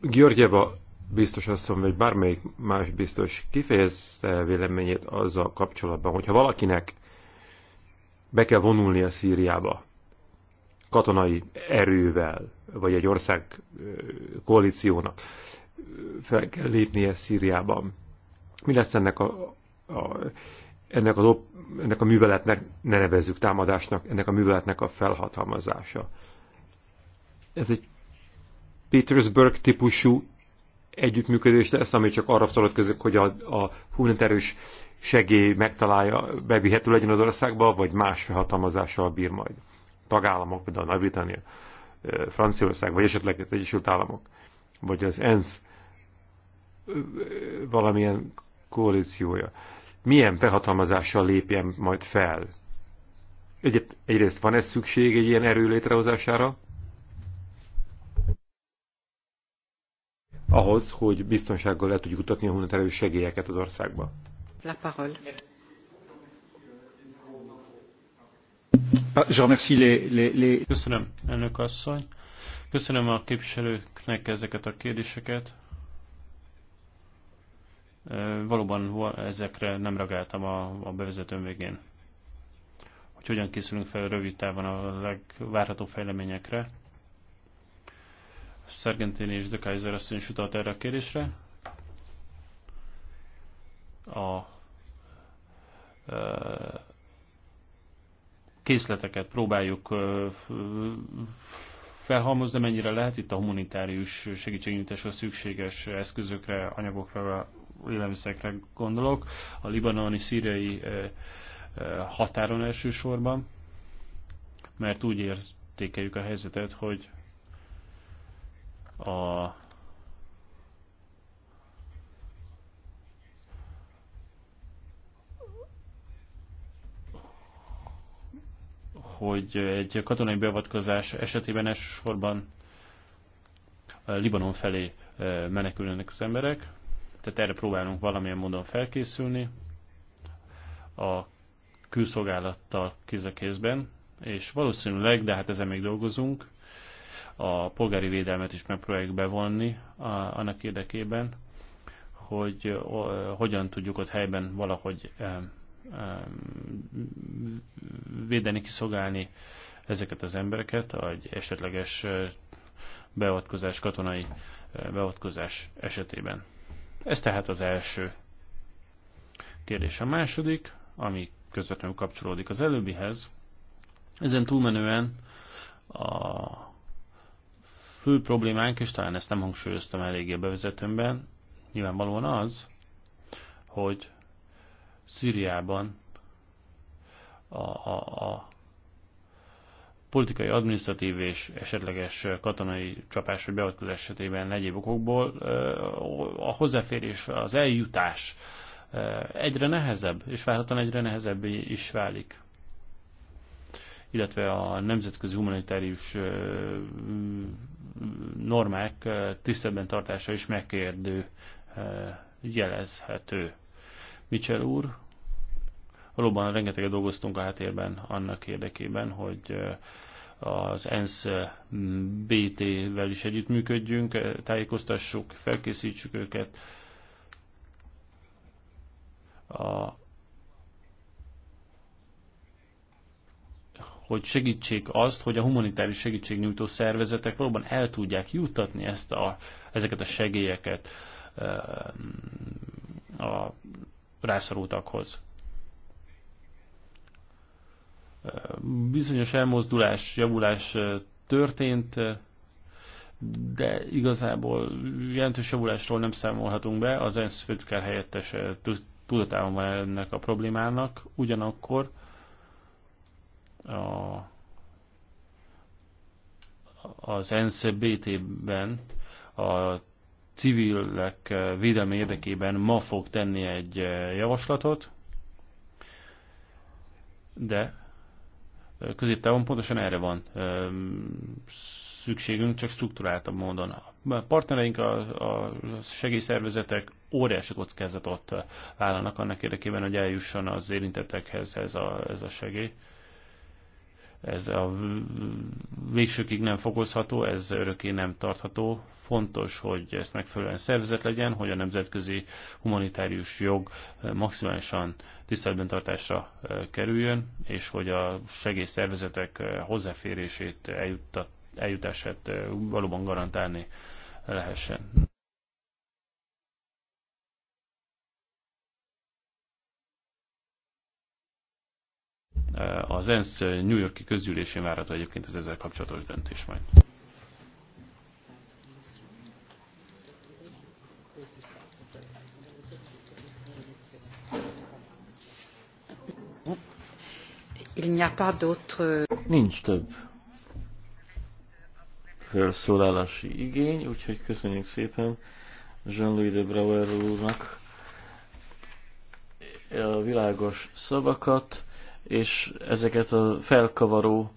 Györgyeva biztos asszony, vagy bármelyik más biztos kifejezte véleményét azzal kapcsolatban, hogyha valakinek be kell vonulni a Szíriába katonai erővel, vagy egy ország koalíciónak fel kell lépnie Szíriában. Mi lesz ennek a, a ennek, az, ennek a műveletnek, ne nevezzük támadásnak, ennek a műveletnek a felhatalmazása. Ez egy Petersburg típusú együttműködés lesz, ami csak arra közök, hogy a, a humanitárius segély megtalálja, bevihető legyen az országba, vagy más felhatalmazással bír majd. Tagállamok, például Nagy-Britannia, Franciaország, vagy esetleg az Egyesült Államok, vagy az ENSZ valamilyen koalíciója. Milyen felhatalmazással lépjen majd fel? Egyet, egyrészt van ez szükség egy ilyen erő létrehozására? ahhoz, hogy biztonsággal le tudjuk utatni a humanitárius segélyeket az országba. La parole. Ah, Köszönöm, elnök asszony. Köszönöm a képviselőknek ezeket a kérdéseket. Valóban ezekre nem reagáltam a, a bevezetőn végén. Hogy hogyan készülünk fel rövid távon a legvárható fejleményekre. Szergentén és De Kaiser asszony is utalt erre a kérdésre. A készleteket próbáljuk felhalmozni, mennyire lehet itt a humanitárius segítségnyújtásra szükséges eszközökre, anyagokra, élelmiszerekre gondolok. A libanoni, szíriai határon elsősorban, mert úgy értékeljük a helyzetet, hogy a hogy egy katonai beavatkozás esetében elsősorban Libanon felé menekülnek az emberek, tehát erre próbálunk valamilyen módon felkészülni a külszolgálattal kéz a kézben, és valószínűleg, de hát ezen még dolgozunk, a polgári védelmet is megpróbáljuk bevonni annak érdekében, hogy hogyan tudjuk ott helyben valahogy védeni, kiszolgálni ezeket az embereket, vagy esetleges beavatkozás, katonai beavatkozás esetében. Ez tehát az első kérdés. A második, ami közvetlenül kapcsolódik az előbbihez, ezen túlmenően a fő problémánk, és talán ezt nem hangsúlyoztam eléggé a bevezetőmben, nyilvánvalóan az, hogy Szíriában a, a, a politikai, adminisztratív és esetleges katonai csapás vagy beavatkozás esetében egyéb okokból a hozzáférés, az eljutás egyre nehezebb, és várhatóan egyre nehezebb is válik illetve a nemzetközi humanitárius normák tisztelben tartása is megkérdő jelezhető. Mitchell úr, valóban rengeteget dolgoztunk a háttérben annak érdekében, hogy az ENSZ BT-vel is együttműködjünk, tájékoztassuk, felkészítsük őket. A hogy segítsék azt, hogy a humanitári segítségnyújtó szervezetek valóban el tudják juttatni ezt a, ezeket a segélyeket ehm, a rászorultakhoz. Bizonyos elmozdulás, javulás eh, történt, de igazából jelentős javulásról nem számolhatunk be, az ENSZ főtkár helyettes eh, tudatában van ennek a problémának, ugyanakkor a, az NCBT-ben a civilek védelme érdekében ma fog tenni egy javaslatot, de középtávon pontosan erre van szükségünk, csak struktúráltabb módon. A partnereink, a, a segélyszervezetek óriási kockázatot vállalnak annak érdekében, hogy eljusson az érintettekhez ez a, ez a segély ez a végsőkig nem fokozható, ez örökké nem tartható. Fontos, hogy ezt megfelelően szervezet legyen, hogy a nemzetközi humanitárius jog eh, maximálisan tiszteletben tartásra eh, kerüljön, és hogy a segélyszervezetek eh, hozzáférését, eljutását valóban garantálni lehessen. Eh, az ENSZ eh, New Yorki közgyűlésén várható egyébként az ezzel kapcsolatos döntés majd. Nincs több felszólalási igény, úgyhogy köszönjük szépen Jean-Louis de Brauer úrnak a világos szavakat és ezeket a felkavaró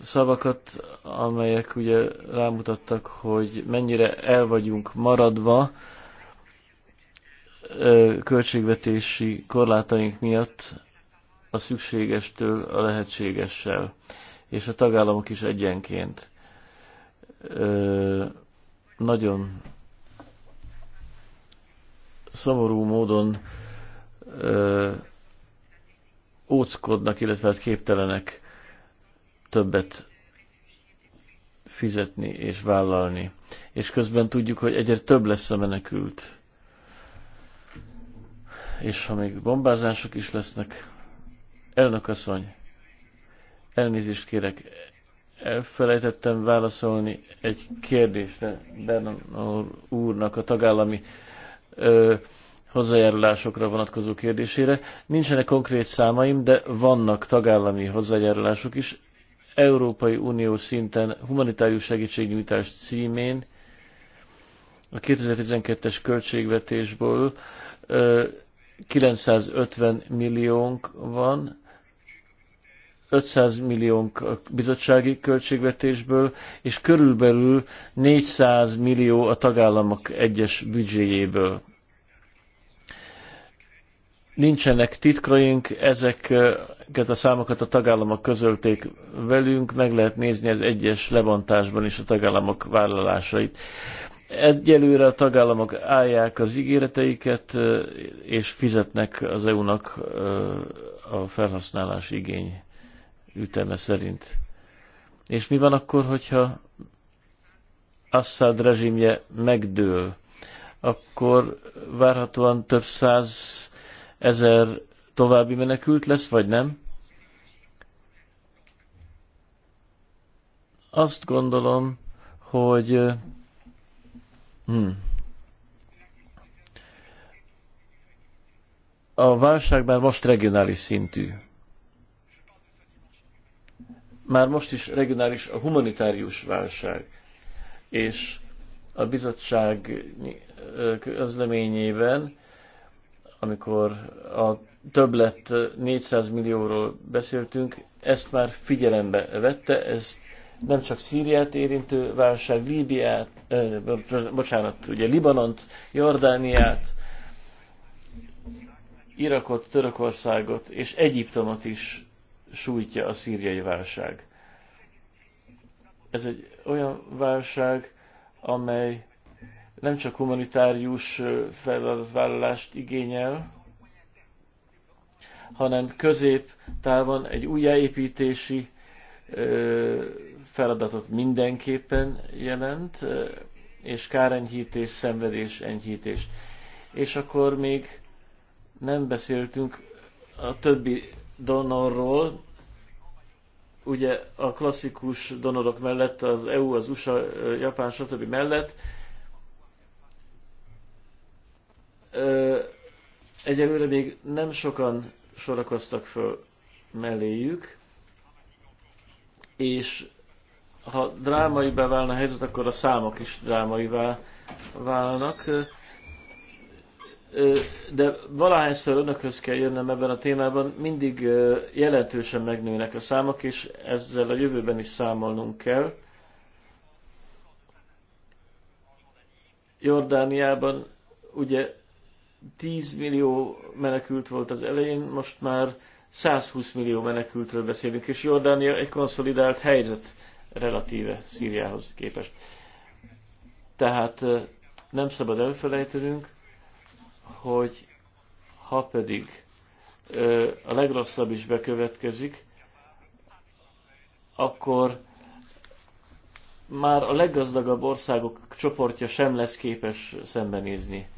szavakat, amelyek ugye rámutattak, hogy mennyire el vagyunk maradva költségvetési korlátaink miatt a szükségestől a lehetségessel, és a tagállamok is egyenként. Nagyon szomorú módon óckodnak, illetve hát képtelenek többet fizetni és vállalni. És közben tudjuk, hogy egyre több lesz a menekült. És ha még bombázások is lesznek, elnökasszony, elnézést kérek, elfelejtettem válaszolni egy kérdésre Bernard úrnak a tagállami ö, hozzájárulásokra vonatkozó kérdésére. Nincsenek konkrét számaim, de vannak tagállami hozzájárulások is. Európai Unió szinten humanitárius segítségnyújtás címén a 2012-es költségvetésből 950 milliónk van, 500 milliónk a bizottsági költségvetésből, és körülbelül 400 millió a tagállamok egyes büdzséjéből nincsenek titkaink, ezeket a számokat a tagállamok közölték velünk, meg lehet nézni az egyes lebontásban is a tagállamok vállalásait. Egyelőre a tagállamok állják az ígéreteiket, és fizetnek az EU-nak a felhasználás igény üteme szerint. És mi van akkor, hogyha Assad rezsimje megdől? Akkor várhatóan több száz ezer további menekült lesz, vagy nem? Azt gondolom, hogy hmm, a válság már most regionális szintű. Már most is regionális a humanitárius válság. És a bizottság közleményében amikor a többlet 400 millióról beszéltünk, ezt már figyelembe vette, ez nem csak Szíriát érintő válság, Líbiát, eh, bocsánat, ugye Libanont, Jordániát, Irakot, Törökországot és Egyiptomot is sújtja a szíriai válság. Ez egy olyan válság, amely nem csak humanitárius feladatvállalást igényel, hanem középtávon egy újjáépítési feladatot mindenképpen jelent, és kárenyhítés, szenvedés, enyhítés. És akkor még nem beszéltünk a többi donorról, ugye a klasszikus donorok mellett az EU, az USA, Japán, stb. mellett egyelőre még nem sokan sorakoztak föl melléjük, és ha drámai válna a helyzet, akkor a számok is drámaivá válnak. De valahányszor önökhöz kell jönnem ebben a témában, mindig jelentősen megnőnek a számok, és ezzel a jövőben is számolnunk kell. Jordániában ugye 10 millió menekült volt az elején, most már 120 millió menekültről beszélünk, és Jordánia egy konszolidált helyzet relatíve Szíriához képest. Tehát nem szabad elfelejtenünk, hogy ha pedig a legrosszabb is bekövetkezik, akkor már a leggazdagabb országok csoportja sem lesz képes szembenézni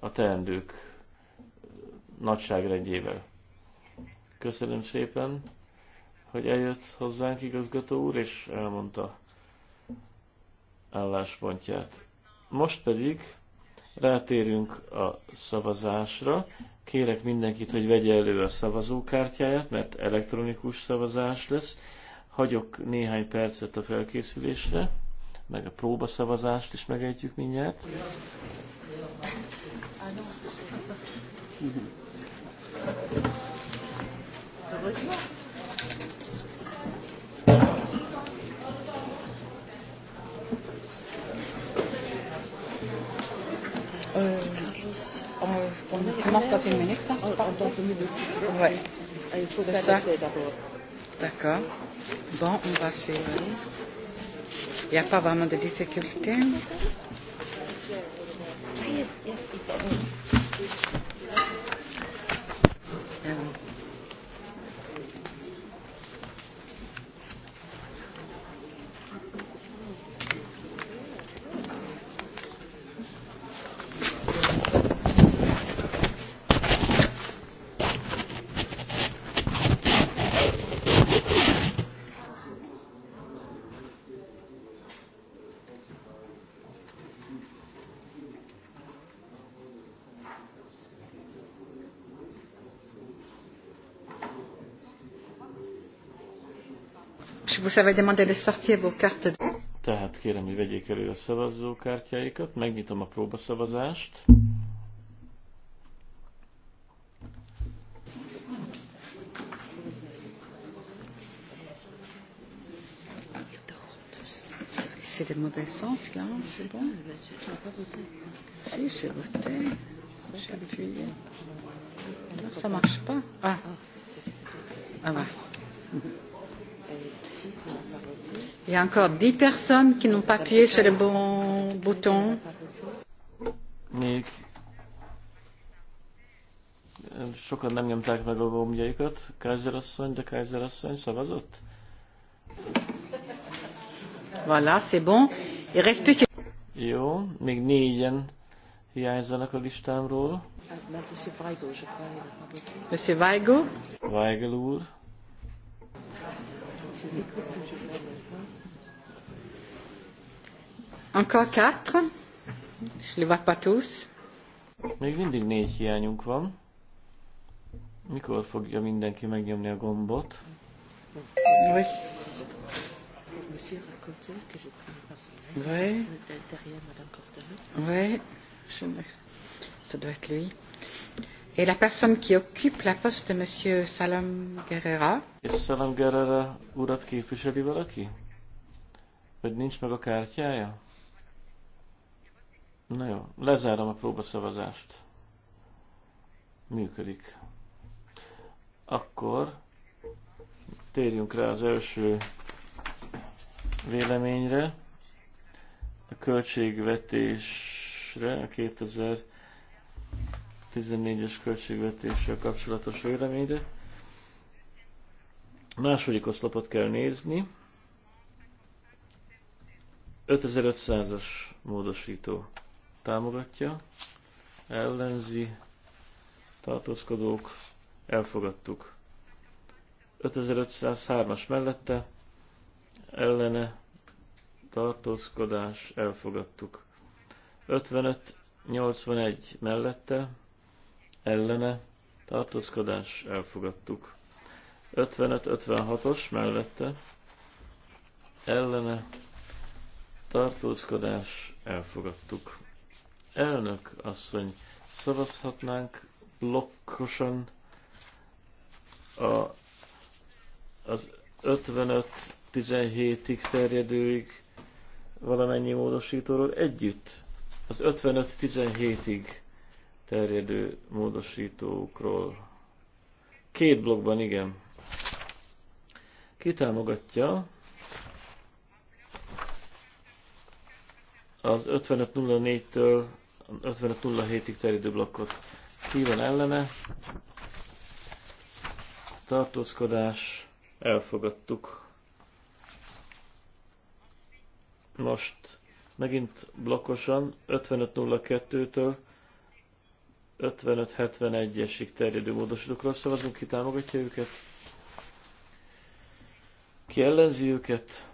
a teendők nagyságrendjével. Köszönöm szépen, hogy eljött hozzánk igazgató úr, és elmondta álláspontját. Most pedig rátérünk a szavazásra. Kérek mindenkit, hogy vegye elő a szavazókártyáját, mert elektronikus szavazás lesz. Hagyok néhány percet a felkészülésre, meg a próbaszavazást is megejtjük mindjárt. Euh, on commence dans une minute, hein, c'est pas dans une minute. Ouais. Il faut c'est ça. D'accord. Bon, on va suivre. Il n'y a pas vraiment de difficulté. Ah, yes, yes, it, vous avez demandé de sortir vos cartes. Tehát kérem, hogy vegyék elő a szavazókártyáikat. Megnyitom a próbaszavazást. c'est le mauvais sens là, c'est bon Si, j'ai voté. J'ai appuyé. Non, ça marche pas. Ah. Ah bah. Il y a encore dix personnes qui n'ont pas appuyé sur le bon bouton. Még sokan nem nyomták meg a gombjaikat. Kaiser asszony, de Kaiser asszony szavazott? Voilà, c'est bon. Il reste plus que... Jó, még négyen hiányzanak a listámról. Monsieur Weigel. Weigel úr. Encore quatre. Je ne les vois pas tous. Még mindig négy hiányunk van. Mikor fogja mindenki megnyomni a gombot? Oui. Oui. Oui. Ça doit être lui. Et la personne qui occupe la poste de Monsieur Salam Guerrera. És Salam Guerrera urat képviseli valaki? Vagy nincs meg a kártyája? Na jó, lezárom a próbaszavazást. Működik. Akkor térjünk rá az első véleményre, a költségvetésre, a 2000 14 es költségvetéssel kapcsolatos véleményre. A második oszlopot kell nézni. 5500-as módosító támogatja, ellenzi, tartózkodók, elfogadtuk. 5503-as mellette, ellene, tartózkodás, elfogadtuk. 5581 mellette, ellene tartózkodás elfogadtuk. 55-56-os mellette ellene tartózkodás elfogadtuk. Elnök asszony, szavazhatnánk blokkosan a, az 55-17-ig terjedőig valamennyi módosítóról együtt. Az 55-17-ig terjedő módosítókról. Két blogban, igen. Ki támogatja az 5504-től 5507-ig terjedő blokkot? Ki van ellene? Tartózkodás. Elfogadtuk. Most megint blokkosan 5502-től 55-71-esig terjedő módosítókról szavazunk, ki támogatja őket, ki ellenzi őket,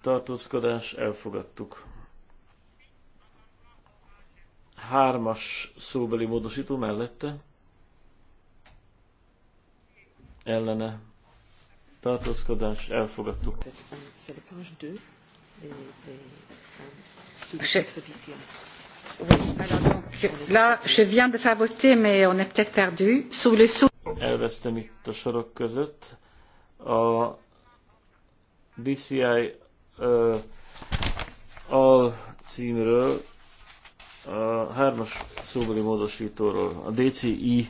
tartózkodás, elfogadtuk. Hármas szóbeli módosító mellette, ellene, tartózkodás, elfogadtuk. C'est Elvesztem itt a sorok között. A DCI uh, al címről, a hármas szóbeli módosítóról, a DCI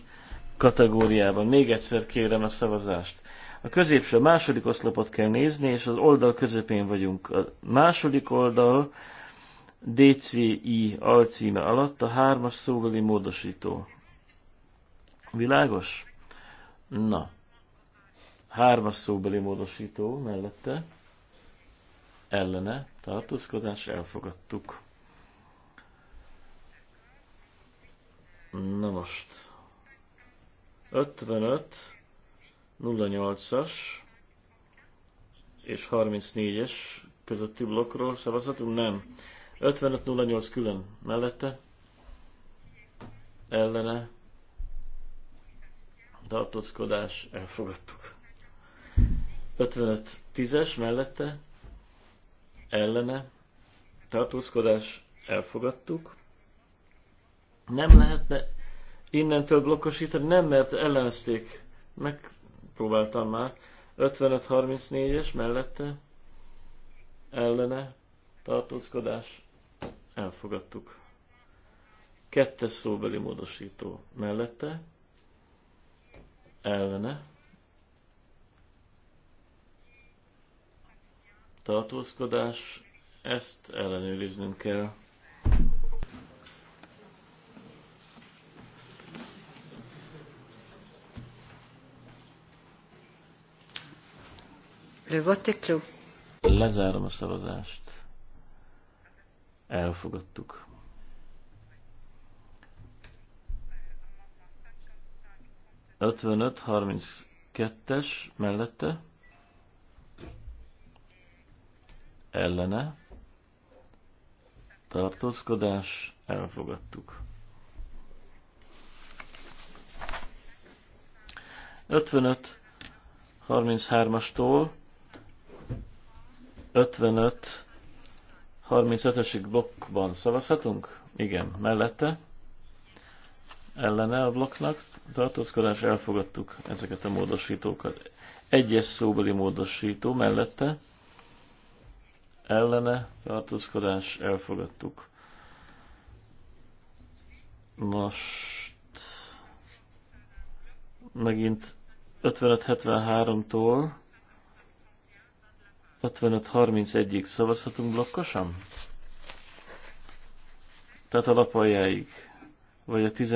kategóriában. Még egyszer kérem a szavazást. A középső a második oszlopot kell nézni, és az oldal közepén vagyunk. A második oldal DCI alcíme alatt a hármas szóbeli módosító. Világos? Na. Hármas szóbeli módosító mellette. Ellene. Tartózkodás. Elfogadtuk. Na most. 55 08-as és 34-es közötti blokkról szavazhatunk? Nem. 5508 külön mellette, ellene, tartózkodás, elfogadtuk. 55.10 es mellette, ellene, tartózkodás, elfogadtuk. Nem lehetne innentől blokkosítani, nem, mert ellenezték, megpróbáltam már, 5534 es mellette, ellene, tartózkodás, elfogadtuk. Kettes szóbeli módosító mellette, ellene, tartózkodás, ezt ellenőriznünk kell. Le vote est clos. Lezárom a szavazást. Elfogadtuk. Ötvenöt, harminc kettes mellette. Ellene. Tartózkodás. Elfogadtuk. 55 33-astól 55 35-ösig blokkban szavazhatunk? Igen, mellette. Ellene a blokknak. Tartózkodás, elfogadtuk ezeket a módosítókat. Egyes szóbeli módosító mellette. Ellene, tartózkodás, elfogadtuk. Most megint 55-73-tól 55 31 ig szavazhatunk blokkosan? Tehát a lapaljáig. Vagy a 10...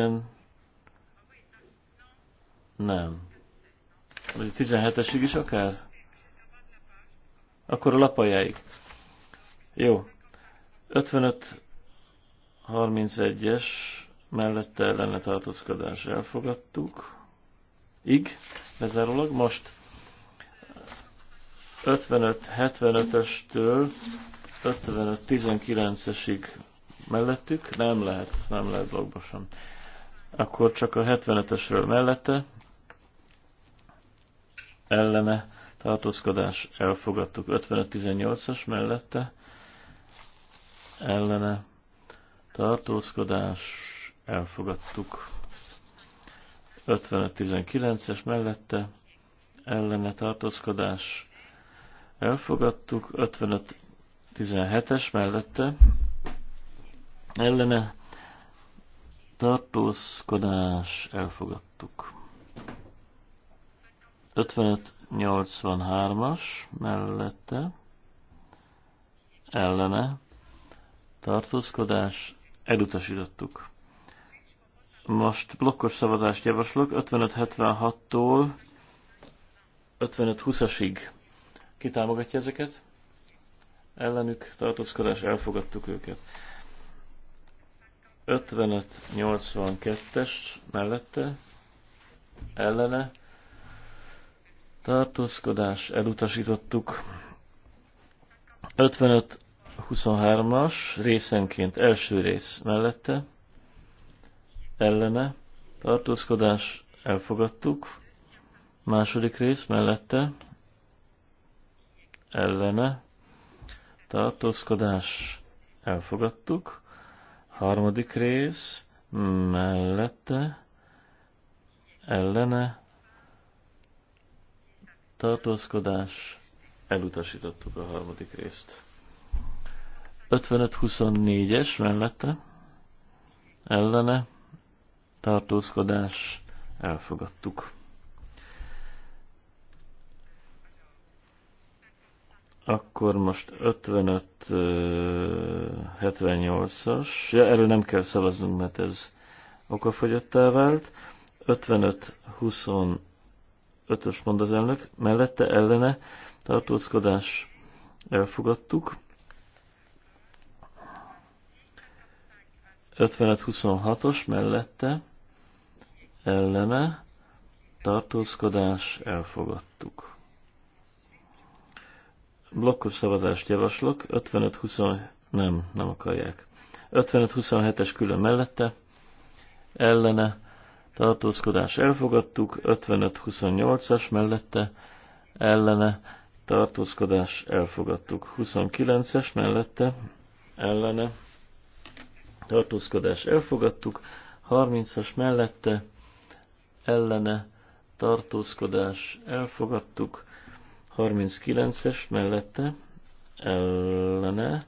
Nem. Vagy a 17-esig is akár? Akkor a lapaljáig. Jó. 55-31-es mellette ellene tartózkodás elfogadtuk. Ig, bezárólag most 55-75-östől 55-19-esig mellettük, nem lehet, nem lehet blogba Akkor csak a 75-esről mellette, ellene tartózkodás elfogadtuk 55-18-as mellette, ellene tartózkodás elfogadtuk 55-19-es mellette, ellene tartózkodás elfogadtuk, 55-17-es mellette ellene tartózkodás elfogadtuk. 55-83-as mellette ellene tartózkodás elutasítottuk. Most blokkos szavazást javaslok 55-76-tól 55-20-asig ki támogatja ezeket? Ellenük tartózkodás, elfogadtuk őket. 55-82-es mellette, ellene, tartózkodás, elutasítottuk. 55-23-as részenként első rész mellette, ellene, tartózkodás, elfogadtuk. Második rész mellette, ellene tartózkodás elfogadtuk. Harmadik rész mellette ellene tartózkodás elutasítottuk a harmadik részt. 55-24-es mellette ellene tartózkodás elfogadtuk. Akkor most 55-78-as. Ja, erről nem kell szavaznunk, mert ez okafogyottá vált. 55-25-ös mond az elnök, mellette ellene tartózkodás elfogadtuk. 55-26-os mellette ellene tartózkodás elfogadtuk blokkos szavazást javaslok, 55-20, nem, nem akarják. 55-27-es külön mellette, ellene, tartózkodás elfogadtuk, 55-28-as mellette, ellene, tartózkodás elfogadtuk, 29-es mellette, ellene, tartózkodás elfogadtuk, 30-as mellette, ellene, tartózkodás elfogadtuk, 39-es mellette ellene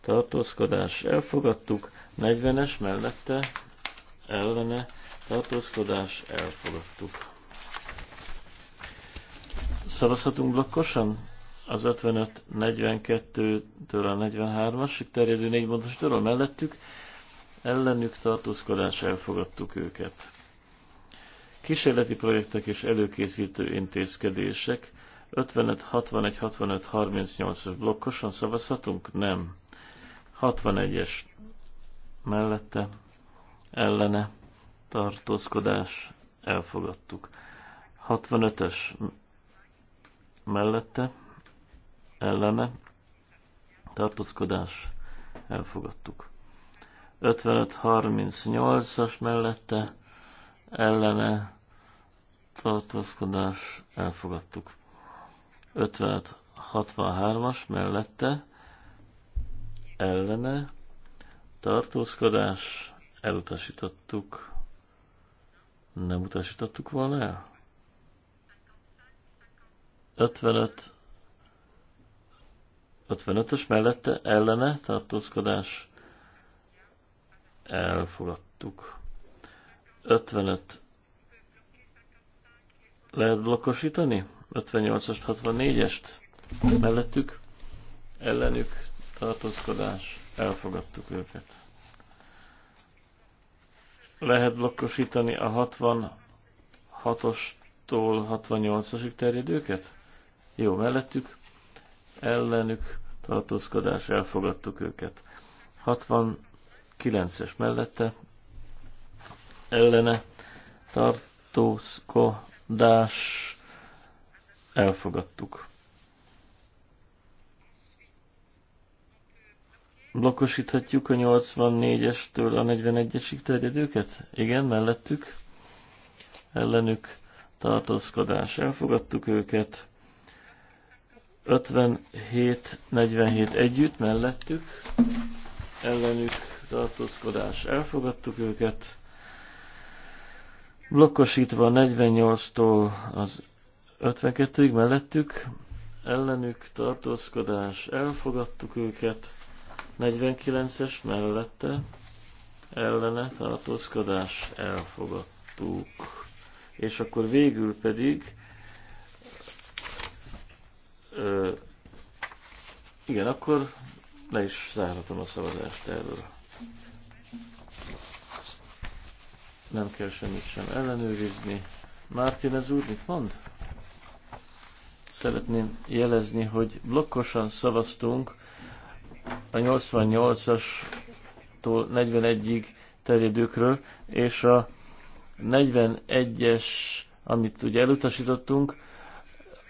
tartózkodás elfogadtuk, 40-es mellette ellene tartózkodás elfogadtuk. Szavazhatunk blokkosan? Az 55-42-től a 43-asig terjedő négy mondatostól mellettük ellenük tartózkodás elfogadtuk őket. Kísérleti projektek és előkészítő intézkedések 55, 61, 65, 38-as blokkosan szavazhatunk? Nem. 61-es mellette ellene tartózkodás elfogadtuk. 65-ös mellette ellene tartózkodás elfogadtuk. 55-38-as mellette ellene tartózkodás elfogadtuk. 56 as mellette ellene tartózkodás elutasítottuk. Nem utasítottuk volna el? 55 55-ös mellette ellene tartózkodás elfogadtuk. 55 lehet blokkosítani? 58-ast, 64-est mellettük, ellenük tartózkodás, elfogadtuk őket. Lehet blokkosítani a 66-ostól 68-asig terjedőket? Jó, mellettük, ellenük tartózkodás, elfogadtuk őket. 69-es mellette, ellene tartózkodás, Elfogadtuk. Blokkosíthatjuk a 84-estől a 41-esig terjedőket? Igen, mellettük. Ellenük tartózkodás. Elfogadtuk őket. 57-47 együtt mellettük, ellenük tartózkodás. Elfogadtuk őket. Blokkosítva 48-tól az 52-ig mellettük, ellenük tartózkodás, elfogadtuk őket, 49-es mellette, ellene tartózkodás, elfogadtuk. És akkor végül pedig, ö, igen, akkor le is zárhatom a szavazást erről. Nem kell semmit sem ellenőrizni. Mártin, ez úr mit mond? szeretném jelezni, hogy blokkosan szavaztunk a 88-astól 41-ig terjedőkről, és a 41-es, amit ugye elutasítottunk,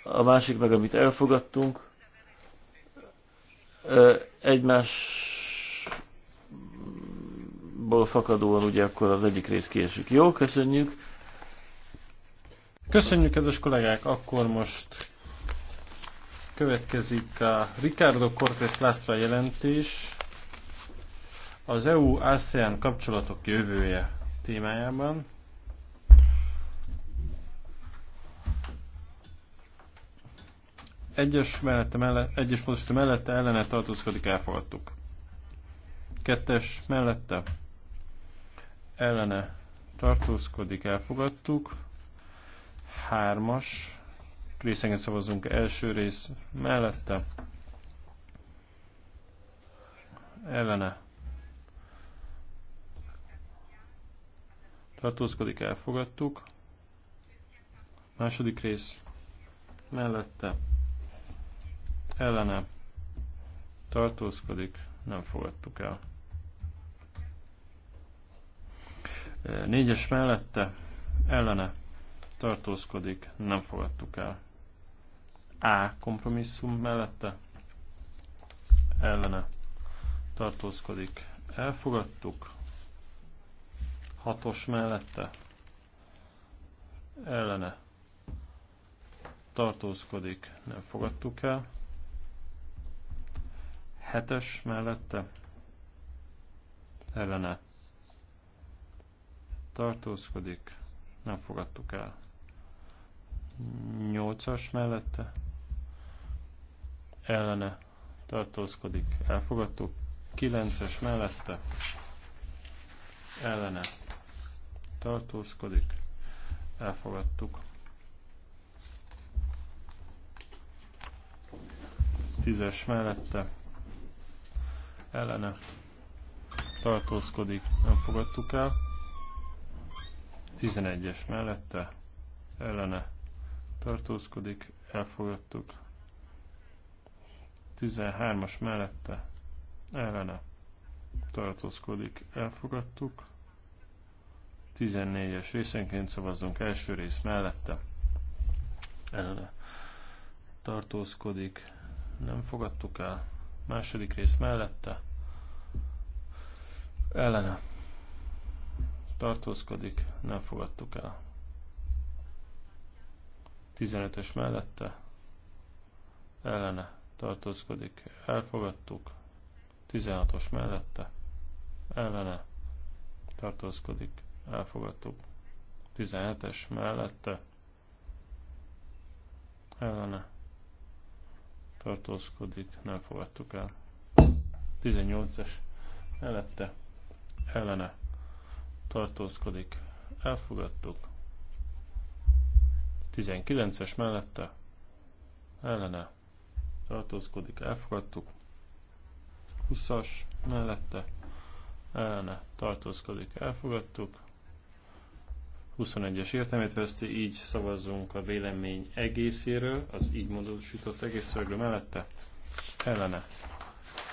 a másik meg, amit elfogadtunk, egymásból fakadóan ugye akkor az egyik rész késik. Jó, köszönjük! Köszönjük, kedves kollégák! Akkor most Következik a Ricardo Cortés Lastra jelentés az EU-ASEAN kapcsolatok jövője témájában. Egyes, mellette, mellette, egyes módosító mellette ellene tartózkodik, elfogadtuk. Kettes mellette ellene tartózkodik, elfogadtuk. Hármas részenként szavazunk első rész mellette. Ellene. Tartózkodik, elfogadtuk. Második rész. Mellette. Ellene. Tartózkodik, nem fogadtuk el. Négyes mellette. Ellene. Tartózkodik, nem fogadtuk el. A kompromisszum mellette ellene tartózkodik. Elfogadtuk. Hatos mellette ellene tartózkodik. Nem fogadtuk el. Hetes mellette ellene tartózkodik. Nem fogadtuk el. Nyolcas mellette ellene tartózkodik, elfogadtuk. 9-es mellette ellene tartózkodik, elfogadtuk. 10-es mellette ellene tartózkodik, nem fogadtuk el. 11-es mellette ellene tartózkodik, elfogadtuk. 13-as mellette ellene tartózkodik, elfogadtuk. 14-es részenként szavazzunk első rész mellette ellene tartózkodik, nem fogadtuk el. Második rész mellette ellene tartózkodik, nem fogadtuk el. 15 es mellette ellene tartózkodik, elfogadtuk, 16-os mellette, ellene, tartózkodik, elfogadtuk, 17-es mellette, ellene, tartózkodik, nem fogadtuk el, 18-es mellette, ellene, tartózkodik, elfogadtuk, 19-es mellette, ellene, tartózkodik, elfogadtuk. 20-as mellette ellene tartózkodik, elfogadtuk. 21-es értelmét veszti, így szavazzunk a vélemény egészéről, az így módosított egész szövegről mellette ellene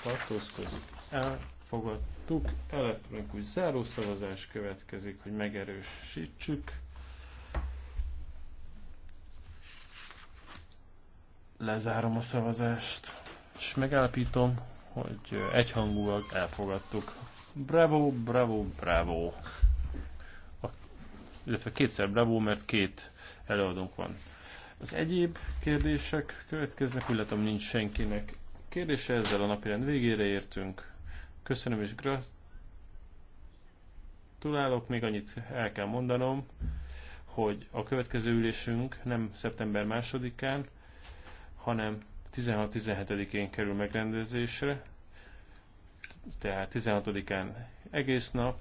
tartózkodik, elfogadtuk. Elektronikus zárószavazás következik, hogy megerősítsük. Lezárom a szavazást, és megállapítom, hogy egyhangúak elfogadtuk. Bravo, bravo, bravo. A, illetve kétszer bravo, mert két előadónk van. Az egyéb kérdések következnek, illetve nincs senkinek kérdése, ezzel a napirend végére értünk. Köszönöm és gratulálok, még annyit el kell mondanom, hogy a következő ülésünk nem szeptember másodikán, hanem 16-17-én kerül megrendezésre, tehát 16-án egész nap,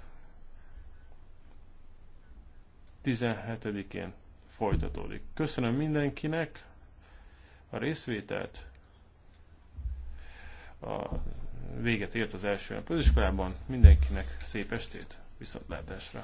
17-én folytatódik. Köszönöm mindenkinek a részvételt. A véget ért az első nap az iskolában. Mindenkinek szép estét, viszontlátásra!